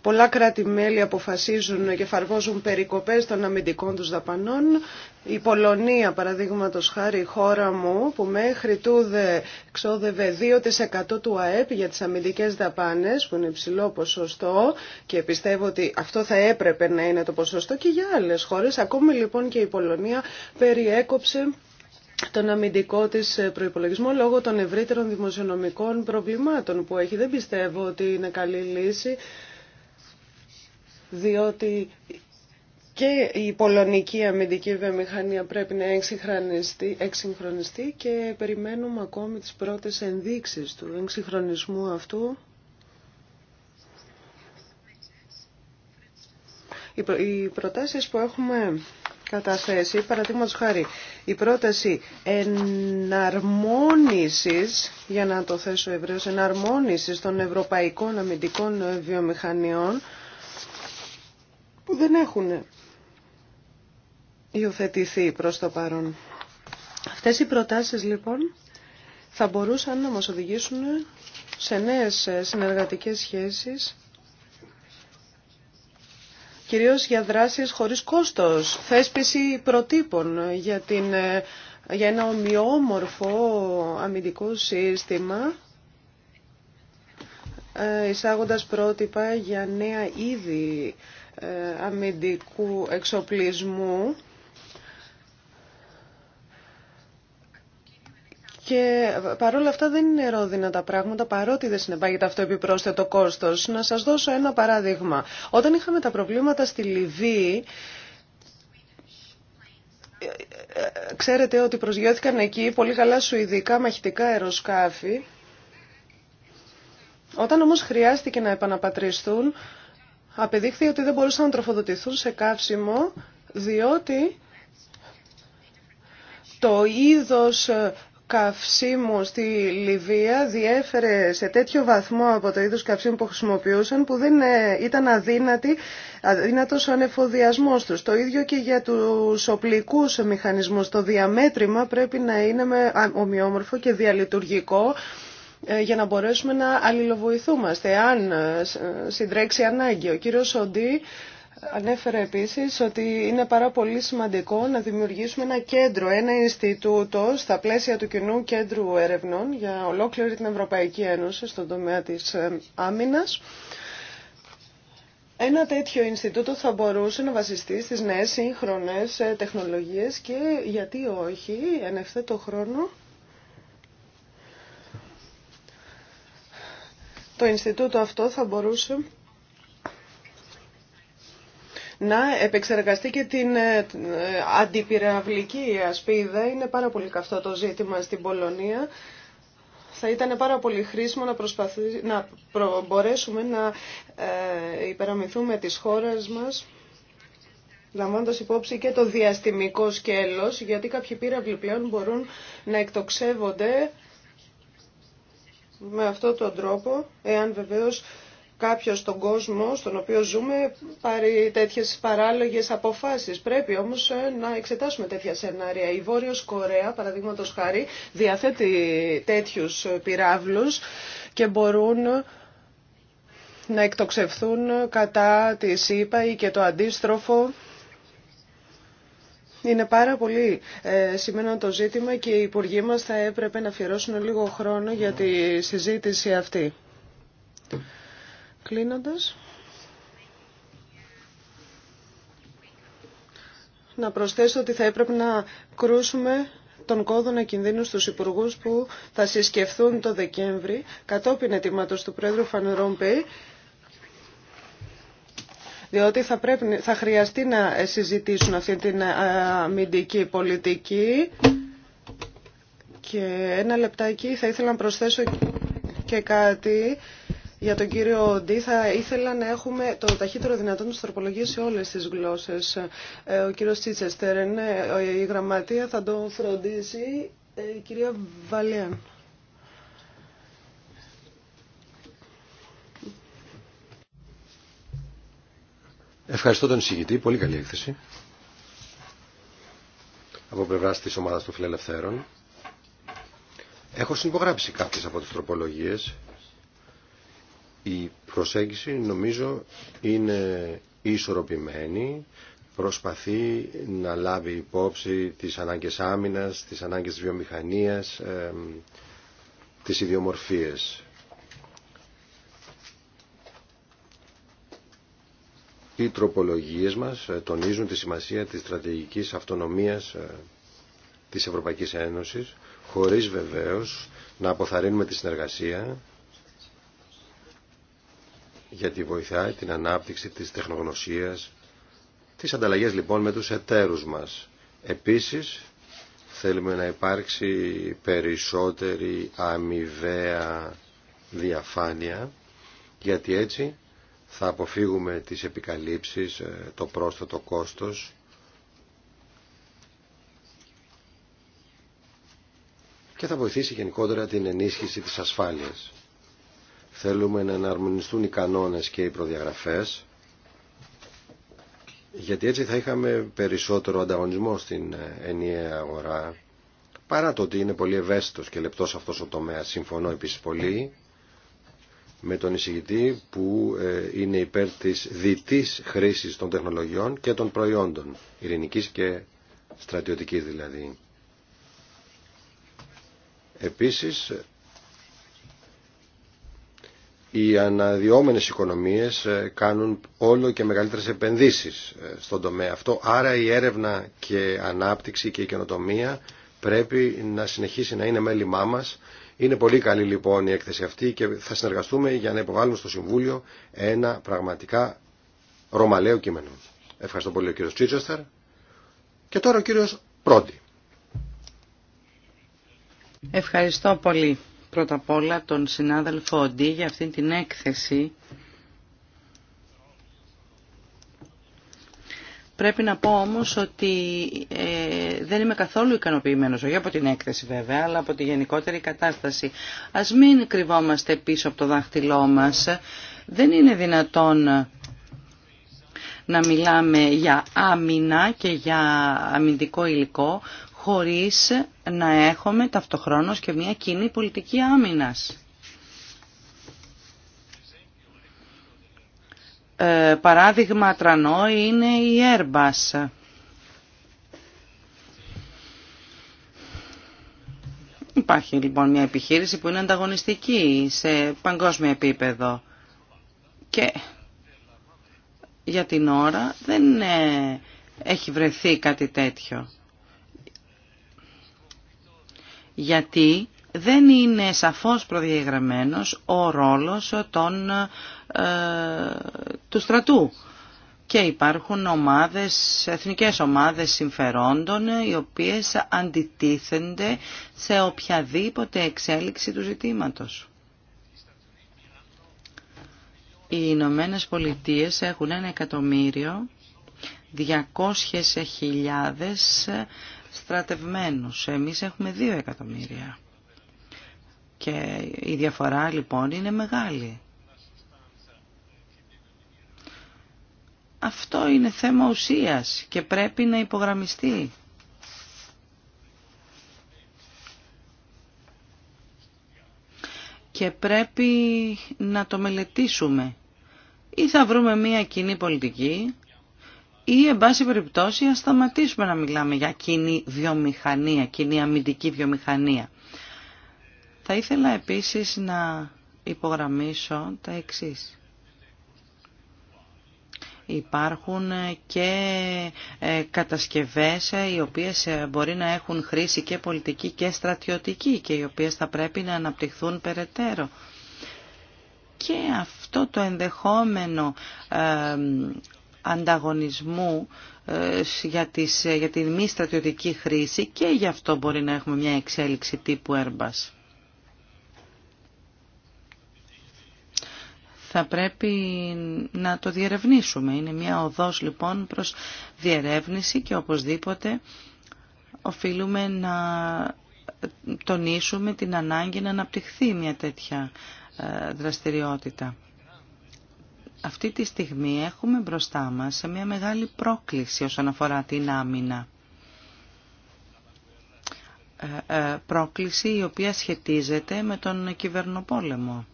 Πολλά κράτη-μέλη αποφασίζουν και εφαρμόζουν περικοπές των αμυντικών τους δαπανών. Η Πολωνία, παραδείγματο χάρη, η χώρα μου, που μέχρι τούδε ξόδευε 2% του ΑΕΠ για τις αμυντικές δαπάνες, που είναι υψηλό ποσοστό και πιστεύω ότι αυτό θα έπρεπε να είναι το ποσοστό και για άλλες χώρες. Ακόμη λοιπόν και η Πολωνία περιέκοψε τον αμυντικό της προϋπολογισμό λόγω των ευρύτερων δημοσιονομικών προβλημάτων που έχει. Δεν πιστεύω ότι είναι καλή λύση διότι και η πολωνική αμυντική βιομηχανία πρέπει να εξυγχρονιστεί, εξυγχρονιστεί και περιμένουμε ακόμη τις πρώτες ενδείξεις του εξυγχρονισμού αυτού. Οι προτάσεις που έχουμε καταθέσει, παραδείγματο χάρη, η πρόταση εναρμόνισης, για να το θέσω ευρέως, εναρμόνισης των ευρωπαϊκών αμυντικών βιομηχανιών, που δεν έχουν υιοθετηθεί προς το παρόν. Αυτές οι προτάσεις λοιπόν θα μπορούσαν να μας οδηγήσουν σε νέες συνεργατικές σχέσεις κυρίως για δράσεις χωρίς κόστος, θέσπιση προτύπων για, την, για ένα ομοιόμορφο αμυντικό σύστημα, ε, εισάγοντας πρότυπα για νέα είδη ε, αμυντικού εξοπλισμού Και παρόλα αυτά δεν είναι ρόδινα τα πράγματα, παρότι δεν συνεπάγεται αυτό επιπρόσθετο κόστος. Να σας δώσω ένα παράδειγμα. Όταν είχαμε τα προβλήματα στη Λιβύη, ξέρετε ότι προσγειώθηκαν εκεί πολύ καλά σουηδικά μαχητικά αεροσκάφη. Όταν όμως χρειάστηκε να επαναπατριστούν, απεδείχθη ότι δεν μπορούσαν να τροφοδοτηθούν σε καύσιμο διότι το είδος ε, καυσίμου στη Λιβύα διέφερε σε τέτοιο βαθμό από το είδος καυσίμου που χρησιμοποιούσαν που δεν ε, ήταν αδύνατη, αδύνατος ο ανεφοδιασμός τους. Το ίδιο και για τους οπλικούς μηχανισμούς. Το διαμέτρημα πρέπει να είναι ομοιόμορφο και διαλειτουργικό ε, για να μπορέσουμε να αλληλοβοηθούμαστε αν ε, συντρέξει ανάγκη. Ο κύριος Σοντή ε, ανέφερε επίσης ότι είναι πάρα πολύ σημαντικό να δημιουργήσουμε ένα κέντρο, ένα Ινστιτούτο στα πλαίσια του Κοινού Κέντρου Ερευνών για ολόκληρη την Ευρωπαϊκή Ένωση στον τομέα της άμυνας. Ένα τέτοιο Ινστιτούτο θα μπορούσε να βασιστεί στις νέες σύγχρονες τεχνολογίες και γιατί όχι, εν ευθέτω χρόνο, το Ινστιτούτο αυτό θα μπορούσε να επεξεργαστεί και την ε, αντιπυραυλική ασπίδα. Είναι πάρα πολύ καυτό το ζήτημα στην Πολωνία. Θα ήταν πάρα πολύ χρήσιμο να, να προ, μπορέσουμε να ε, της χώρες μας λαμβάνοντας υπόψη και το διαστημικό σκέλος, γιατί κάποιοι πύραυλοι πλέον μπορούν να εκτοξεύονται με αυτόν τον τρόπο, εάν βεβαίως κάποιος στον κόσμο στον οποίο ζούμε πάρει τέτοιες παράλογες αποφάσεις. Πρέπει όμως ε, να εξετάσουμε τέτοια σενάρια. Η Βόρειος Κορέα, παραδείγματος χάρη, διαθέτει τέτοιους πυράβλους και μπορούν να εκτοξευθούν κατά τη ΣΥΠΑ ή και το αντίστροφο είναι πάρα πολύ ε, το ζήτημα και οι υπουργοί μας θα έπρεπε να αφιερώσουν λίγο χρόνο για τη συζήτηση αυτή. Κλείνοντας. Να προσθέσω ότι θα έπρεπε να κρούσουμε τον κόδωνα κινδύνου στους υπουργούς που θα συσκεφθούν το Δεκέμβρη κατόπιν ετοιμάτως του Πρόεδρου Φανερόμπεϊ διότι θα, χρειαστεί να συζητήσουν αυτή την ε, αμυντική πολιτική. Και ένα λεπτάκι θα ήθελα να προσθέσω και κάτι για τον κύριο Ντί. Θα ήθελα να έχουμε το ταχύτερο δυνατόν του τροπολογίε σε όλες τις γλώσσες. Ε, ο κύριος Τσίτσεστερ, ναι, η γραμματεία θα τον φροντίσει. Ε, η κυρία Βαλέαν. Ευχαριστώ τον εισηγητή. Πολύ καλή έκθεση. Από πλευρά τη ομάδα των φιλελευθέρων. Έχω συνυπογράψει κάποιε από τι τροπολογίε. Η προσέγγιση νομίζω είναι ισορροπημένη. Προσπαθεί να λάβει υπόψη τις ανάγκες άμυνας, τις ανάγκες της βιομηχανίας, τις ιδιομορφίες. Οι τροπολογίες μας ε, τονίζουν τη σημασία της στρατηγικής αυτονομίας ε, της Ευρωπαϊκής Ένωσης, χωρίς βεβαίως να αποθαρρύνουμε τη συνεργασία γιατί βοηθάει την ανάπτυξη της τεχνογνωσίας, τις ανταλλαγές λοιπόν με τους εταίρους μας. Επίσης, θέλουμε να υπάρξει περισσότερη αμοιβαία διαφάνεια, γιατί έτσι θα αποφύγουμε τις επικαλύψεις, ε, το πρόσθετο κόστος και θα βοηθήσει γενικότερα την ενίσχυση της ασφάλειας. Θέλουμε να εναρμονιστούν οι κανόνες και οι προδιαγραφές γιατί έτσι θα είχαμε περισσότερο ανταγωνισμό στην ε, ενιαία αγορά παρά το ότι είναι πολύ ευαίσθητος και λεπτός αυτός ο τομέας. Συμφωνώ επίσης πολύ με τον εισηγητή που ε, είναι υπέρ της διτής χρήσης των τεχνολογιών και των προϊόντων, ειρηνικής και στρατιωτικής δηλαδή. Επίσης, οι αναδυόμενες οικονομίες ε, κάνουν όλο και μεγαλύτερες επενδύσεις ε, στον τομέα αυτό. Άρα η έρευνα και ανάπτυξη και η καινοτομία πρέπει να συνεχίσει να είναι μέλημά μας είναι πολύ καλή λοιπόν η έκθεση αυτή και θα συνεργαστούμε για να υποβάλουμε στο Συμβούλιο ένα πραγματικά ρωμαλαίο κείμενο. Ευχαριστώ πολύ ο κύριος Τσίτσεστερ. Και τώρα ο κύριος Πρόντι. Ευχαριστώ πολύ πρώτα απ' όλα τον συνάδελφο Οντί για αυτή την έκθεση Πρέπει να πω όμως ότι ε, δεν είμαι καθόλου ικανοποιημένος, όχι από την έκθεση βέβαια, αλλά από τη γενικότερη κατάσταση. Ας μην κρυβόμαστε πίσω από το δάχτυλό μας. Δεν είναι δυνατόν να μιλάμε για άμυνα και για αμυντικό υλικό χωρίς να έχουμε ταυτοχρόνως και μια κοινή πολιτική άμυνας. Ε, παράδειγμα τρανό είναι η Airbus. Υπάρχει λοιπόν μια επιχείρηση που είναι ανταγωνιστική σε παγκόσμιο επίπεδο και για την ώρα δεν ε, έχει βρεθεί κάτι τέτοιο. Γιατί δεν είναι σαφώς προδιαγραμμένος ο ρόλος των, ε, του στρατού. Και υπάρχουν ομάδες, εθνικές ομάδες συμφερόντων οι οποίες αντιτίθενται σε οποιαδήποτε εξέλιξη του ζητήματος. Οι Ηνωμένε Πολιτείε έχουν ένα εκατομμύριο 200.000 στρατευμένους. Εμείς έχουμε δύο εκατομμύρια. Και η διαφορά λοιπόν είναι μεγάλη. Αυτό είναι θέμα ουσίας και πρέπει να υπογραμμιστεί. Και πρέπει να το μελετήσουμε. Ή θα βρούμε μία κοινή πολιτική ή, εν πάση περιπτώσει, να σταματήσουμε να μιλάμε για κοινή βιομηχανία, κοινή αμυντική βιομηχανία. Θα ήθελα επίσης να υπογραμμίσω τα εξής. Υπάρχουν και ε, κατασκευές ε, οι οποίες ε, μπορεί να έχουν χρήση και πολιτική και στρατιωτική και οι οποίες θα πρέπει να αναπτυχθούν περαιτέρω. Και αυτό το ενδεχόμενο ανταγωνισμού για, τις, για την μη στρατιωτική χρήση και γι' αυτό μπορεί να έχουμε μια εξέλιξη τύπου Airbus. θα πρέπει να το διερευνήσουμε. Είναι μια οδός λοιπόν προς διερεύνηση και οπωσδήποτε οφείλουμε να τονίσουμε την ανάγκη να αναπτυχθεί μια τέτοια ε, δραστηριότητα. Αυτή τη στιγμή έχουμε μπροστά μας σε μια μεγάλη πρόκληση όσον αφορά την άμυνα. Ε, ε, πρόκληση η οποία σχετίζεται με τον κυβερνοπόλεμο.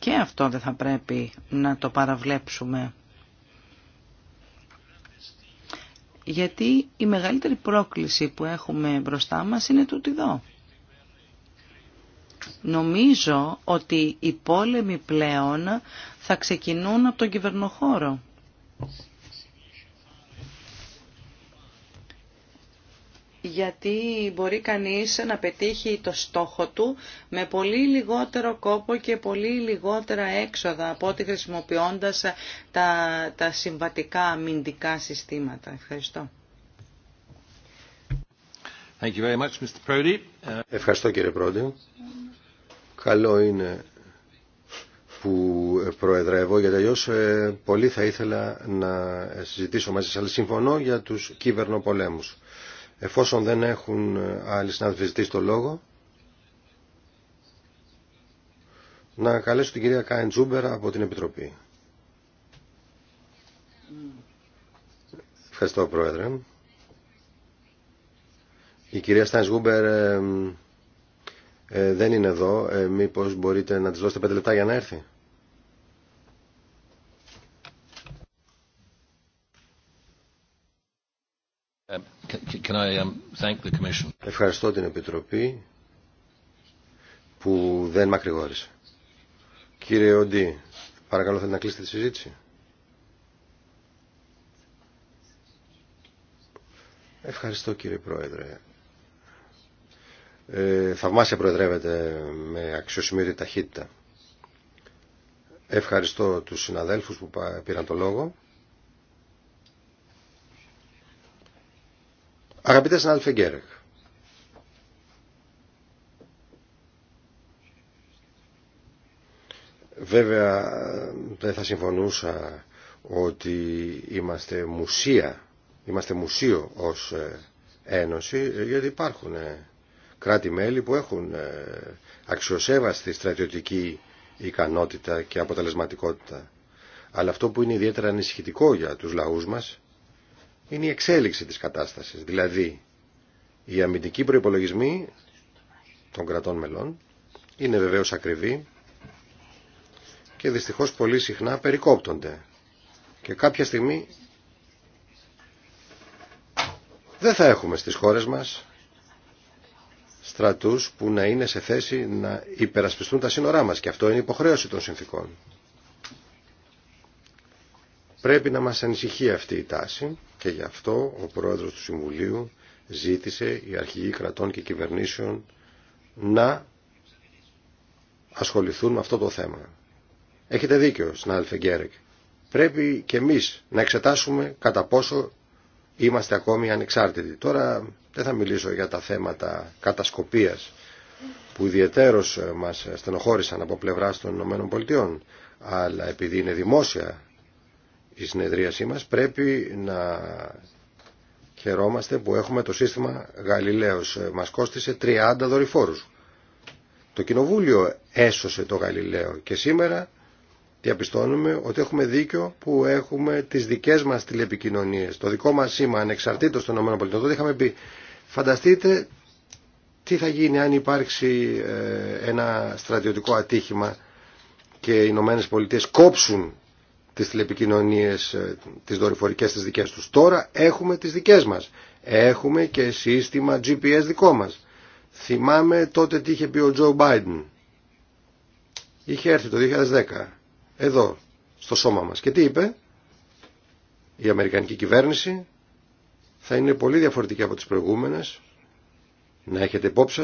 Και αυτό δεν θα πρέπει να το παραβλέψουμε. Γιατί η μεγαλύτερη πρόκληση που έχουμε μπροστά μας είναι τούτη εδώ. Νομίζω ότι οι πόλεμοι πλέον θα ξεκινούν από τον κυβερνοχώρο. γιατί μπορεί κανείς να πετύχει το στόχο του με πολύ λιγότερο κόπο και πολύ λιγότερα έξοδα από ό,τι χρησιμοποιώντας τα, τα συμβατικά αμυντικά συστήματα. Ευχαριστώ. Thank you very much, Mr. Ευχαριστώ κύριε Πρόντι. Καλό είναι που προεδρεύω γιατί αλλιώ ε, πολύ θα ήθελα να συζητήσω μαζί σας αλλά συμφωνώ για τους κυβερνοπολέμους Εφόσον δεν έχουν ε, άλλοι συνάδελφοι ζητήσει το λόγο, να καλέσω την κυρία Κάιν Τζούμπερ από την Επιτροπή. Ευχαριστώ, Πρόεδρε. Η κυρία Στάιν Γούμπερ ε, ε, δεν είναι εδώ. Ε, μήπως μπορείτε να της δώσετε πέντε λεπτά για να έρθει. Um, Ευχαριστώ την Επιτροπή που δεν μακρηγόρησε. Κύριε Οντή, παρακαλώ θέλετε να κλείσετε τη συζήτηση. Ευχαριστώ κύριε Πρόεδρε. Ε, θαυμάσια προεδρεύεται με αξιοσημείωτη ταχύτητα. Ευχαριστώ τους συναδέλφους που πήραν το λόγο. Αγαπητέ συνάδελφε Γκέρεκ, βέβαια δεν θα συμφωνούσα ότι είμαστε μουσεία, είμαστε μουσείο ως ε, Ένωση, γιατί υπάρχουν ε, κράτη-μέλη που έχουν ε, αξιοσέβαστη στρατιωτική ικανότητα και αποτελεσματικότητα. Αλλά αυτό που είναι ιδιαίτερα ανησυχητικό για τους λαούς μας είναι η εξέλιξη της κατάστασης. Δηλαδή, οι αμυντικοί προϋπολογισμοί των κρατών μελών είναι βεβαίως ακριβοί και δυστυχώς πολύ συχνά περικόπτονται. Και κάποια στιγμή δεν θα έχουμε στις χώρες μας στρατούς που να είναι σε θέση να υπερασπιστούν τα σύνορά μας και αυτό είναι υποχρέωση των συνθήκων. Πρέπει να μας ανησυχεί αυτή η τάση και γι' αυτό ο Πρόεδρος του Συμβουλίου ζήτησε οι αρχηγοί κρατών και κυβερνήσεων να ασχοληθούν με αυτό το θέμα. Έχετε δίκιο, Σνάλφε Γκέρεκ. Πρέπει και εμείς να εξετάσουμε κατά πόσο είμαστε ακόμη ανεξάρτητοι. Τώρα δεν θα μιλήσω για τα θέματα κατασκοπίας που ιδιαιτέρως μας στενοχώρησαν από πλευράς των ΗΠΑ αλλά επειδή είναι δημόσια η συνεδρίασή μας πρέπει να χαιρόμαστε που έχουμε το σύστημα Γαλιλαίος. Μας κόστισε 30 δορυφόρους. Το Κοινοβούλιο έσωσε το Γαλιλαίο και σήμερα διαπιστώνουμε ότι έχουμε δίκιο που έχουμε τις δικές μας τηλεπικοινωνίες. Το δικό μας σήμα ανεξαρτήτως των ΗΠΑ. Τότε είχαμε πει φανταστείτε τι θα γίνει αν υπάρξει ε, ένα στρατιωτικό ατύχημα και οι Ηνωμένε κόψουν τις τηλεπικοινωνίες, ε, τις δορυφορικές τις δικές τους. Τώρα έχουμε τις δικές μας. Έχουμε και σύστημα GPS δικό μας. Θυμάμαι τότε τι είχε πει ο Τζο Μπάιντεν. Είχε έρθει το 2010 εδώ στο σώμα μας και τι είπε η Αμερικανική κυβέρνηση θα είναι πολύ διαφορετική από τις προηγούμενες να έχετε υπόψη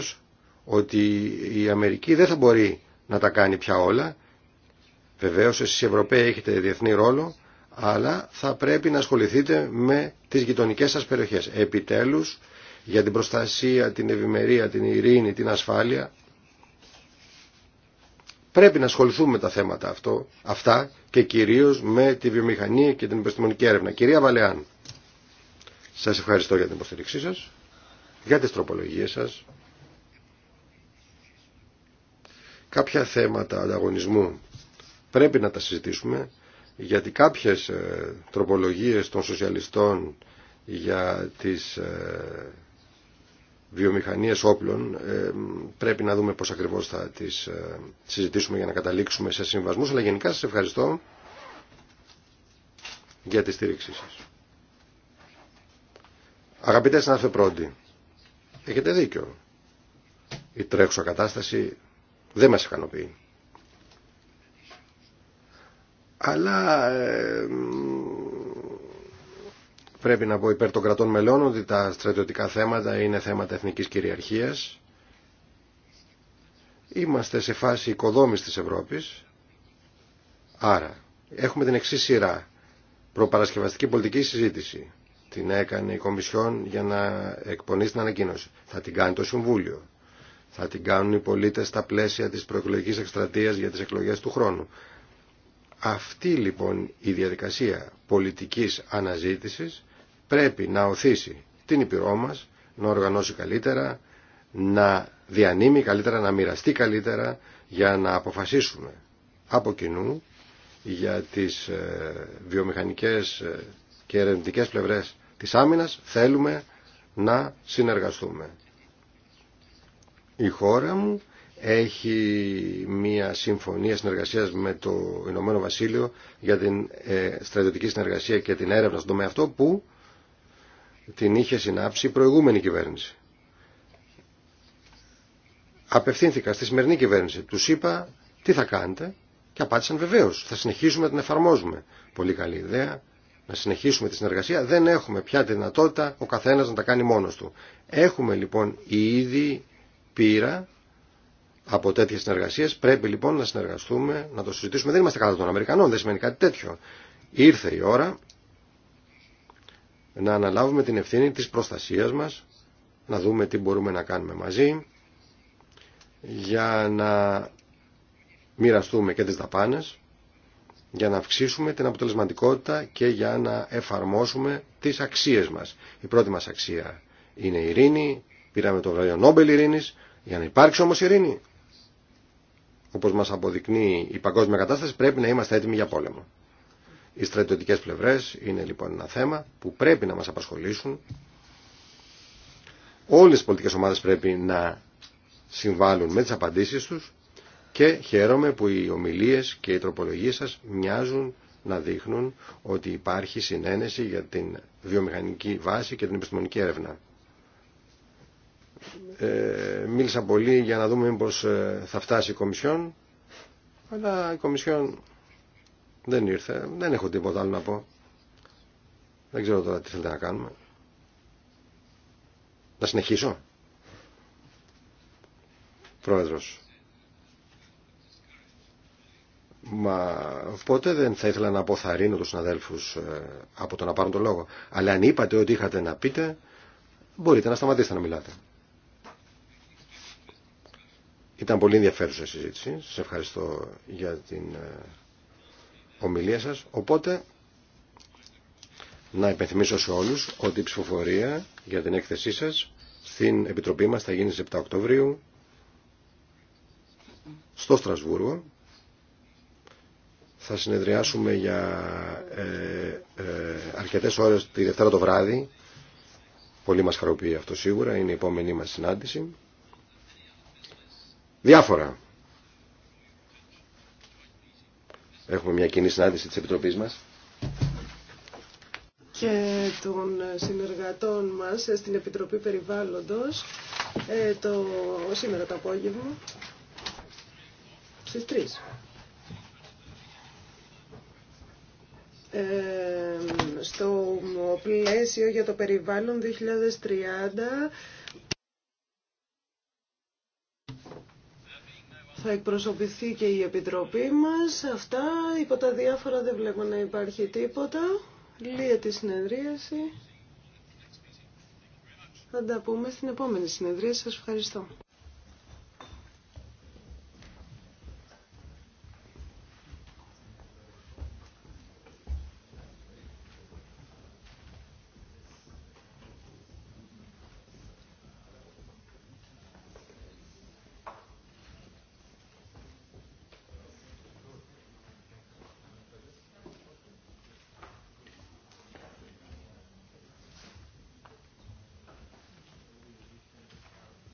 ότι η Αμερική δεν θα μπορεί να τα κάνει πια όλα Βεβαίως εσείς οι Ευρωπαίοι έχετε διεθνή ρόλο, αλλά θα πρέπει να ασχοληθείτε με τις γειτονικές σας περιοχές. Επιτέλους, για την προστασία, την ευημερία, την ειρήνη, την ασφάλεια, πρέπει να ασχοληθούμε με τα θέματα αυτό, αυτά και κυρίως με τη βιομηχανία και την επιστημονική έρευνα. Κυρία Βαλεάν, σας ευχαριστώ για την υποστήριξή σας, για τις τροπολογίες σας. Κάποια θέματα ανταγωνισμού πρέπει να τα συζητήσουμε γιατί κάποιες ε, τροπολογίες των σοσιαλιστών για τις ε, βιομηχανίες όπλων ε, πρέπει να δούμε πώς ακριβώς θα τις συζητήσουμε για να καταλήξουμε σε συμβασμούς αλλά γενικά σας ευχαριστώ για τη στήριξή σας. να είστε πρώτοι, έχετε δίκιο. Η τρέχουσα κατάσταση δεν μας ικανοποιεί αλλά πρέπει να πω υπέρ των κρατών μελών ότι τα στρατιωτικά θέματα είναι θέματα εθνικής κυριαρχίας. Είμαστε σε φάση οικοδόμης της Ευρώπης. Άρα, έχουμε την εξή σειρά. Προπαρασκευαστική πολιτική συζήτηση. Την έκανε η Κομισιόν για να εκπονήσει την ανακοίνωση. Θα την κάνει το Συμβούλιο. Θα την κάνουν οι πολίτες στα πλαίσια της προεκλογικής εκστρατείας για τις εκλογές του χρόνου. Αυτή λοιπόν η διαδικασία πολιτικής αναζήτησης πρέπει να οθήσει την Υπηρώ μας, να οργανώσει καλύτερα, να διανύμει καλύτερα, να μοιραστεί καλύτερα για να αποφασίσουμε από κοινού για τις ε, βιομηχανικές ε, και ερευνητικέ πλευρές της άμυνας θέλουμε να συνεργαστούμε. Η χώρα μου έχει μία συμφωνία συνεργασίας με το Ηνωμένο Βασίλειο για την ε, στρατιωτική συνεργασία και την έρευνα στον τομέα αυτό που την είχε συνάψει η προηγούμενη κυβέρνηση. Απευθύνθηκα στη σημερινή κυβέρνηση. Του είπα τι θα κάνετε και απάντησαν βεβαίω. Θα συνεχίσουμε να την εφαρμόζουμε. Πολύ καλή ιδέα να συνεχίσουμε τη συνεργασία. Δεν έχουμε πια τη δυνατότητα ο καθένα να τα κάνει μόνο του. Έχουμε λοιπόν ήδη πείρα από τέτοιε συνεργασίε Πρέπει λοιπόν να συνεργαστούμε, να το συζητήσουμε. Δεν είμαστε κατά των Αμερικανών, δεν σημαίνει κάτι τέτοιο. Ήρθε η ώρα να αναλάβουμε την ευθύνη της προστασίας μας, να δούμε τι μπορούμε να κάνουμε μαζί, για να μοιραστούμε και τις δαπάνες, για να αυξήσουμε την αποτελεσματικότητα και για να εφαρμόσουμε τις αξίες μας. Η πρώτη μας αξία είναι η ειρήνη, πήραμε το βραβείο Νόμπελ ειρήνης, για να υπάρξει όμως ειρήνη όπως μας αποδεικνύει η παγκόσμια κατάσταση, πρέπει να είμαστε έτοιμοι για πόλεμο. Οι στρατιωτικές πλευρές είναι λοιπόν ένα θέμα που πρέπει να μας απασχολήσουν. Όλες οι πολιτικές ομάδες πρέπει να συμβάλλουν με τις απαντήσεις τους και χαίρομαι που οι ομιλίες και οι τροπολογίες σας μοιάζουν να δείχνουν ότι υπάρχει συνένεση για την βιομηχανική βάση και την επιστημονική έρευνα ε, μίλησα πολύ για να δούμε μήπως ε, θα φτάσει η Κομισιόν αλλά η Κομισιόν δεν ήρθε, δεν έχω τίποτα άλλο να πω δεν ξέρω τώρα τι θέλετε να κάνουμε να συνεχίσω Πρόεδρος Μα πότε δεν θα ήθελα να αποθαρρύνω τους συναδέλφους ε, από το να πάρουν το λόγο. Αλλά αν είπατε ότι είχατε να πείτε, μπορείτε να σταματήσετε να μιλάτε. Ήταν πολύ ενδιαφέρουσα η συζήτηση. Σας ευχαριστώ για την ε, ομιλία σας. Οπότε, να υπενθυμίσω σε όλους ότι η ψηφοφορία για την έκθεσή σας στην Επιτροπή μας θα γίνει 7 Οκτωβρίου στο Στρασβούργο. Θα συνεδριάσουμε για ε, ε, αρκετές ώρες τη Δευτέρα το βράδυ. Πολύ μας χαροποιεί αυτό σίγουρα. Είναι η επόμενή μας συνάντηση. Διάφορα. Έχουμε μια κοινή συνάντηση της Επιτροπής μας και των συνεργατών μας στην Επιτροπή Περιβάλλοντος ε, το σήμερα το απόγευμα στις 3. Ε, στο πλαίσιο για το περιβάλλον 2030 θα εκπροσωπηθεί και η Επιτροπή μας. Αυτά, υπό τα διάφορα δεν βλέπω να υπάρχει τίποτα. Λύεται τη συνεδρίαση. Θα τα πούμε στην επόμενη συνεδρία. Σας ευχαριστώ.